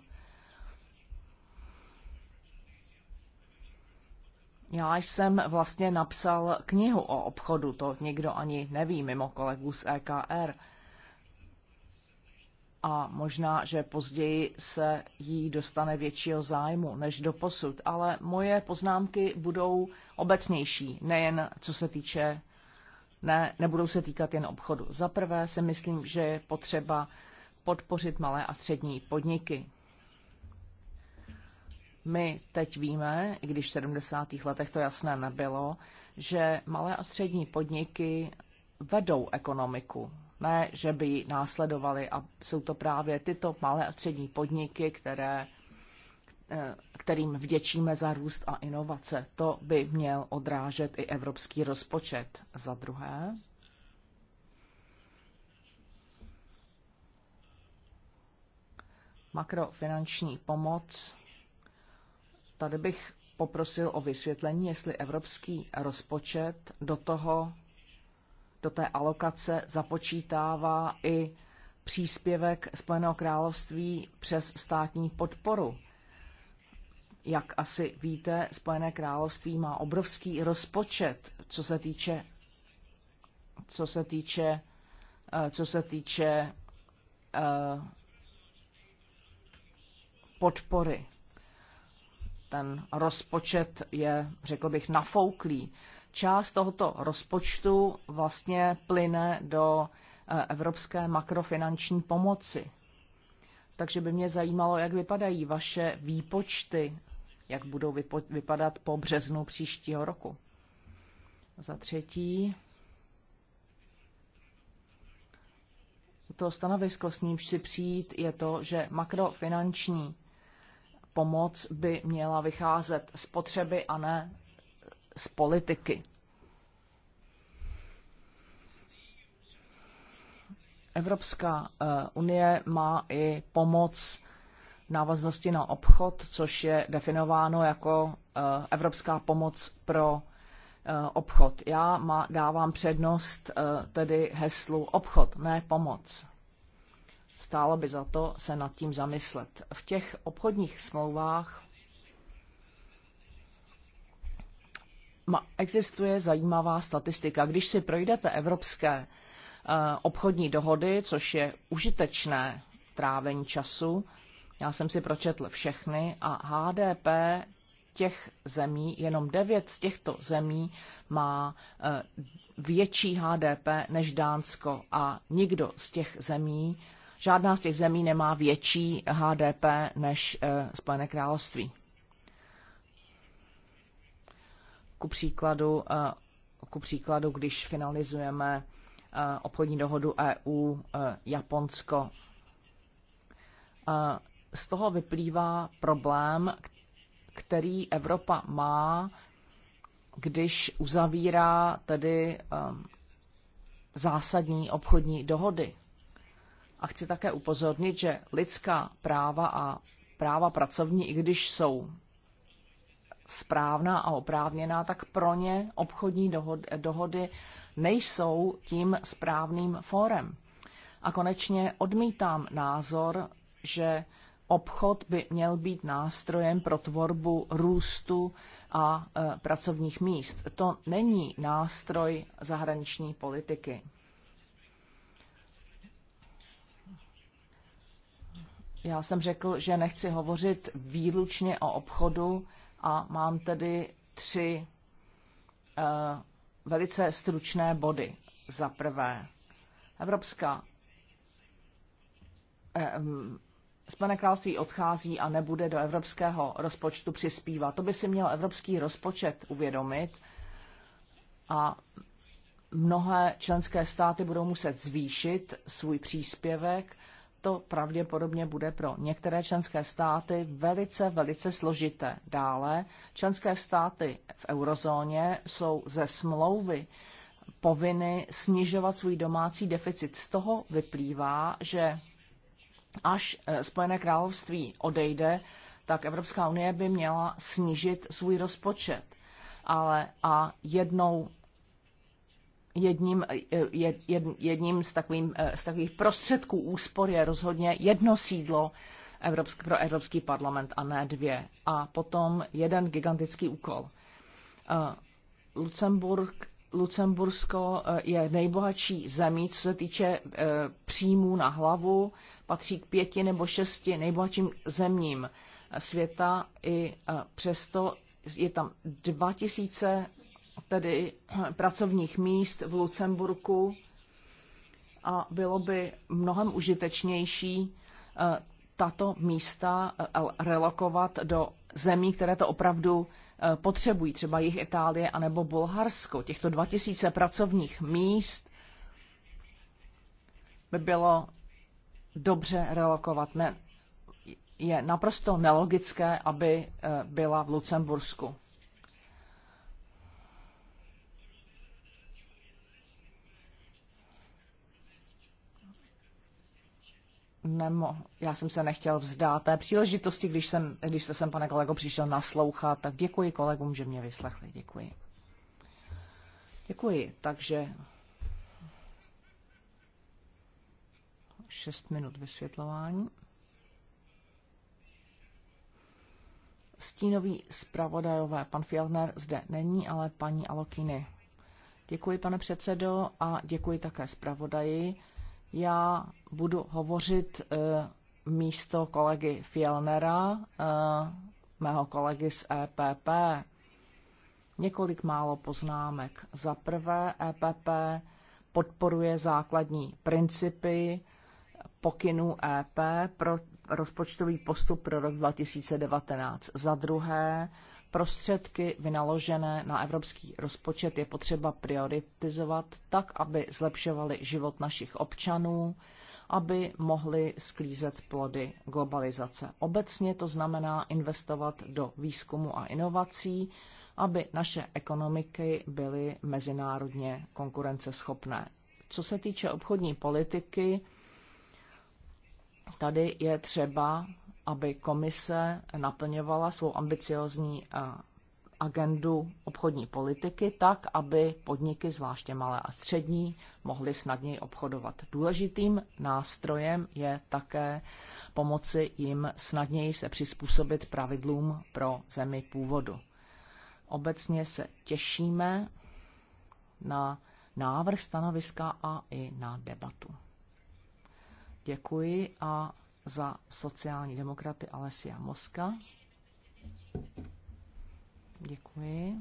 Já jsem vlastně napsal knihu o obchodu, to nikdo ani neví mimo kolegů z EKR a možná, že později se jí dostane většího zájmu než do posud, ale moje poznámky budou obecnější, nejen co se týče, ne, nebudou se týkat jen obchodu. Za prvé si myslím, že je potřeba podpořit malé a střední podniky. My teď víme, i když v 70. letech to jasné nebylo, že malé a střední podniky vedou ekonomiku ne, že by ji následovali. A jsou to právě tyto malé a střední podniky, které, eh, kterým vděčíme za růst a inovace. To by měl odrážet i evropský rozpočet. Za druhé, makrofinanční pomoc. Tady bych poprosil o vysvětlení, jestli evropský rozpočet do toho do té alokace započítává i příspěvek Spojeného království přes státní podporu. Jak asi víte, Spojené království má obrovský rozpočet, co se týče co se týče eh, co se týče uh, podpory. Ten rozpočet je, řekl bych, nafouklý část tohoto rozpočtu vlastně plyne do eh, evropské makrofinanční pomoci. Takže by mě zajímalo, jak vypadají vaše výpočty, jak budou vypo- vypadat po březnu příštího roku. Za třetí, to stanovisko, s nímž si přijít, je to, že makrofinanční pomoc by měla vycházet z potřeby a ne z politiky. Evropská eh, unie má i pomoc návaznosti na obchod, což je definováno jako eh, evropská pomoc pro eh, obchod. Já má, dávám přednost tedy heslu obchod, ne pomoc. Stálo by za to se nad tím zamyslet. V těch obchodních smlouvách existuje zajímavá statistika. Když si projdete evropské eh, obchodní dohody, což je užitečné trávení času, já jsem si pročetl všechny a HDP těch zemí, jenom devět z těchto zemí má eh, větší HDP než Dánsko a nikdo z těch zemí, žádná z těch zemí nemá větší HDP než eh, Spojené království. Ku příkladu, eh, ku příkladu když finalizujeme eh, obchodní dohodu EU-Japonsko. Eh, z toho vyplývá problém, který Evropa má, když uzavírá tedy zásadní obchodní dohody. A chci také upozornit, že lidská práva a práva pracovní, i když jsou správná a oprávněná, tak pro ně obchodní dohody nejsou tím správným fórem. A konečně odmítám názor, že obchod by měl být nástrojem pro tvorbu růstu a e, pracovních míst. To není nástroj zahraniční politiky. Já jsem řekl, že nechci hovořit výlučně o obchodu, a mám tedy tři eh, velice stručné body. Za prvé, Evropská eh, Spojené království odchází a nebude do evropského rozpočtu přispívat. To by si měl evropský rozpočet uvědomit a mnohé členské státy budou muset zvýšit svůj příspěvek to pravděpodobně bude pro některé členské státy velice, velice složité. Dále členské státy v eurozóně jsou ze smlouvy povinny snižovat svůj domácí deficit. Z toho vyplývá, že až eh, Spojené království odejde, tak Evropská unie by měla snížit svůj rozpočet. Ale a jednou jedním, eh, jed, jedním z, takovým, eh, z takových prostředků úspor je rozhodně jedno sídlo Evropský, pro Evropský parlament a ne dvě. A potom jeden gigantický úkol. Eh, Lucemburg, Lucembursko je nejbohatší zemí, co se týče příjmů na hlavu, patří k pěti nebo šesti nejbohatším zemím světa i přesto je tam 2000 tedy pracovních míst v Lucemburku a bylo by mnohem užitečnější eh, tato místa eh, relokovat do zemí, které to opravdu eh, potřebují, třeba jich Itálie anebo Bulharsko. Těchto 2000 pracovních míst by bylo dobře relokovat. Ne, je naprosto nelogické, aby byla v Lucembursku. nemo, já jsem se nechtěl vzdát té příležitosti, když, jsem, když jste sem, pane kolego, přišel naslouchat, tak děkuji kolegům, že mě vyslechli. Děkuji. Děkuji. Takže šest minut vysvětlování. Stínový zpravodajové, pan Fjellner zde není, ale paní Alokiny. Děkuji, pane předsedo, a děkuji také zpravodaji já budu hovořit eh, místo kolegy uh, mého kolegy z EPP. Několik málo poznámek. Za prvé, EPP podporuje základní principy pokynů EP pro rozpočtový postup pro rok 2019. Za druhé, Prostředky vynaložené na evropský rozpočet je potřeba prioritizovat tak, aby zlepšovaly život našich občanů, aby mohli sklízet plody globalizace. Obecně to znamená investovat do výzkumu a inovací, aby naše ekonomiky byly mezinárodně konkurenceschopné. Co se týče obchodní politiky, tady je třeba aby komise naplňovala svou ambiciozní eh, agendu obchodní politiky tak, aby podniky, zvláště malé a střední, mohly snadněji obchodovat. Důležitým nástrojem je také pomoci jim snadněji se přizpůsobit pravidlům pro zemi původu. Obecně se těšíme na návrh stanoviska a i na debatu. Děkuji a za sociální demokraty Alessia Moska. Děkuji.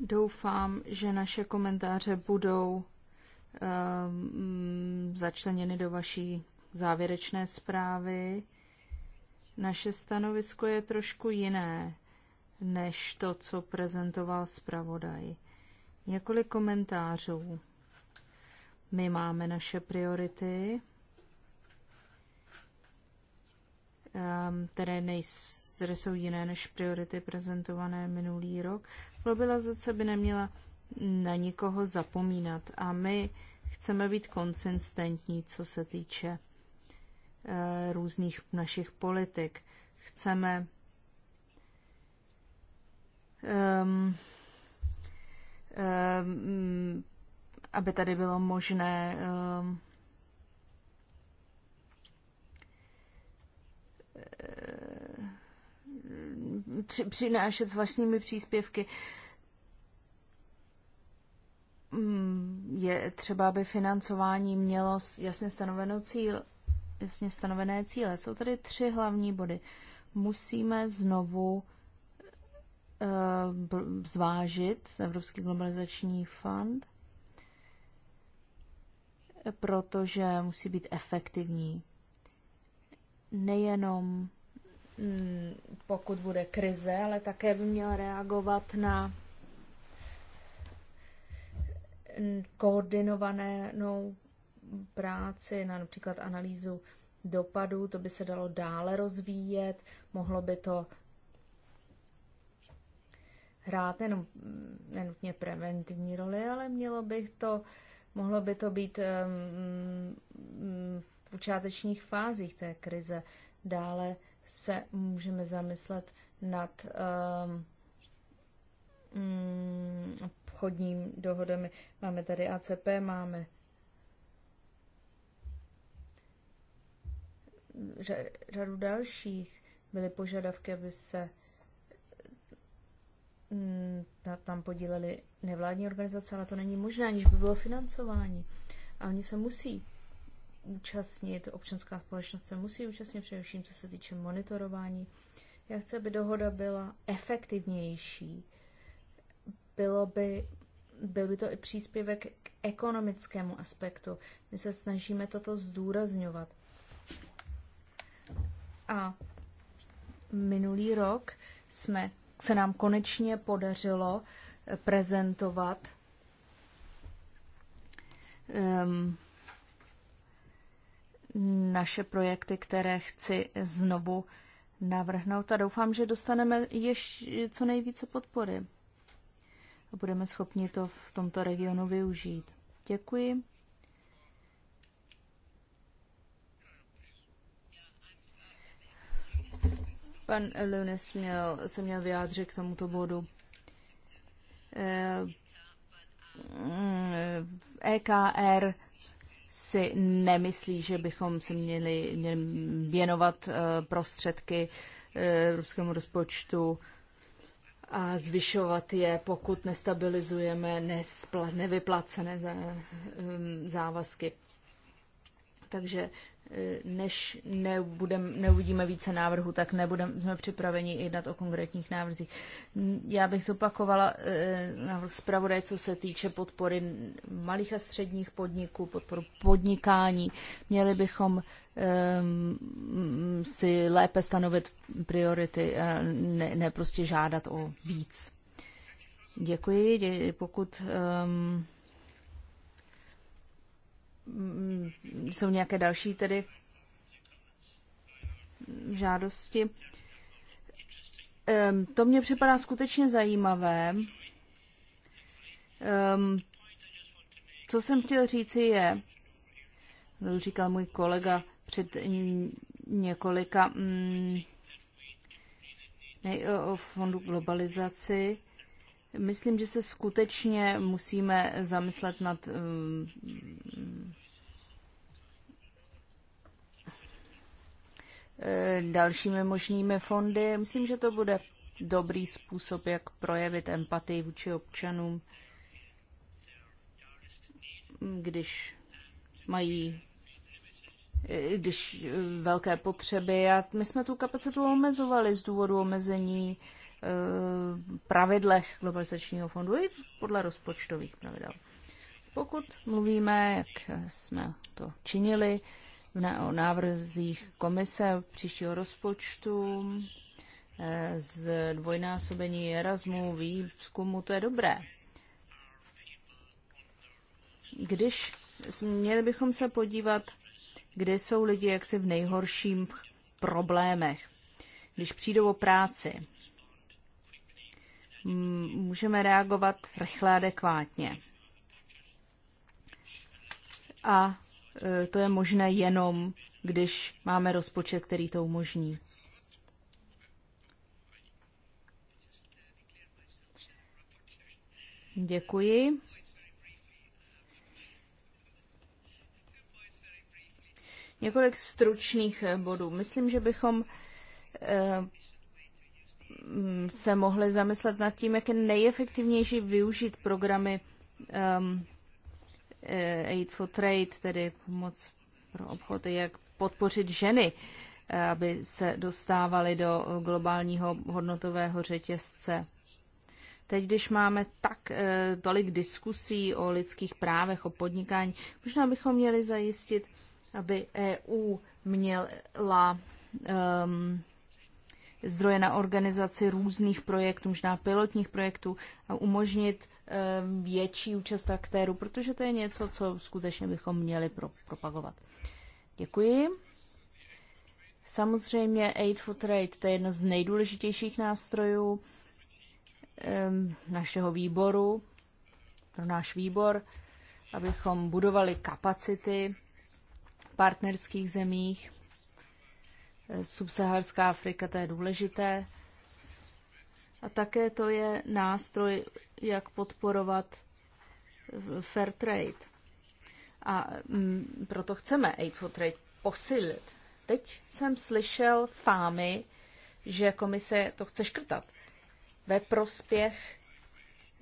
Doufám, že naše komentáře budou um, začleněny do vaší závěrečné zprávy. Naše stanovisko je trošku jiné než to, co prezentoval zpravodaj. Několik komentářů. My máme naše priority, ehm, které, nejs, které jsou jiné než priority prezentované minulý rok. Globalizace by neměla na nikoho zapomínat a my chceme být konsistentní, co se týče eh, různých našich politik. Chceme um, Ehm, aby tady bylo možné ehm, eh, přinášet s vlastními příspěvky. Hmm, je třeba, aby financování mělo jasně stanovenou cíl, jasně stanovené cíle. Jsou tady tři hlavní body. Musíme znovu Eh, zvážit Evropský globalizační fond, protože musí být efektivní. Nejenom mm, pokud bude krize, ale také by měl reagovat na mm, koordinovanou práci, na například analýzu dopadů, to by se dalo dále rozvíjet, mohlo by to hrát nejenom nenutně preventivní roli, ale mělo bych to, mohlo by to být um, v počátečních fázích té krize. Dále se můžeme zamyslet nad um, obchodním dohodami. Máme tady ACP, máme řadu dalších byly požadavky, aby se Mm, tam podíleli nevládní organizace, ale to není možné, aniž by bylo financování. A oni se musí účastnit, občanská společnost se musí účastnit především, co se týče monitorování. Já chci, aby dohoda byla efektivnější. Bylo by, byl by to i příspěvek k ekonomickému aspektu. My se snažíme toto zdůrazňovat. A minulý rok jsme se nám konečně podařilo eh, prezentovat um, naše projekty, které chci znovu navrhnout a doufám, že dostaneme ještě co nejvíce podpory a budeme schopni to v tomto regionu využít. Děkuji. Pan Lunes měl, se měl vyjádřit k tomuto bodu. EKR eh, eh, e si nemyslí, že bychom se měli věnovat eh, prostředky ruskému rozpočtu a zvyšovat je, pokud nestabilizujeme nespla, nevyplacené závazky. Takže Eh, než nebudem, neuvidíme více návrhů, tak nebudeme jsme připraveni jednat o konkrétních návrzích. Hm, já bych zopakovala eh, návrh zpravodaj, co se týče podpory malých a středních podniků, podporu podnikání. Měli bychom ehm, si lépe stanovit priority a ne, ne prostě žádat o víc. Děkuji, pokud um, jsou nějaké další tedy žádosti. Ehm, to mě připadá skutečně zajímavé. Ehm, co jsem chtěl říci je, to říkal můj kolega před několika mm, nej, o fondu globalizaci. Myslím, že se skutečně musíme zamyslet nad um, Eh, dalšími možnými fondy. Myslím, že to bude dobrý způsob, jak projevit empatii vůči občanům, když mají eh, když eh, velké potřeby. A my jsme tu kapacitu omezovali z důvodu omezení pravidlech globalizačního fondu i podle rozpočtových pravidel. Pokud mluvíme, jak jsme to činili, o návrzích komise příštího rozpočtu, eh, z dvojnásobení Erasmu, výzkumu, to je dobré. Když měli bychom se podívat, kde jsou lidi jaksi v nejhorším problémech, když přijdou o práci, můžeme reagovat rychle adekvátně. A Eh, to je možné jenom, když máme rozpočet, který to umožní. Děkuji. Několik stručných eh, bodů. Myslím, že bychom eh, se mohli zamyslet nad tím, jak je nejefektivnější využít programy ehm, Eh, Aid for Trade, tedy pomoc pro obchody, jak podpořit ženy, eh, aby se dostávaly do globálního hodnotového řetězce. Teď, když máme tak eh, tolik diskusí o lidských právech, o podnikání, možná bychom měli zajistit, aby EU měla um, zdroje na organizaci různých projektů, možná pilotních projektů a umožnit Eh, větší účast aktérů, protože to je něco, co skutečně bychom měli pro, propagovat. Děkuji. Samozřejmě Aid for Trade, to je jeden z nejdůležitějších nástrojů našeho výboru, pro náš výbor, abychom budovali kapacity v partnerských zemích. Eh, subsaharská Afrika, to je důležité. A také to je nástroj jak podporovat fair trade. A mm, proto chceme Aid for Trade posilit. Teď jsem slyšel fámy, že komise to chce škrtat ve prospěch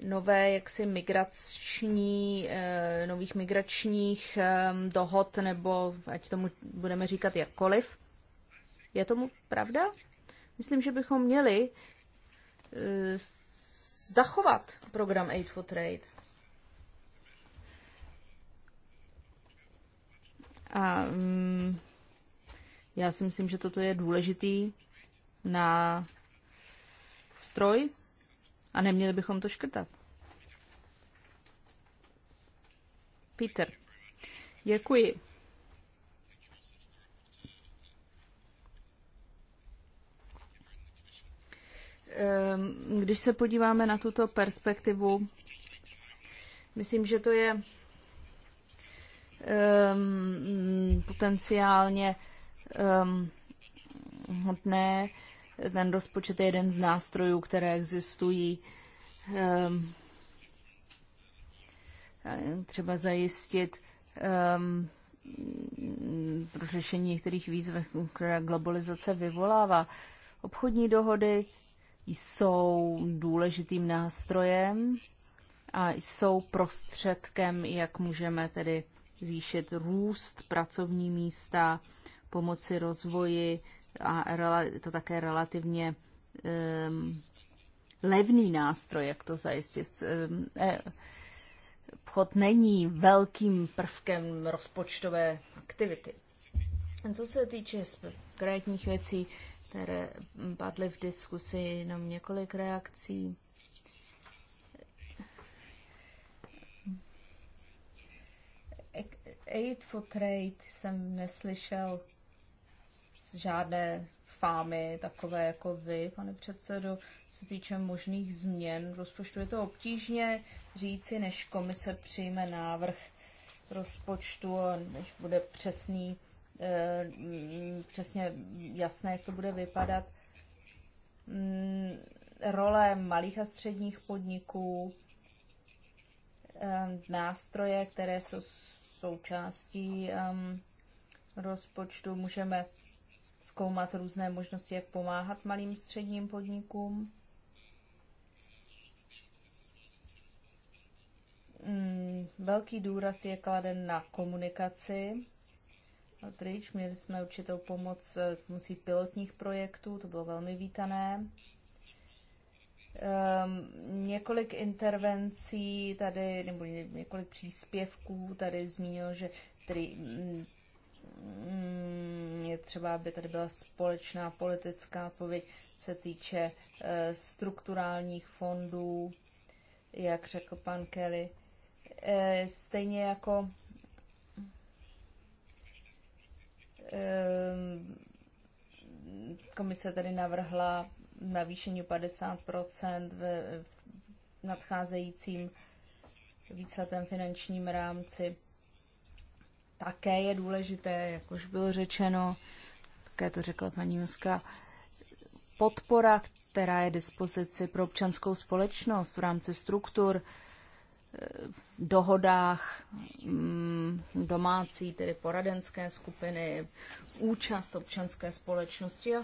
nové jaksi migrační, eh, nových migračních eh, dohod, nebo ať tomu budeme říkat jakkoliv. Je tomu pravda? Myslím, že bychom měli eh, zachovat program Aid for Trade. A um, já si myslím, že toto je důležitý na stroj a neměli bychom to škrtat. Peter, děkuji. Ehm, když se podíváme na tuto perspektivu, myslím, že to je ehm, potenciálně ehm, hodné. Ten rozpočet je jeden z nástrojů, které existují třeba zajistit um, řešení některých výzev, které globalizace vyvolává. Obchodní dohody jsou důležitým nástrojem a jsou prostředkem, jak můžeme tedy výšit růst, pracovní místa, pomoci rozvoji a to také relativně um, levný nástroj, jak to zajistit. Um, obchod není velkým prvkem rozpočtové aktivity. co se týče konkrétních věcí, které padly v diskusi, jenom několik reakcí. Aid for Trade jsem neslyšel z žádné fámy, takové jako vy, pane předsedo, se týče možných změn rozpočtu. Je to obtížně říci, než komise přijme návrh rozpočtu, než bude přesný Eh, přesně jasné, jak to bude vypadat. Mm, role malých a středních podniků, eh, nástroje, které jsou součástí eh, rozpočtu, můžeme zkoumat různé možnosti, jak pomáhat malým středním podnikům. Mm, velký důraz je kladen na komunikaci Outreach. Měli jsme určitou pomoc eh, pomocí pilotních projektů, to bylo velmi vítané. Um, několik intervencí tady, nebo několik příspěvků tady zmínil, že tady, mm, mm, je třeba, aby tady byla společná politická odpověď, se týče uh, strukturálních fondů, jak řekl pan Kelly. Uh, stejně jako Ehm, komise tedy navrhla navýšení 50 v nadcházejícím víceletém finančním rámci. Také je důležité, jak už bylo řečeno, také to řekla paní Muska, podpora, která je dispozici pro občanskou společnost v rámci struktur, Eh, dohodách mm, domácí, tedy poradenské skupiny, účast občanské společnosti a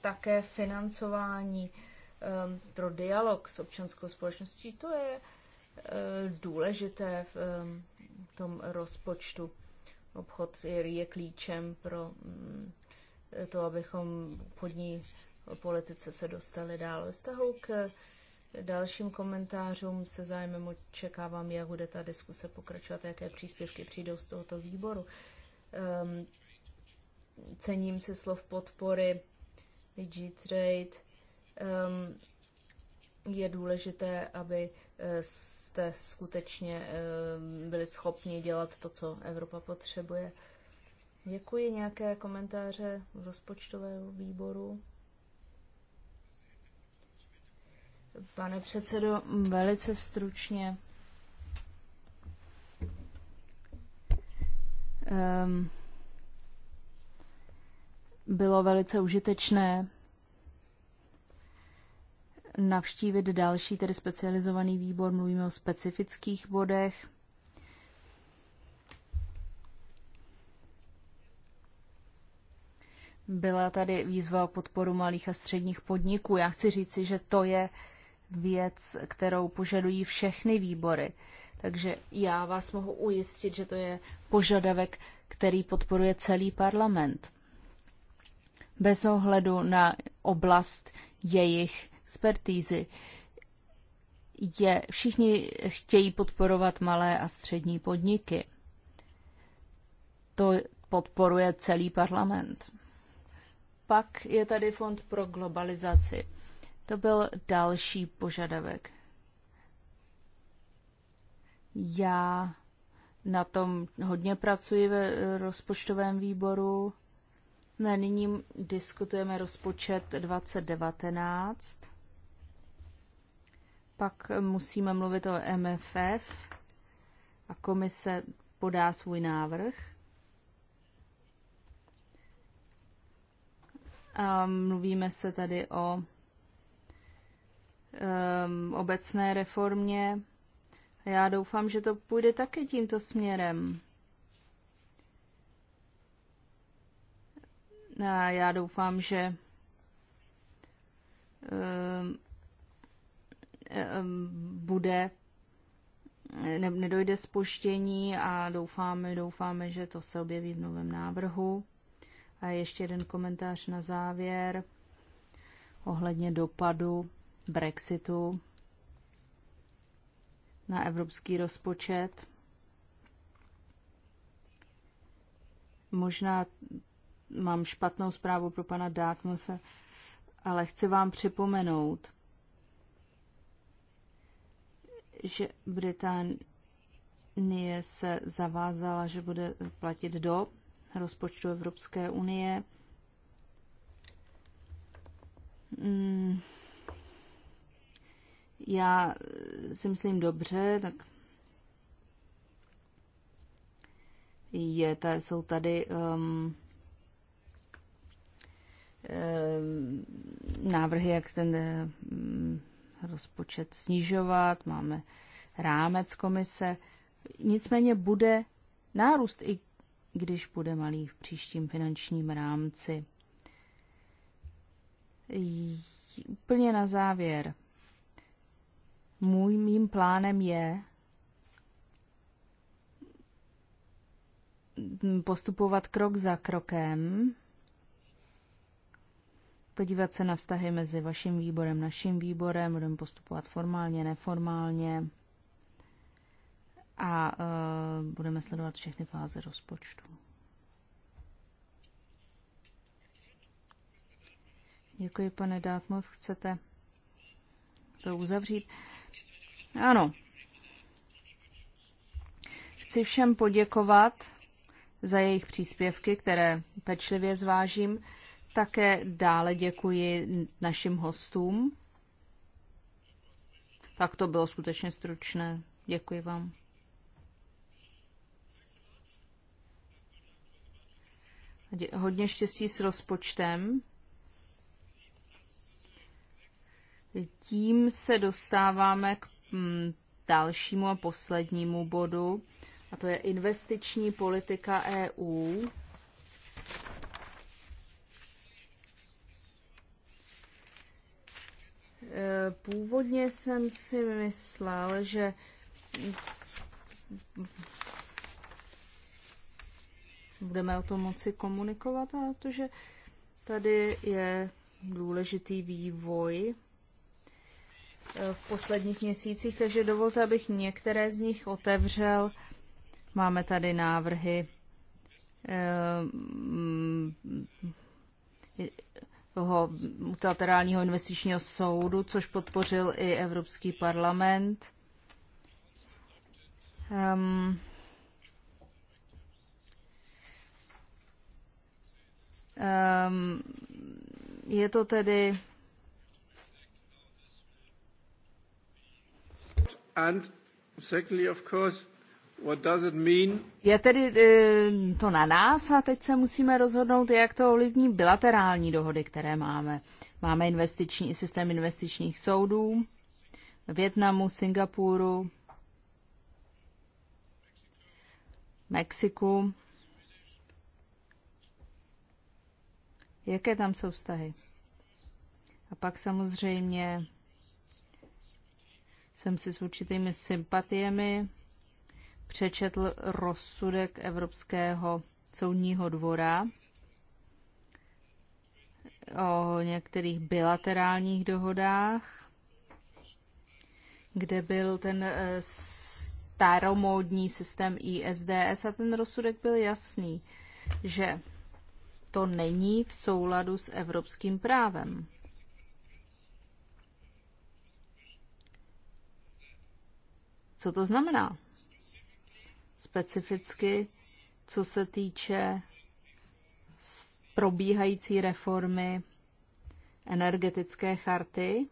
také financování eh, pro dialog s občanskou společností. To je eh, důležité v tom rozpočtu. Obchod je klíčem pro mm, to, abychom podní politice se dostali dál. Vztahu k dalším komentářům se zájmem očekávám, jak bude ta diskuse pokračovat, jaké příspěvky přijdou z tohoto výboru. Um, cením si slov podpory G-Trade. Um, ehm, je důležité, aby e, jste skutečně ehm, byli schopni dělat to, co Evropa potřebuje. Děkuji. Nějaké komentáře v rozpočtového výboru? Pane předsedo, velice stručně. Um, bylo velice užitečné navštívit další, tedy specializovaný výbor. Mluvíme o specifických bodech. Byla tady výzva o podporu malých a středních podniků. Já chci říci, že to je věc, kterou požadují všechny výbory. Takže já vás mohu ujistit, že to je požadavek, který podporuje celý parlament. Bez ohledu na oblast jejich expertízy. Je, všichni chtějí podporovat malé a střední podniky. To podporuje celý parlament. Pak je tady Fond pro globalizaci. To byl další požadavek. Já na tom hodně pracuji ve rozpočtovém výboru. Ne, no nyní diskutujeme rozpočet 2019. Pak musíme mluvit o MFF a komise podá svůj návrh. A mluvíme se tady o um, obecné reformě. Já doufám, že to půjde také tímto směrem. A já doufám, že um, um, bude ne, nedojde spuštění a doufáme, doufáme, že to se objeví v novém návrhu. A ještě jeden komentář na závěr ohledně dopadu Brexitu na evropský rozpočet. Možná mám špatnou zprávu pro pana Dartmuse, ale chci vám připomenout, že Británie se zavázala, že bude platit do rozpočtu Evropské unie. Hmm já eh, si myslím dobře, tak je, ta, jsou tady um, um, návrhy, jak ten um, rozpočet snižovat, máme rámec komise. Nicméně bude nárůst, i když bude malý v příštím finančním rámci. Úplně na závěr. Můj mým plánem je postupovat krok za krokem, podívat se na vztahy mezi vaším výborem, naším výborem, budeme postupovat formálně, neformálně a uh, budeme sledovat všechny fáze rozpočtu. Děkuji, pane Dátmos. Chcete to uzavřít? Ano. Chci všem poděkovat za jejich příspěvky, které pečlivě zvážím. Také dále děkuji našim hostům. Tak to bylo skutečně stručné. Děkuji vám. Hodně štěstí s rozpočtem. Tím se dostáváme k Mm, dalšímu a poslednímu bodu, a to je investiční politika EU. E, původně jsem si myslel, že budeme o tom moci komunikovat, protože tady je důležitý vývoj v posledních měsících, takže dovolte, abych některé z nich otevřel. Máme tady návrhy eh, mm, toho multilaterálního investičního soudu, což podpořil i Evropský parlament. Um, um, je to tedy Je tedy eh, to na nás a teď se musíme rozhodnout, jak to ovlivní bilaterální dohody, které máme. Máme investiční, systém investičních soudů, Větnamu, Singapuru, Mexiku. Jaké tam jsou vztahy? A pak samozřejmě jsem si s určitými sympatiemi přečetl rozsudek Evropského soudního dvora o některých bilaterálních dohodách, kde byl ten eh, staromódní systém ISDS a ten rozsudek byl jasný, že to není v souladu s evropským právem. Co to znamená? Specificky, co se týče probíhající reformy energetické charty,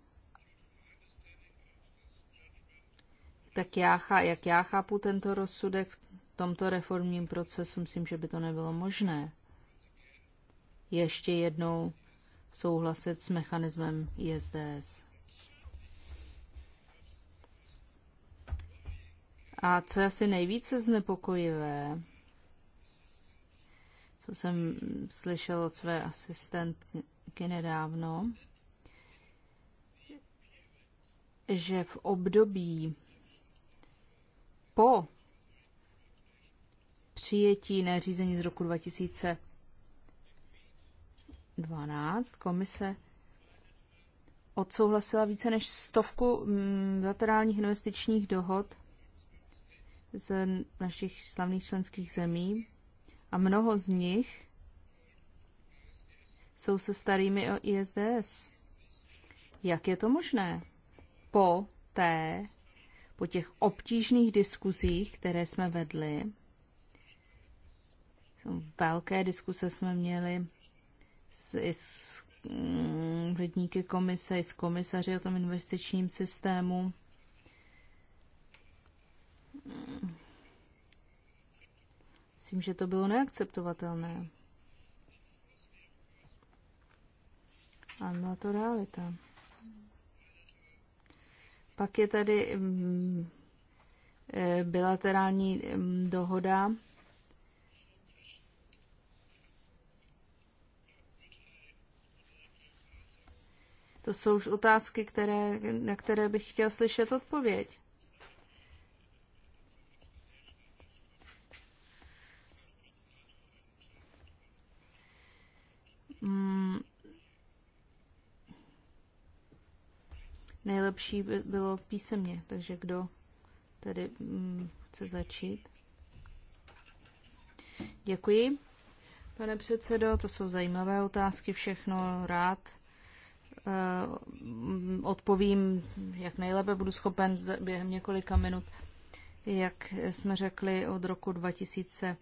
tak já, jak já chápu tento rozsudek v tomto reformním procesu, myslím, že by to nebylo možné. Ještě jednou souhlasit s mechanismem ISDS. A co je asi nejvíce znepokojivé, co jsem slyšel od své asistentky nedávno, že v období po přijetí nařízení z roku 2012 komise odsouhlasila více než stovku mm, bilaterálních investičních dohod z našich slavných členských zemí a mnoho z nich jsou se starými o ISDS. Jak je to možné? Po té, po těch obtížných diskuzích, které jsme vedli, velké diskuse jsme měli s, s mm, úředníky komise, s komisaři o tom investičním systému, Myslím, že to bylo neakceptovatelné. A byla to realita. Pak je tady mm, eh, bilaterální mm, dohoda. To jsou už otázky, které, na které bych chtěl slyšet odpověď. Mm. Nejlepší by bylo písemně, takže kdo tady mm, chce začít? Děkuji, pane předsedo, to jsou zajímavé otázky, všechno rád eh, odpovím, jak nejlépe budu schopen během několika minut. Jak jsme řekli, od roku 2000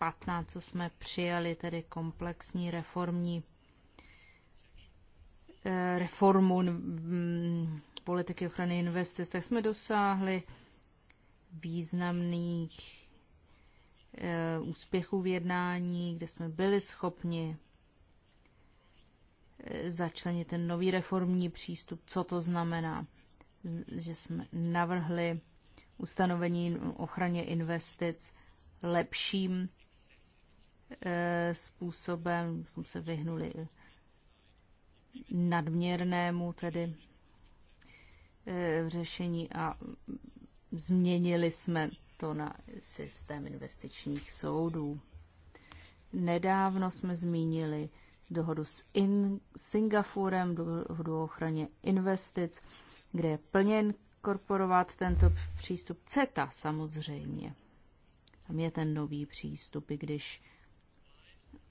15, co jsme přijali, tedy komplexní reformní eh, reformu mm, politiky ochrany investic, tak jsme dosáhli významných eh, úspěchů v jednání, kde jsme byli schopni eh, začlenit ten nový reformní přístup, co to znamená, že jsme navrhli ustanovení ochraně investic lepším Eh, způsobem, bychom se vyhnuli nadměrnému tedy eh, řešení a změnili jsme to na systém investičních soudů. Nedávno jsme zmínili dohodu s In- Singapurem, dohodu o ochraně investic, kde je plně inkorporovat tento přístup CETA samozřejmě. Tam je ten nový přístup, i když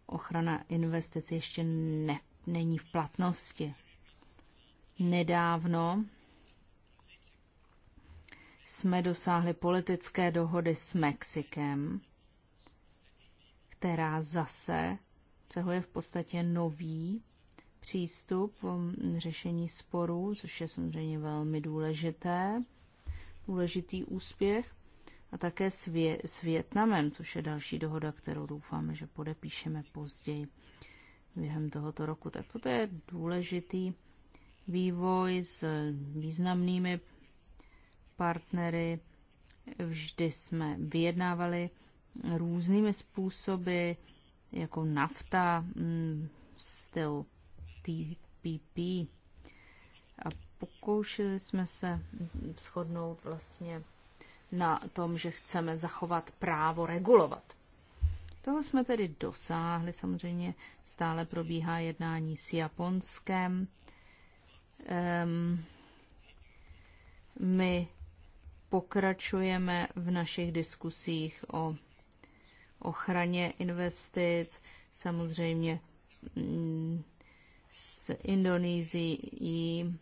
ochrana investic ještě ne, není v platnosti. Nedávno jsme dosáhli politické dohody s Mexikem, která zase obsahuje v podstatě nový přístup um, řešení sporů, což je samozřejmě velmi důležité, důležitý úspěch a také s, Vě- s Větnamem, což je další dohoda, kterou doufáme, že podepíšeme později během tohoto roku. Tak toto je důležitý vývoj s významnými partnery. Vždy jsme vyjednávali různými způsoby, jako nafta, mm, styl TPP. A pokoušeli jsme se shodnout vlastně na tom, že chceme zachovat právo regulovat. Toho jsme tedy dosáhli. Samozřejmě stále probíhá jednání s Japonskem. Um, my pokračujeme v našich diskusích o ochraně investic, samozřejmě mm, s Indonésií,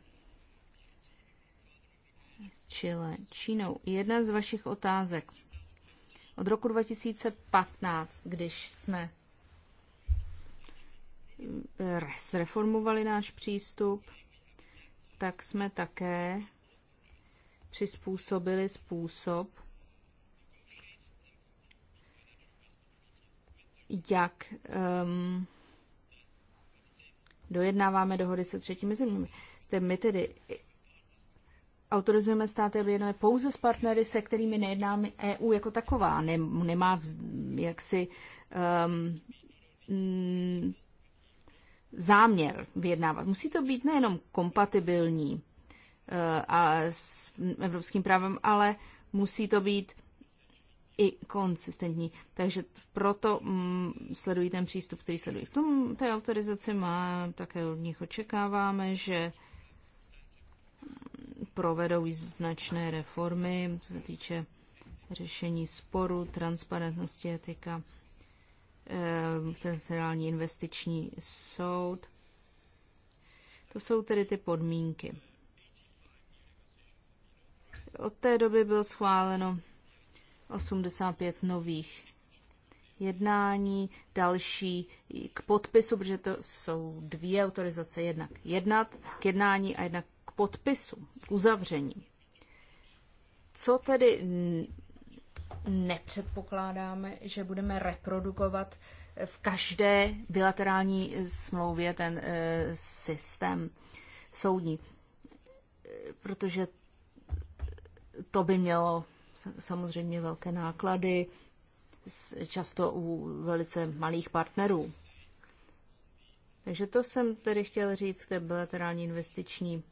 Chile, Čínou. Jedna z vašich otázek. Od roku 2015, když jsme eh, zreformovali náš přístup, tak jsme také přizpůsobili způsob, jak um, dojednáváme dohody se třetími zeměmi. My tedy autorizujeme státy, aby jednali pouze s partnery, se kterými nejednáme EU jako taková. nemá jaksi um, mm, záměr vyjednávat. Musí to být nejenom kompatibilní uh, a s evropským právem, ale musí to být i konsistentní. Takže proto um, sledují ten přístup, který sledují. V tom té autorizaci má, také od nich očekáváme, že provedou značné reformy, co se týče řešení sporu, transparentnosti etika, federální eh, investiční soud. To jsou tedy ty podmínky. Od té doby bylo schváleno 85 nových jednání, další k podpisu, protože to jsou dvě autorizace, jednak jednat k jednání a jednak podpisu, k uzavření. Co tedy nepředpokládáme, že budeme reprodukovat v každé bilaterální smlouvě ten e, systém soudní, protože to by mělo samozřejmě velké náklady, často u velice malých partnerů. Takže to jsem tedy chtěl říct k té bilaterální investiční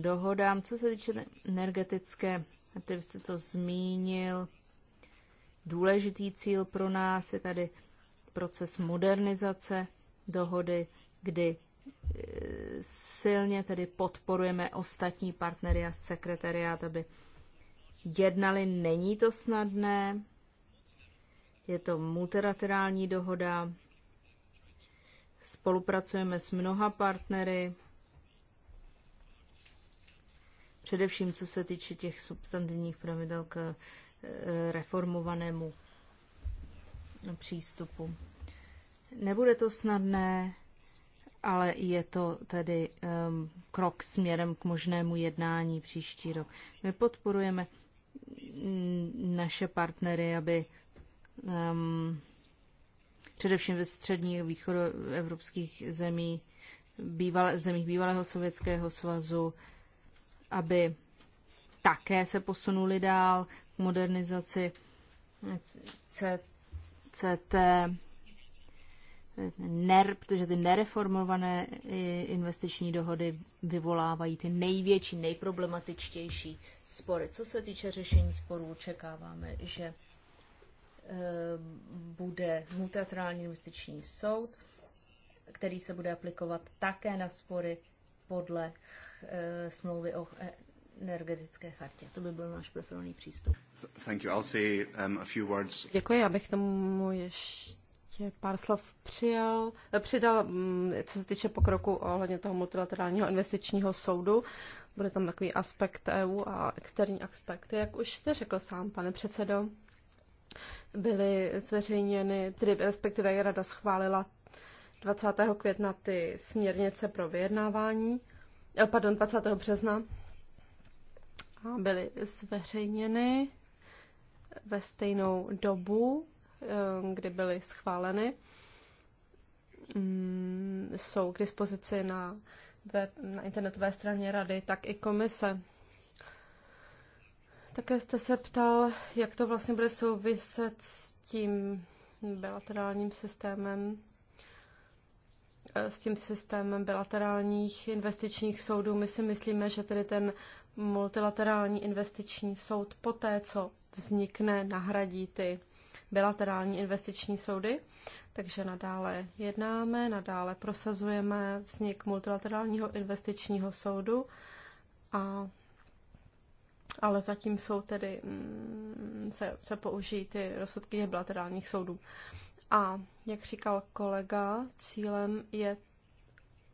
dohodám. Co se týče energetické ty jste to zmínil. Důležitý cíl pro nás je tady proces modernizace dohody, kdy e, silně tedy podporujeme ostatní partnery a sekretariát, aby jednali. Není to snadné, je to multilaterální dohoda, spolupracujeme s mnoha partnery, Především co se týče těch substantivních pravidel k eh, reformovanému přístupu. Nebude to snadné, ale je to tedy um, krok směrem k možnému jednání příští rok. My podporujeme mm, naše partnery, aby um, především ve středních východoevropských zemí, bývalé, zemích bývalého sovětského svazu, aby také se posunuli dál k modernizaci CT, NER, protože ty nereformované investiční dohody vyvolávají ty největší, nejproblematičtější spory. Co se týče řešení sporů, očekáváme, že eh, bude multilaterální investiční soud, který se bude aplikovat také na spory podle Eh, smlouvy o energetické chartě. To by byl náš preferovaný přístup. Thank you. I'll say, um, a few words. Děkuji, abych tomu ještě pár slov přijal, eh, přidal, mm, co se týče pokroku ohledně toho multilaterálního investičního soudu. Bude tam takový aspekt EU a externí aspekty, jak už jste řekl sám, pane předsedo. Byly zveřejněny, tedy respektive Rada schválila 20. května ty směrnice pro vyjednávání Eh, pardon, 20. března a byly zveřejněny ve stejnou dobu, eh, kdy byly schváleny. Mm, jsou k dispozici na, web, na internetové straně rady, tak i komise. Také jste se ptal, jak to vlastně bude souviset s tím bilaterálním systémem Eh, s tím systémem bilaterálních investičních soudů. My si myslíme, že tedy ten multilaterální investiční soud poté, co vznikne, nahradí ty bilaterální investiční soudy. Takže nadále jednáme, nadále prosazujeme vznik multilaterálního investičního soudu, a, ale zatím jsou tedy, mm, se, se použijí ty rozsudky bilaterálních soudů. A jak říkal kolega, cílem je,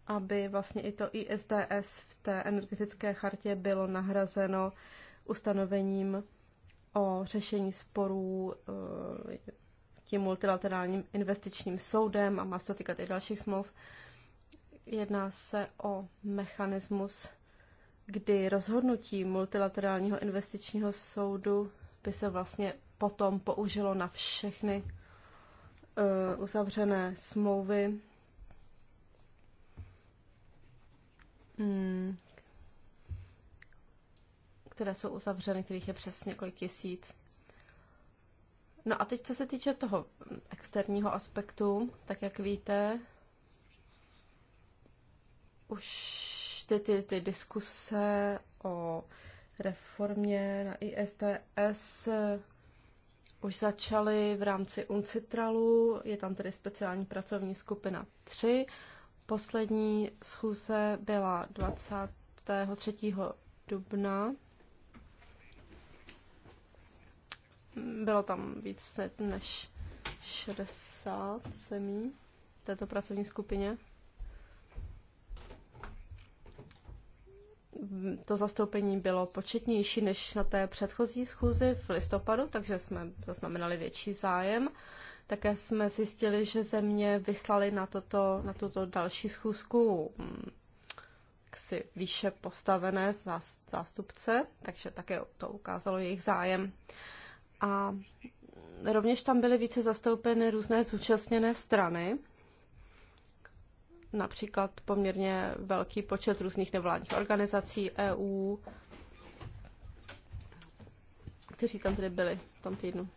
aby vlastně i to ISDS v té energetické chartě bylo nahrazeno ustanovením o řešení sporů eh, tím multilaterálním investičním soudem a má se to týkat i dalších smluv. Jedná se o mechanismus, kdy rozhodnutí multilaterálního investičního soudu by se vlastně potom použilo na všechny Eh, uzavřené smlouvy, hmm. které jsou uzavřeny, kterých je přes několik tisíc. No a teď, co se týče toho externího aspektu, tak jak víte, už ty, ty, ty diskuse o reformě na ISTS už začaly v rámci UNCITRALu, je tam tedy speciální pracovní skupina 3. Poslední schůze byla 23. dubna. Bylo tam více než 60 zemí v této pracovní skupině. to zastoupení bylo početnější než na té předchozí schůzi v listopadu, takže jsme zaznamenali větší zájem. Také jsme zjistili, že země vyslali na, toto, na tuto další schůzku mm, si výše postavené zástupce, takže také to ukázalo jejich zájem. A rovněž tam byly více zastoupeny různé zúčastněné strany, například poměrně velký počet různých nevládních organizací EU, kteří tam tedy byli v tom týdnu.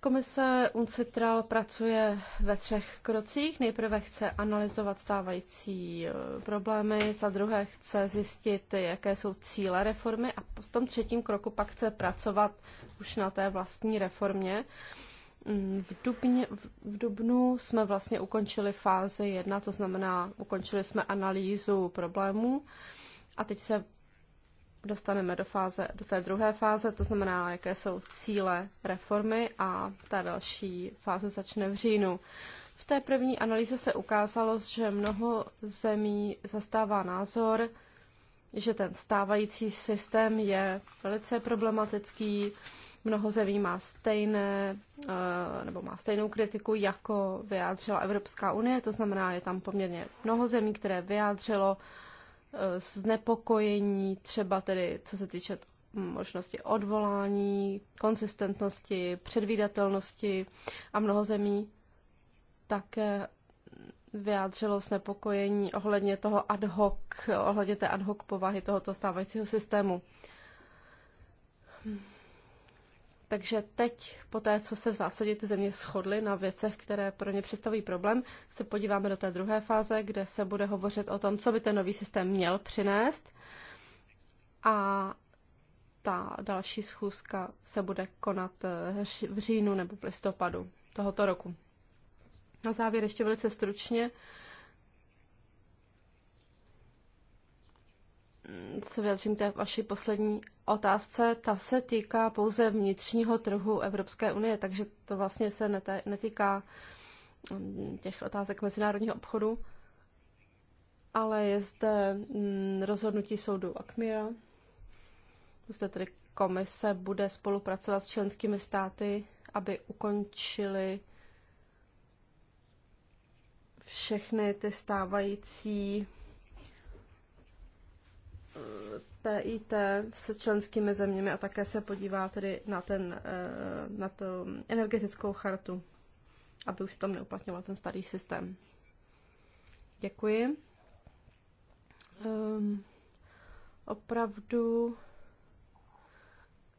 Komise UNCITRAL pracuje ve třech krocích. Nejprve chce analyzovat stávající eh, problémy, za druhé chce zjistit, jaké jsou cíle reformy a v tom třetím kroku pak chce pracovat už na té vlastní reformě. Mm, v, dubně, v dubnu jsme vlastně ukončili fázi jedna, to znamená, ukončili jsme analýzu problémů a teď se dostaneme do, fáze, do té druhé fáze, to znamená, jaké jsou cíle reformy a ta další fáze začne v říjnu. V té první analýze se ukázalo, že mnoho zemí zastává názor, že ten stávající systém je velice problematický, Mnoho zemí má stejné, eh, nebo má stejnou kritiku, jako vyjádřila Evropská unie, to znamená, je tam poměrně mnoho zemí, které vyjádřilo eh, znepokojení, třeba tedy, co se týče hm, možnosti odvolání, konsistentnosti, předvídatelnosti a mnoho zemí také vyjádřilo znepokojení ohledně toho ad hoc, ohledně té ad hoc povahy tohoto stávajícího systému. Takže teď, po té, co se v zásadě ty země shodly na věcech, které pro ně představují problém, se podíváme do té druhé fáze, kde se bude hovořit o tom, co by ten nový systém měl přinést. A ta další schůzka se bude konat eh, v říjnu nebo v listopadu tohoto roku. Na závěr ještě velice stručně se vyjadřím té vaší poslední otázce. Ta se týká pouze vnitřního trhu Evropské unie, takže to vlastně se netýká mm, těch otázek mezinárodního obchodu. Ale je zde mm, rozhodnutí soudu Akmira. Zde tedy komise bude spolupracovat s členskými státy, aby ukončili všechny ty stávající PIT s členskými zeměmi a také se podívá tedy na, ten, eh, na tu energetickou chartu, aby už tam neuplatňoval ten starý systém. Děkuji. Um, opravdu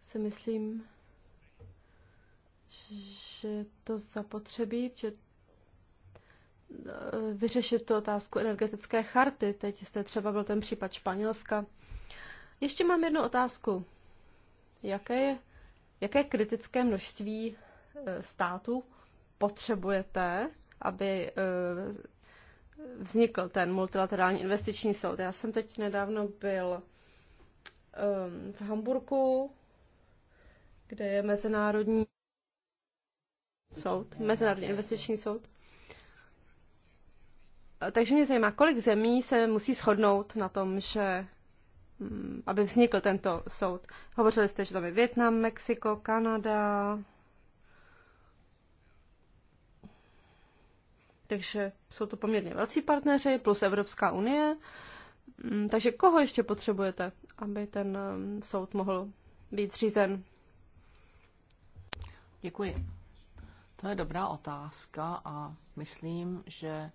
si myslím, že to zapotřebí, že eh, vyřešit tu otázku energetické charty. Teď jste třeba byl ten případ Španělska, ještě mám jednu otázku. Jaké, jaké kritické množství e, států potřebujete, aby e, vznikl ten multilaterální investiční soud? Já jsem teď nedávno byl v Hamburgu, kde je mezinárodní soud, mezinárodní investiční soud. E, takže mě zajímá, kolik zemí se musí shodnout na tom, že Mm, aby vznikl tento soud. Hovořili jste, že tam je Větnam, Mexiko, Kanada. Takže jsou to poměrně velcí partneři, plus Evropská unie. Mm, takže koho ještě potřebujete, aby ten mm, soud mohl být řízen? Děkuji. To je dobrá otázka a myslím, že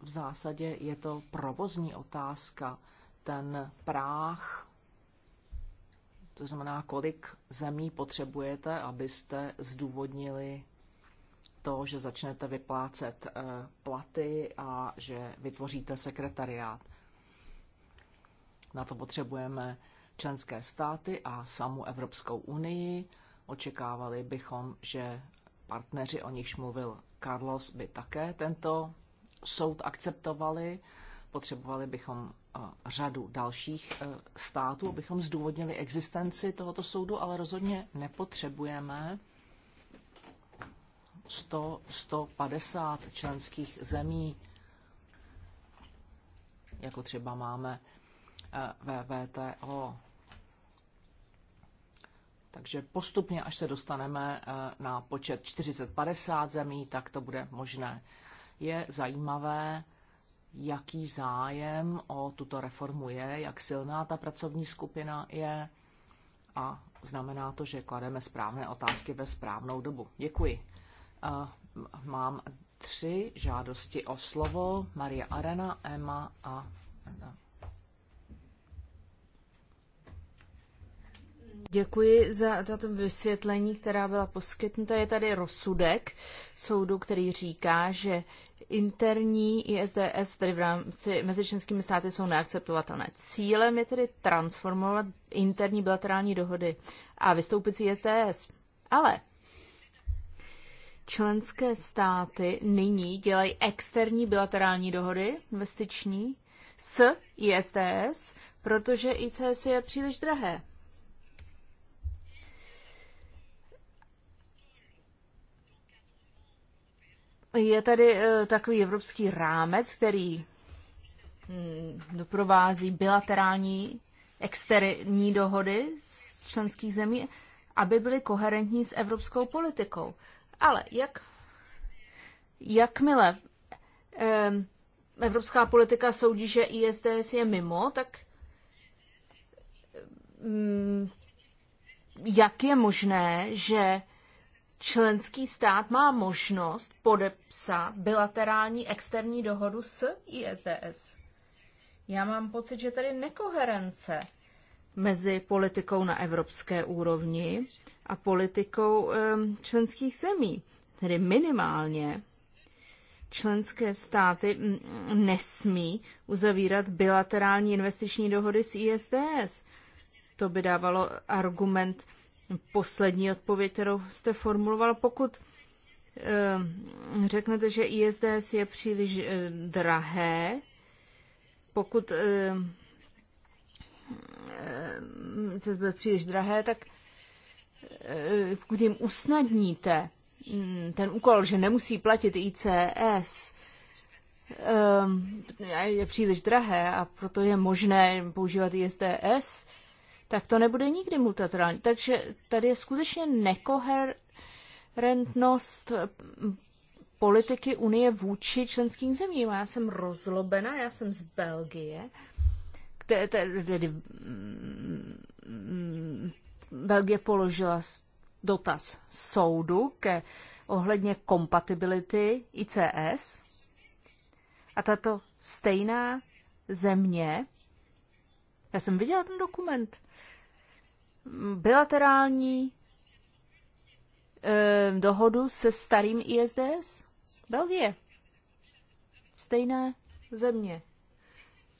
v zásadě je to provozní otázka ten práh, to znamená, kolik zemí potřebujete, abyste zdůvodnili to, že začnete vyplácet eh, platy a že vytvoříte sekretariát. Na to potřebujeme členské státy a samu Evropskou unii. Očekávali bychom, že partneři, o nichž mluvil Carlos, by také tento soud akceptovali. Potřebovali bychom řadu dalších e, států, abychom zdůvodnili existenci tohoto soudu, ale rozhodně nepotřebujeme 100, 150 členských zemí, jako třeba máme ve VTO. Takže postupně, až se dostaneme e, na počet 40-50 zemí, tak to bude možné. Je zajímavé, jaký zájem o tuto reformu je, jak silná ta pracovní skupina je a znamená to, že klademe správné otázky ve správnou dobu. Děkuji. Eh, mám tři žádosti o slovo. Maria Arena, Emma a... Děkuji za tato vysvětlení, která byla poskytnuta. Je tady rozsudek soudu, který říká, že interní ISDS, tedy v rámci mezi členskými státy, jsou neakceptovatelné. Cílem je tedy transformovat interní bilaterální dohody a vystoupit z ISDS. Ale členské státy nyní dělají externí bilaterální dohody investiční s ISDS, protože ICS je příliš drahé. Je tady eh, takový evropský rámec, který hm, doprovází bilaterální externí dohody z členských zemí, aby byly koherentní s evropskou politikou. Ale jak, jakmile evropská politika soudí, že ISDS je mimo, tak hm, jak je možné, že členský stát má možnost podepsat bilaterální externí dohodu s ISDS. Já mám pocit, že tady nekoherence mezi politikou na evropské úrovni a politikou členských zemí. Tedy minimálně členské státy nesmí uzavírat bilaterální investiční dohody s ISDS. To by dávalo argument poslední odpověď, kterou jste formuloval. Pokud eh, řeknete, že ISDS je příliš eh, drahé, pokud eh, se bude příliš drahé, tak pokud jim usnadníte mm, ten úkol, že nemusí platit ICS, je příliš drahé a proto je možné používat ISDS, tak to nebude nikdy multilaterální. Takže tady je skutečně nekoherentnost mm, politiky Unie vůči členským zemím. Já jsem rozlobena, já jsem z Belgie, kde, tedy mm, Belgie položila dotaz soudu ke ohledně kompatibility ICS. A tato stejná země já jsem viděla ten dokument. Bilaterální eh, dohodu se starým ISDS? Belgie. Stejné země.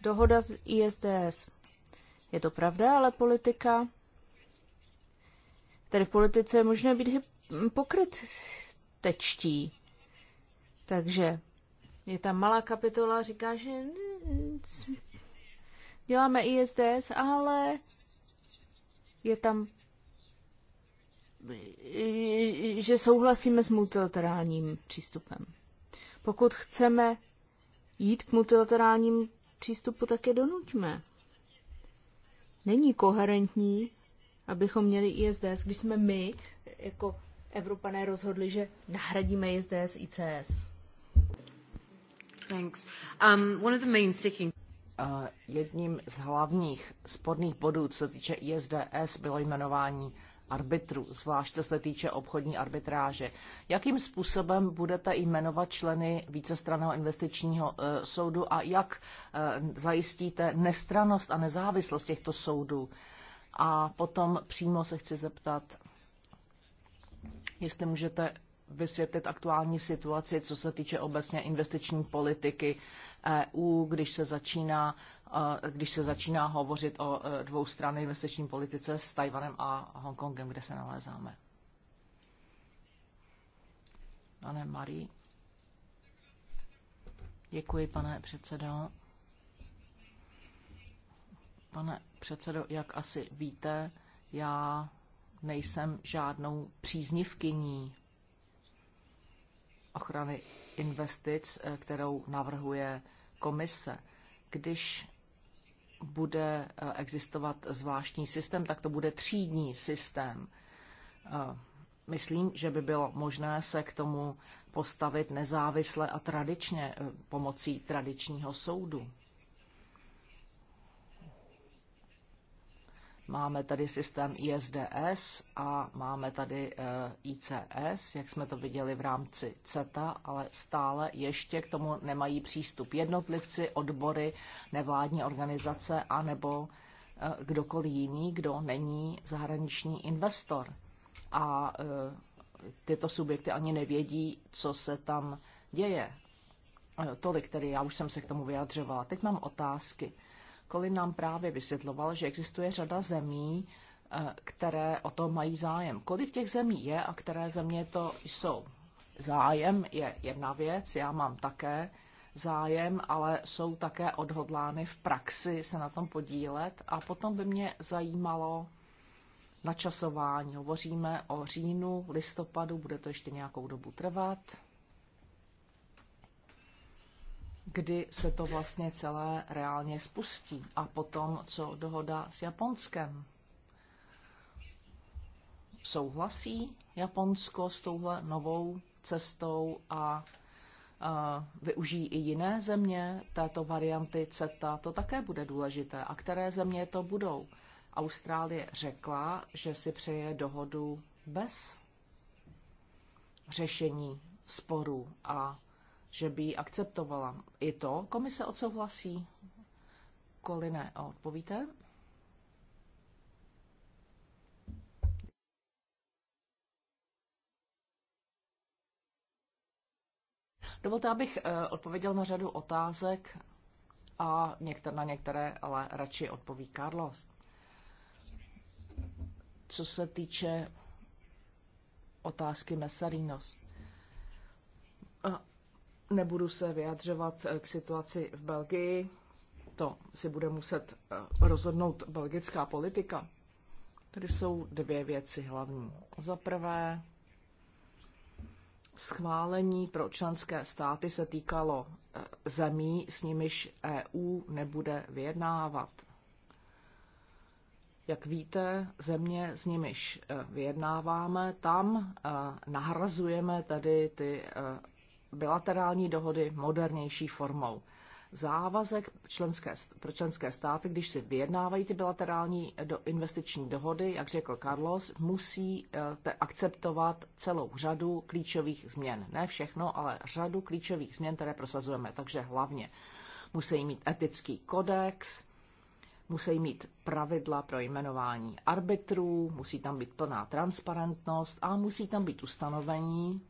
Dohoda s ISDS. Je to pravda, ale politika. Tedy v politice je možné být tečtí. Takže je tam malá kapitola, říká, že Děláme ISDS, ale je tam, že souhlasíme s multilaterálním přístupem. Pokud chceme jít k multilaterálním přístupu, tak je donuťme. Není koherentní, abychom měli ISDS, když jsme my, jako Evropané, rozhodli, že nahradíme ISDS ICS. Thanks. Um, one of the main sticking jedním z hlavních sporných bodů, co se týče ISDS, bylo jmenování arbitru, zvlášť co se týče obchodní arbitráže. Jakým způsobem budete jmenovat členy vícestranného investičního e, soudu a jak e, zajistíte nestranost a nezávislost těchto soudů? A potom přímo se chci zeptat, jestli můžete vysvětlit aktuální situaci, co se týče obecně investiční politiky EU, když se začíná, eh, když se začíná hovořit o eh, dvou strany investiční politice s Tajvanem a Hongkongem, kde se nalézáme. Pane Marí. Děkuji, pane předsedo. Pane předsedo, jak asi víte, já nejsem žádnou příznivkyní ochrany investic, eh, kterou navrhuje komise. Když bude eh, existovat zvláštní systém, tak to bude třídní systém. Eh, myslím, že by bylo možné se k tomu postavit nezávisle a tradičně pomocí tradičního soudu. Máme tady systém ISDS a máme tady eh, ICS, jak jsme to viděli v rámci CETA, ale stále ještě k tomu nemají přístup jednotlivci, odbory, nevládní organizace a nebo eh, kdokoliv jiný, kdo není zahraniční investor. A eh, tyto subjekty ani nevědí, co se tam děje. Tolik tedy, já už jsem se k tomu vyjadřovala. Teď mám otázky. Kolin nám právě vysvětloval, že existuje řada zemí, eh, které o to mají zájem. Kolik těch zemí je a které země to jsou? Zájem je jedna věc, já mám také zájem, ale jsou také odhodlány v praxi se na tom podílet. A potom by mě zajímalo načasování. Hovoříme o říjnu, listopadu, bude to ještě nějakou dobu trvat kdy se to vlastně celé reálně spustí a potom, co dohoda s Japonskem. Souhlasí Japonsko s touhle novou cestou a využijí i jiné země této varianty CETA, to také bude důležité. A které země to budou? Austrálie řekla, že si přeje dohodu bez řešení sporů a že by ji akceptovala. I to komise odsouhlasí? Koline, odpovíte? Dovolte, abych eh, odpověděl na řadu otázek a některé, na některé ale radši odpoví Carlos. Co se týče otázky Mesarinos. Eh, Nebudu se vyjadřovat eh, k situaci v Belgii, to si bude muset eh, rozhodnout belgická politika. Tady jsou dvě věci hlavní. Za prvé, schválení pro členské státy se týkalo eh, zemí, s nimiž EU nebude vyjednávat. Jak víte, země, s nimiž vyjednáváme, tam nahrazujeme tady ty bilaterální dohody modernější formou. Závazek členské, pro členské státy, když si vyjednávají ty bilaterální eh, do investiční dohody, jak řekl Carlos, musí eh, te akceptovat celou řadu klíčových změn. Ne všechno, ale řadu klíčových změn, které prosazujeme. Takže hlavně musí mít etický kodex, musí mít pravidla pro jmenování arbitrů, musí tam být plná transparentnost a musí tam být ustanovení,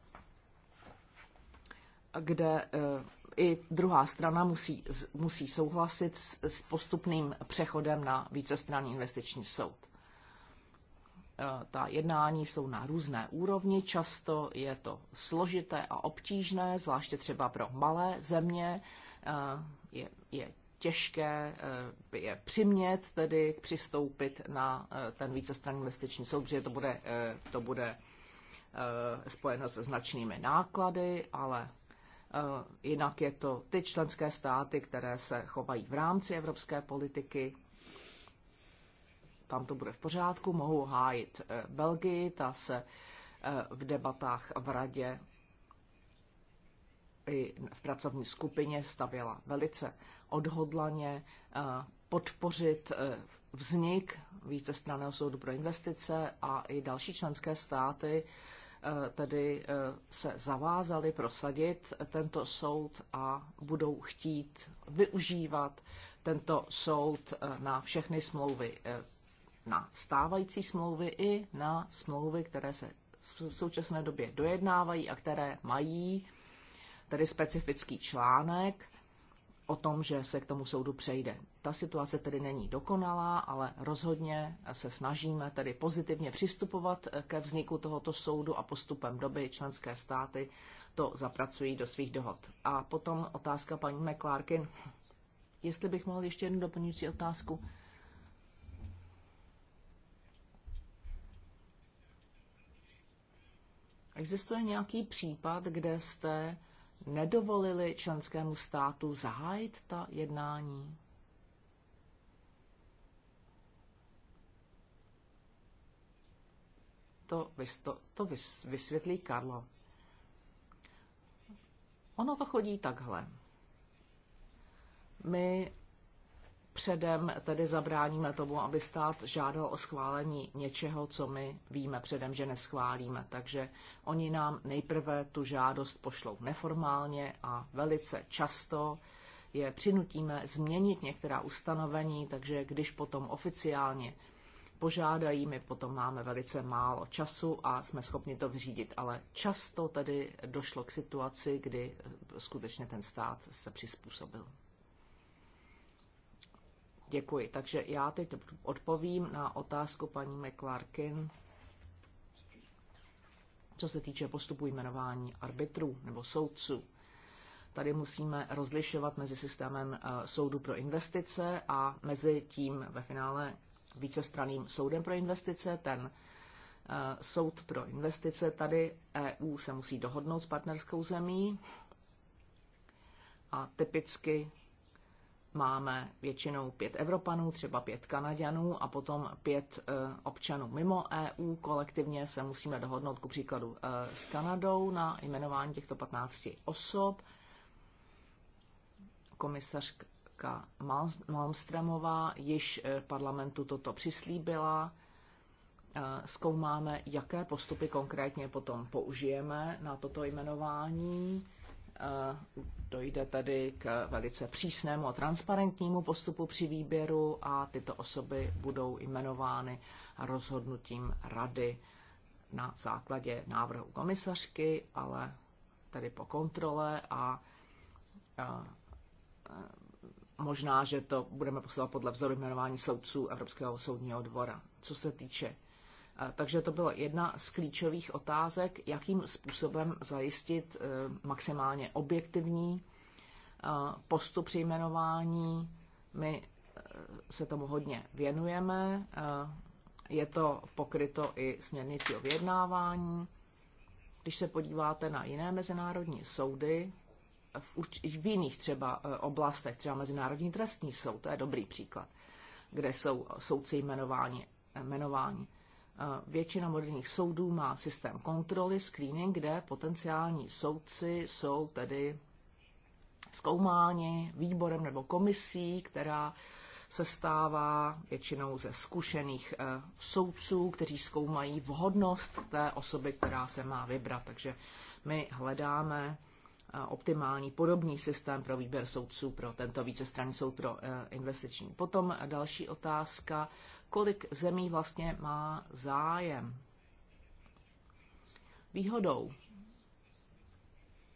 kde eh, i druhá strana musí, musí souhlasit s, s postupným přechodem na vícestranný investiční soud. Eh, ta jednání jsou na různé úrovni, často je to složité a obtížné, zvláště třeba pro malé země. Eh, je, je těžké je přimět tedy přistoupit na ten vícestranný investiční soud, protože to bude, to bude spojeno se značnými náklady, ale Eh, jinak je to ty členské státy, které se chovají v rámci evropské politiky. Tam to bude v pořádku. Mohou hájit eh, Belgii, ta se eh, v debatách v radě i v pracovní skupině stavěla velice odhodlaně podpořit vznik vícestraného soudu pro investice a i další členské státy Eh, tedy eh, se zavázali prosadit tento soud a budou chtít využívat tento soud eh, na všechny smlouvy, na stávající smlouvy i na smlouvy, které se v současné době dojednávají a které mají tedy specifický článek, o tom, že se k tomu soudu přejde. Ta situace tedy není dokonalá, ale rozhodně se snažíme tedy pozitivně přistupovat ke vzniku tohoto soudu a postupem doby členské státy to zapracují do svých dohod. A potom otázka paní McClarkin. Jestli bych mohl ještě jednu doplňující otázku. Existuje nějaký případ, kde jste nedovolili členskému státu zahájit ta jednání? To, to, to vys, vysvětlí Karlo. Ono to chodí takhle. My předem tedy zabráníme tomu, aby stát žádal o schválení něčeho, co my víme předem, že neschválíme. Takže oni nám nejprve tu žádost pošlou neformálně a velice často je přinutíme změnit některá ustanovení, takže když potom oficiálně požádají, my potom máme velice málo času a jsme schopni to vyřídit. Ale často tedy došlo k situaci, kdy skutečně ten stát se přizpůsobil. Děkuji. Takže já teď odpovím na otázku paní McClarkin, co se týče postupu jmenování arbitrů nebo soudců. Tady musíme rozlišovat mezi systémem eh, soudu pro investice a mezi tím ve finále vícestraným soudem pro investice. Ten eh, soud pro investice tady EU se musí dohodnout s partnerskou zemí a typicky máme většinou pět Evropanů, třeba pět Kanaďanů a potom pět eh, občanů mimo EU. Kolektivně se musíme dohodnout ku příkladu eh, s Kanadou na jmenování těchto 15 osob. Komisařka Malmstremová již eh, parlamentu toto přislíbila. Zkoumáme, jaké postupy konkrétně potom použijeme na toto jmenování dojde tedy k velice přísnému a transparentnímu postupu při výběru a tyto osoby budou jmenovány rozhodnutím rady na základě návrhu komisařky, ale tedy po kontrole a, a možná, že to budeme posouvat podle vzoru jmenování soudců Evropského soudního dvora. Co se týče takže to byla jedna z klíčových otázek, jakým způsobem zajistit eh, maximálně objektivní eh, postup při jmenování. My eh, se tomu hodně věnujeme. Je to pokryto i směrnicí o vyjednávání. Když se podíváte na jiné mezinárodní soudy, v, urč- v jiných třeba oblastech, třeba Mezinárodní trestní soud, to je dobrý příklad, kde jsou soudci jmenováni. jmenováni. Většina moderních soudů má systém kontroly, screening, kde potenciální soudci jsou tedy zkoumáni výborem nebo komisí, která se stává většinou ze zkušených eh, soudců, kteří zkoumají vhodnost té osoby, která se má vybrat. Takže my hledáme eh, optimální podobný systém pro výběr soudců pro tento vícestranný soud pro eh, investiční. Potom další otázka kolik zemí vlastně má zájem. Výhodou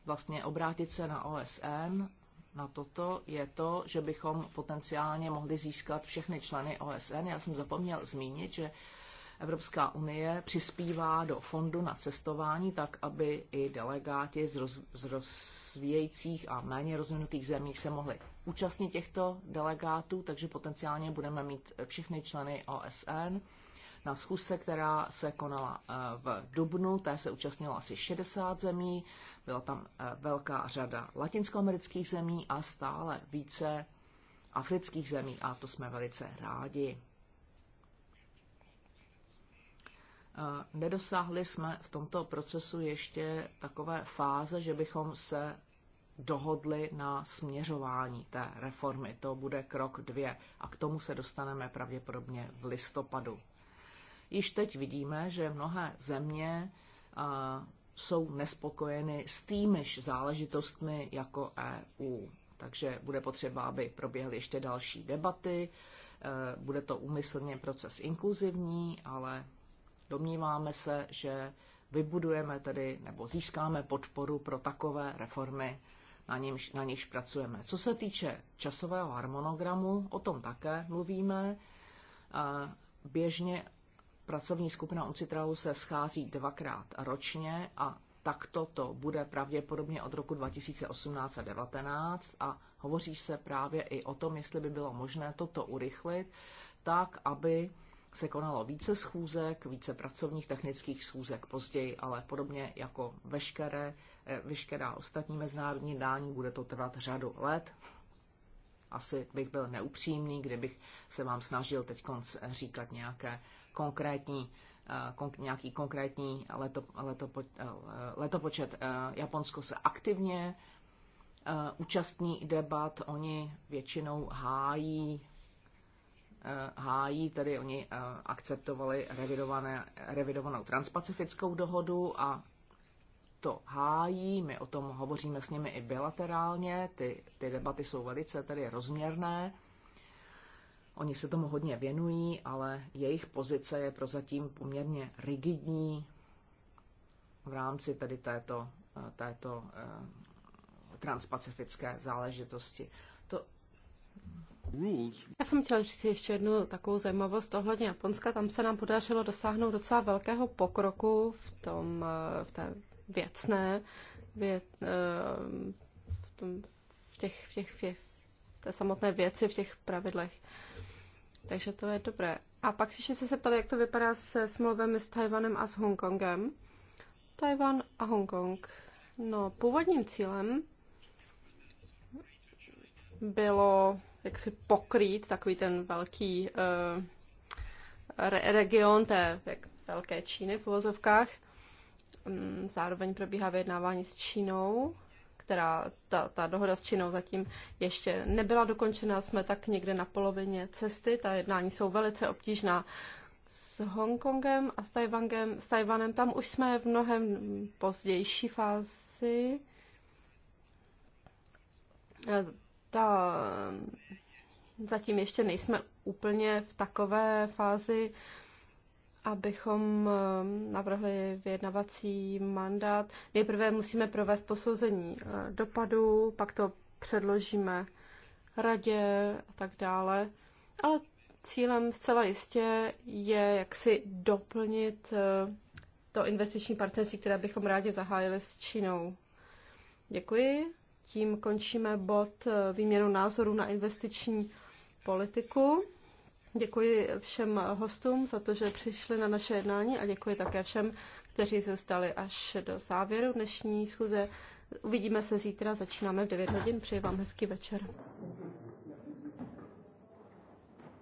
vlastně obrátit se na OSN na toto je to, že bychom potenciálně mohli získat všechny členy OSN. Já jsem zapomněl zmínit, že Evropská unie přispívá do fondu na cestování tak, aby i delegáti z, roz, z rozvíjejících a méně rozvinutých zemích se mohli účastnit těchto delegátů, takže potenciálně budeme mít všechny členy OSN. Na schůzce, která se konala eh, v Dubnu, té se účastnilo asi 60 zemí, byla tam eh, velká řada latinskoamerických zemí a stále více afrických zemí a to jsme velice rádi. Nedosáhli jsme v tomto procesu ještě takové fáze, že bychom se dohodli na směřování té reformy. To bude krok dvě a k tomu se dostaneme pravděpodobně v listopadu. Již teď vidíme, že mnohé země jsou nespokojeny s týmiž záležitostmi jako EU. Takže bude potřeba, aby proběhly ještě další debaty. E, bude to úmyslně proces inkluzivní, ale Domníváme se, že vybudujeme tedy nebo získáme podporu pro takové reformy, na, němž, na nichž pracujeme. Co se týče časového harmonogramu, o tom také mluvíme. Běžně pracovní skupina UNCITRALu se schází dvakrát ročně a takto to bude pravděpodobně od roku 2018 a 2019 a hovoří se právě i o tom, jestli by bylo možné toto urychlit, tak aby se konalo více schůzek, více pracovních technických schůzek později, ale podobně jako veškeré, eh, veškerá ostatní mezinárodní dání bude to trvat řadu let. Asi bych byl neupřímný, kdybych se vám snažil teď říkat nějaké konkrétní, eh, nějaký konkrétní leto, letopo, eh, letopočet. Japonsko se aktivně účastní debat, oni většinou hájí Eh, hájí, tedy oni eh, akceptovali revidované, revidovanou transpacifickou dohodu a to hájí, my o tom hovoříme s nimi i bilaterálně, ty, ty debaty jsou velice tedy rozměrné, oni se tomu hodně věnují, ale jejich pozice je prozatím poměrně rigidní v rámci tedy této, eh, této transpacifické záležitosti. Já jsem chtěla říct ještě jednu takovou zajímavost ohledně Japonska. Tam se nám podařilo dosáhnout docela velkého pokroku v tom, eh, v té věcné, věc, eh, v, tom, v těch, v těch, v těch, v té samotné věci, v těch pravidlech. Takže to je dobré. A pak ještě se zeptali, jak to vypadá se smlouvami s Tajvanem a s Hongkongem. Tajvan a Hongkong. No, původním cílem bylo jak si pokrýt takový ten velký uh, re- region té velké Číny v uvozovkách. Mm, zároveň probíhá vyjednávání s Čínou, která ta, ta dohoda s Čínou zatím ještě nebyla dokončena, jsme tak někde na polovině cesty, ta jednání jsou velice obtížná s Hongkongem a s, Tajvangem, s Tajvanem, tam už jsme v mnohem pozdější fázi ta, zatím ještě nejsme úplně v takové fázi, abychom eh, navrhli vyjednavací mandát. Nejprve musíme provést posouzení eh, dopadu, pak to předložíme radě a tak dále. Ale cílem zcela jistě je si doplnit eh, to investiční partnerství, které bychom rádi zahájili s Čínou. Děkuji. Tím končíme bod eh, výměnu názoru na investiční politiku. Děkuji všem eh, hostům za to, že přišli na naše jednání a děkuji také všem, kteří zůstali až do závěru dnešní schůze. Uvidíme se zítra, začínáme v 9 hodin. Přeji vám hezký večer.